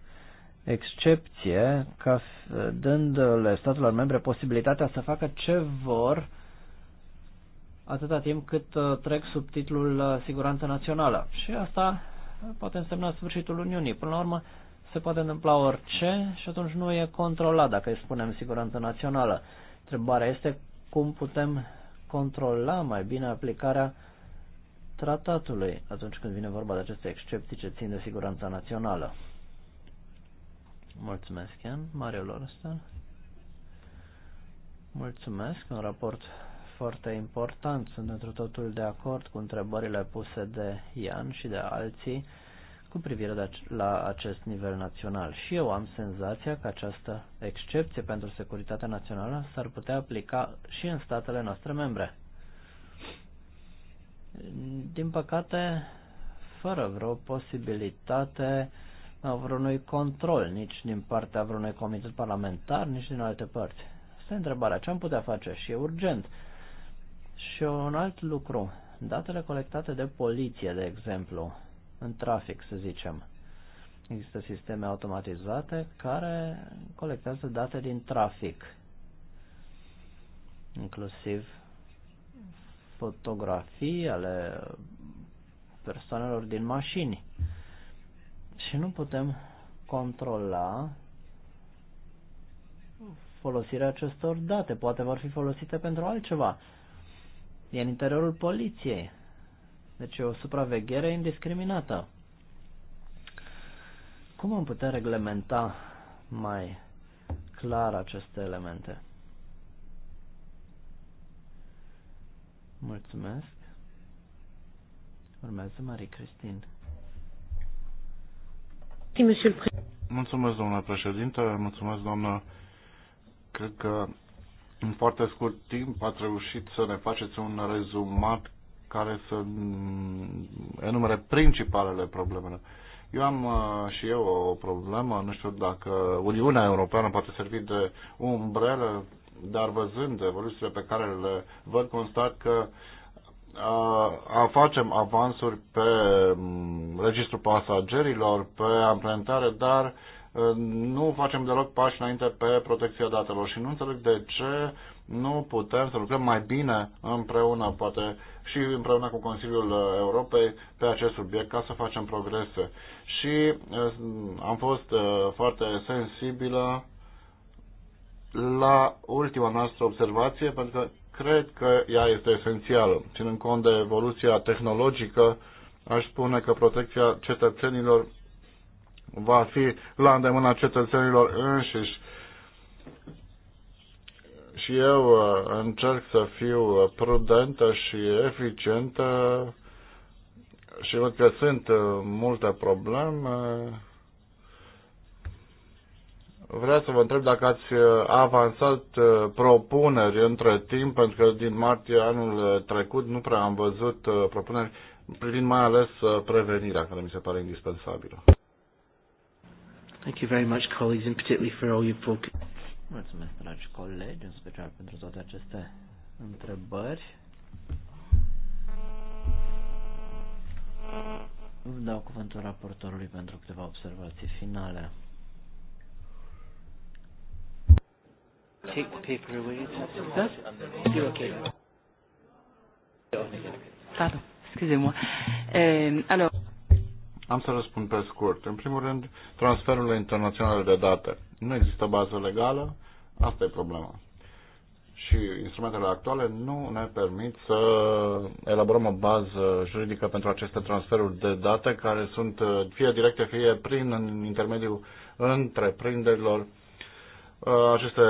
excepție ca dându-le statelor membre posibilitatea să facă ce vor atâta timp cât uh, trec sub titlul uh, Siguranță Națională. Și asta poate însemna sfârșitul Uniunii. Până la urmă, se poate întâmpla orice și atunci nu e controlat dacă îi spunem Siguranță Națională. Întrebarea este cum putem controla mai bine aplicarea tratatului atunci când vine vorba de aceste excepții ce țin de siguranța națională. Mulțumesc, Ian. Mario Lorstan. Mulțumesc, un raport foarte important. Sunt într totul de acord cu întrebările puse de Ian și de alții cu privire la acest nivel național. Și eu am senzația că această excepție pentru securitatea națională s-ar putea aplica și în statele noastre membre. Din păcate, fără vreo posibilitate uh, vreunui control, nici din partea vreunui comitet parlamentar, nici din alte părți. Asta e întrebarea, ce am putea face și e urgent. Și un alt lucru, datele colectate de poliție, de exemplu, în trafic, să zicem. Există sisteme automatizate care colectează date din trafic, inclusiv fotografii ale persoanelor din mașini și nu putem controla folosirea acestor date. Poate vor fi folosite pentru altceva. E în interiorul poliției. Deci e o supraveghere indiscriminată. Cum am putea reglementa mai clar aceste elemente? Mulțumesc. Urmează Marie Cristin. Mulțumesc, domnule președinte, mulțumesc, doamnă. Cred că în foarte scurt timp ați reușit să ne faceți un rezumat care să enumere principalele probleme. Eu am uh, și eu o problemă, nu știu dacă Uniunea Europeană poate servi de umbrelă, dar văzând evoluțiile pe care le văd, constat că uh, a facem avansuri pe registrul pasagerilor, pe amprentare, dar nu facem deloc pași înainte pe protecția datelor și nu înțeleg de ce nu putem să lucrăm mai bine împreună, poate și împreună cu Consiliul Europei pe acest subiect ca să facem progrese. Și am fost foarte sensibilă la ultima noastră observație, pentru că cred că ea este esențială. Ținând cont de evoluția tehnologică, aș spune că protecția cetățenilor va fi la îndemâna cetățenilor înșiși. Și eu uh, încerc să fiu uh, prudentă și eficientă și văd că sunt uh, multe probleme Vreau să vă întreb dacă ați uh, avansat uh, propuneri între timp, pentru că din martie anul trecut nu prea am văzut uh, propuneri privind mai ales prevenirea, care mi se pare indispensabilă. Thank you very much, colleagues, and particularly for all your focus. Mulțumesc, dragi colegi, în special pentru toate aceste întrebări. Îmi dau cuvântul raportorului pentru câteva observații finale. Take the paper away. Does? You're okay. Pardon, excusez-moi. Euh, alors... Am să răspund pe scurt. În primul rând, transferurile internaționale de date. Nu există bază legală, asta e problema. Și instrumentele actuale nu ne permit să elaborăm o bază juridică pentru aceste transferuri de date care sunt fie directe, fie prin în intermediul întreprinderilor Uh, aceste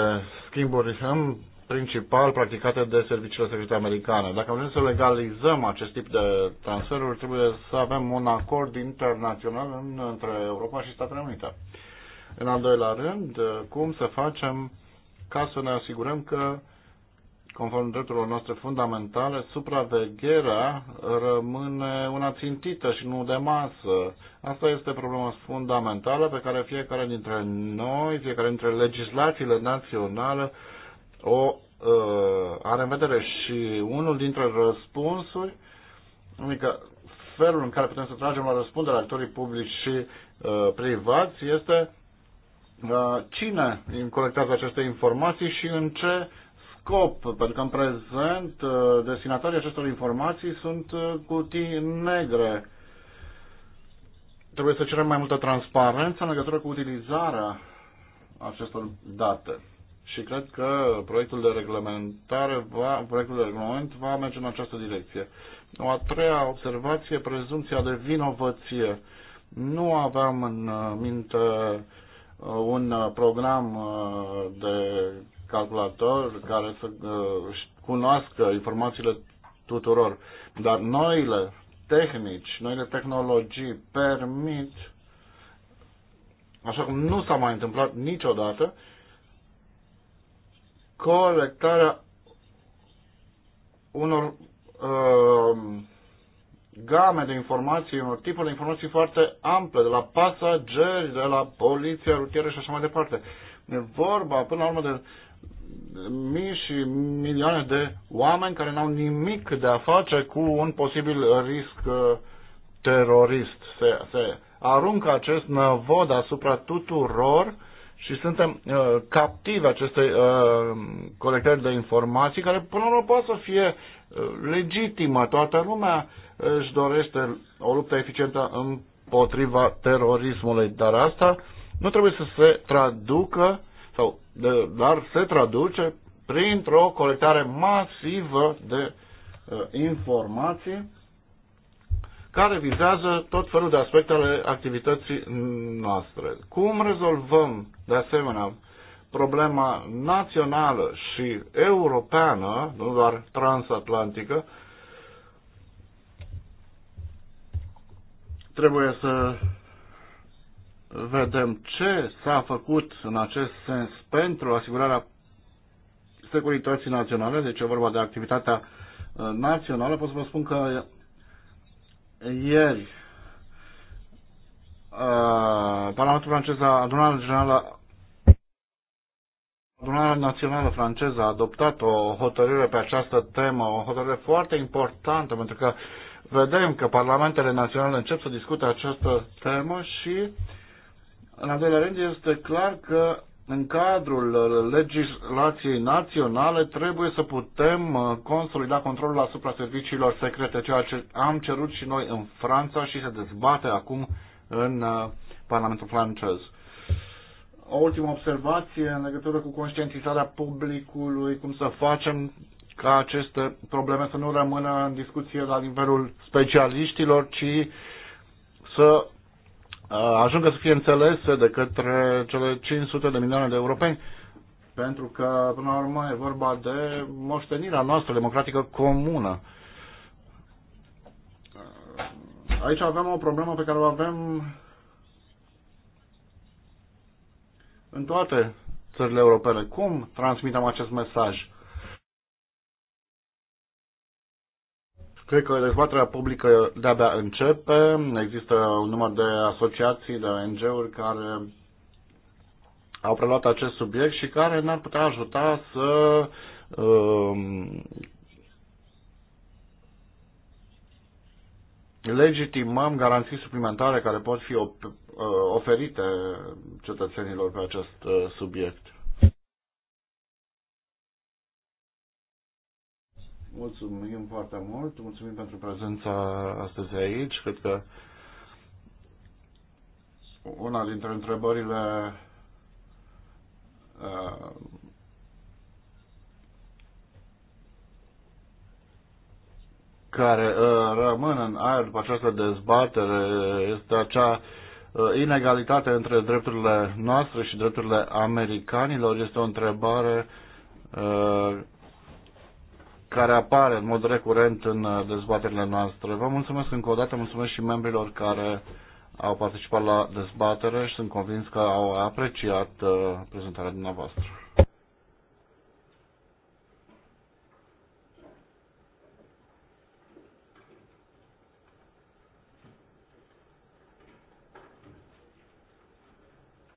schimburi în principal practicate de serviciile secrete americane. Dacă vrem să legalizăm acest tip de transferuri, trebuie să avem un acord internațional în, între Europa și Statele Unite. În al doilea rând, uh, cum să facem ca să ne asigurăm că uh, Conform drepturilor noastre fundamentale, supravegherea rămâne una țintită și nu de masă. Asta este problema fundamentală pe care fiecare dintre noi, fiecare dintre legislațiile naționale o uh, are în vedere și unul dintre răspunsuri, adică felul în care putem să tragem la răspundere actorii publici și uh, privați este uh, cine colectează aceste informații și în ce scop, pentru că în prezent uh, destinatarii acestor informații sunt uh, cutii negre. Trebuie să cerem mai multă transparență în legătură cu utilizarea acestor date. Și cred că proiectul de reglementare va, proiectul de reglement va merge în această direcție. O a treia observație, prezumția de vinovăție. Nu aveam în uh, minte un program de calculator care să uh, cunoască informațiile tuturor. Dar noile tehnici, noile tehnologii permit, așa cum nu s-a mai întâmplat niciodată, colectarea unor uh, game de informații, unor tipuri de informații foarte ample, de la pasageri, de la poliția rutieră și așa mai departe. E vorba, până la urmă, de mii și milioane de oameni care n-au nimic de a face cu un posibil risc uh, terorist. Se, se aruncă acest năvod asupra tuturor și suntem uh, captivi acestei uh, colectări de informații care până la poate să fie uh, legitimă. Toată lumea uh, își dorește o luptă eficientă împotriva terorismului, dar asta nu trebuie să se traducă sau de, dar se traduce printr-o colectare masivă de uh, informații care vizează tot felul de aspecte ale activității noastre. Cum rezolvăm, de asemenea, problema națională și europeană, nu doar transatlantică, trebuie să vedem ce s-a făcut în acest sens pentru asigurarea securității naționale, deci e vorba de activitatea uh, națională. Pot să vă spun că ieri uh, Parlamentul francez a adunat generală Adunarea Națională Franceză a adoptat o hotărâre pe această temă, o hotărâre foarte importantă, pentru că vedem că parlamentele naționale încep să discute această temă și în al doilea rând, este clar că în cadrul uh, legislației naționale trebuie să putem uh, consolida controlul asupra serviciilor secrete, ceea ce am cerut și noi în Franța și se dezbate acum în uh, Parlamentul francez. O ultimă observație în legătură cu conștientizarea publicului, cum să facem ca aceste probleme să nu rămână în discuție la nivelul specialiștilor, ci să Uh, ajungă să fie înțelese de către cele 500 de milioane de europeni, pentru că, până la urmă, e vorba de moștenirea noastră democratică comună. Uh, aici avem o problemă pe care o avem în toate țările europene. Cum transmitem acest mesaj? Cred că dezbaterea publică de-abia începe. Există un număr de asociații, de ONG-uri care au preluat acest subiect și care n ar putea ajuta să um, legitimăm garanții suplimentare care pot fi uh, oferite cetățenilor pe acest uh, subiect. Mulțumim foarte mult, mulțumim pentru prezența astăzi aici. Cred că una dintre întrebările uh, care uh, rămân în aer după această dezbatere este acea uh, inegalitate între drepturile noastre și drepturile americanilor. Este o întrebare uh, care apare în mod recurent în uh, dezbaterile noastre. Vă mulțumesc încă o dată, mulțumesc și membrilor care au participat la dezbatere și sunt convins că au apreciat uh, prezentarea dumneavoastră.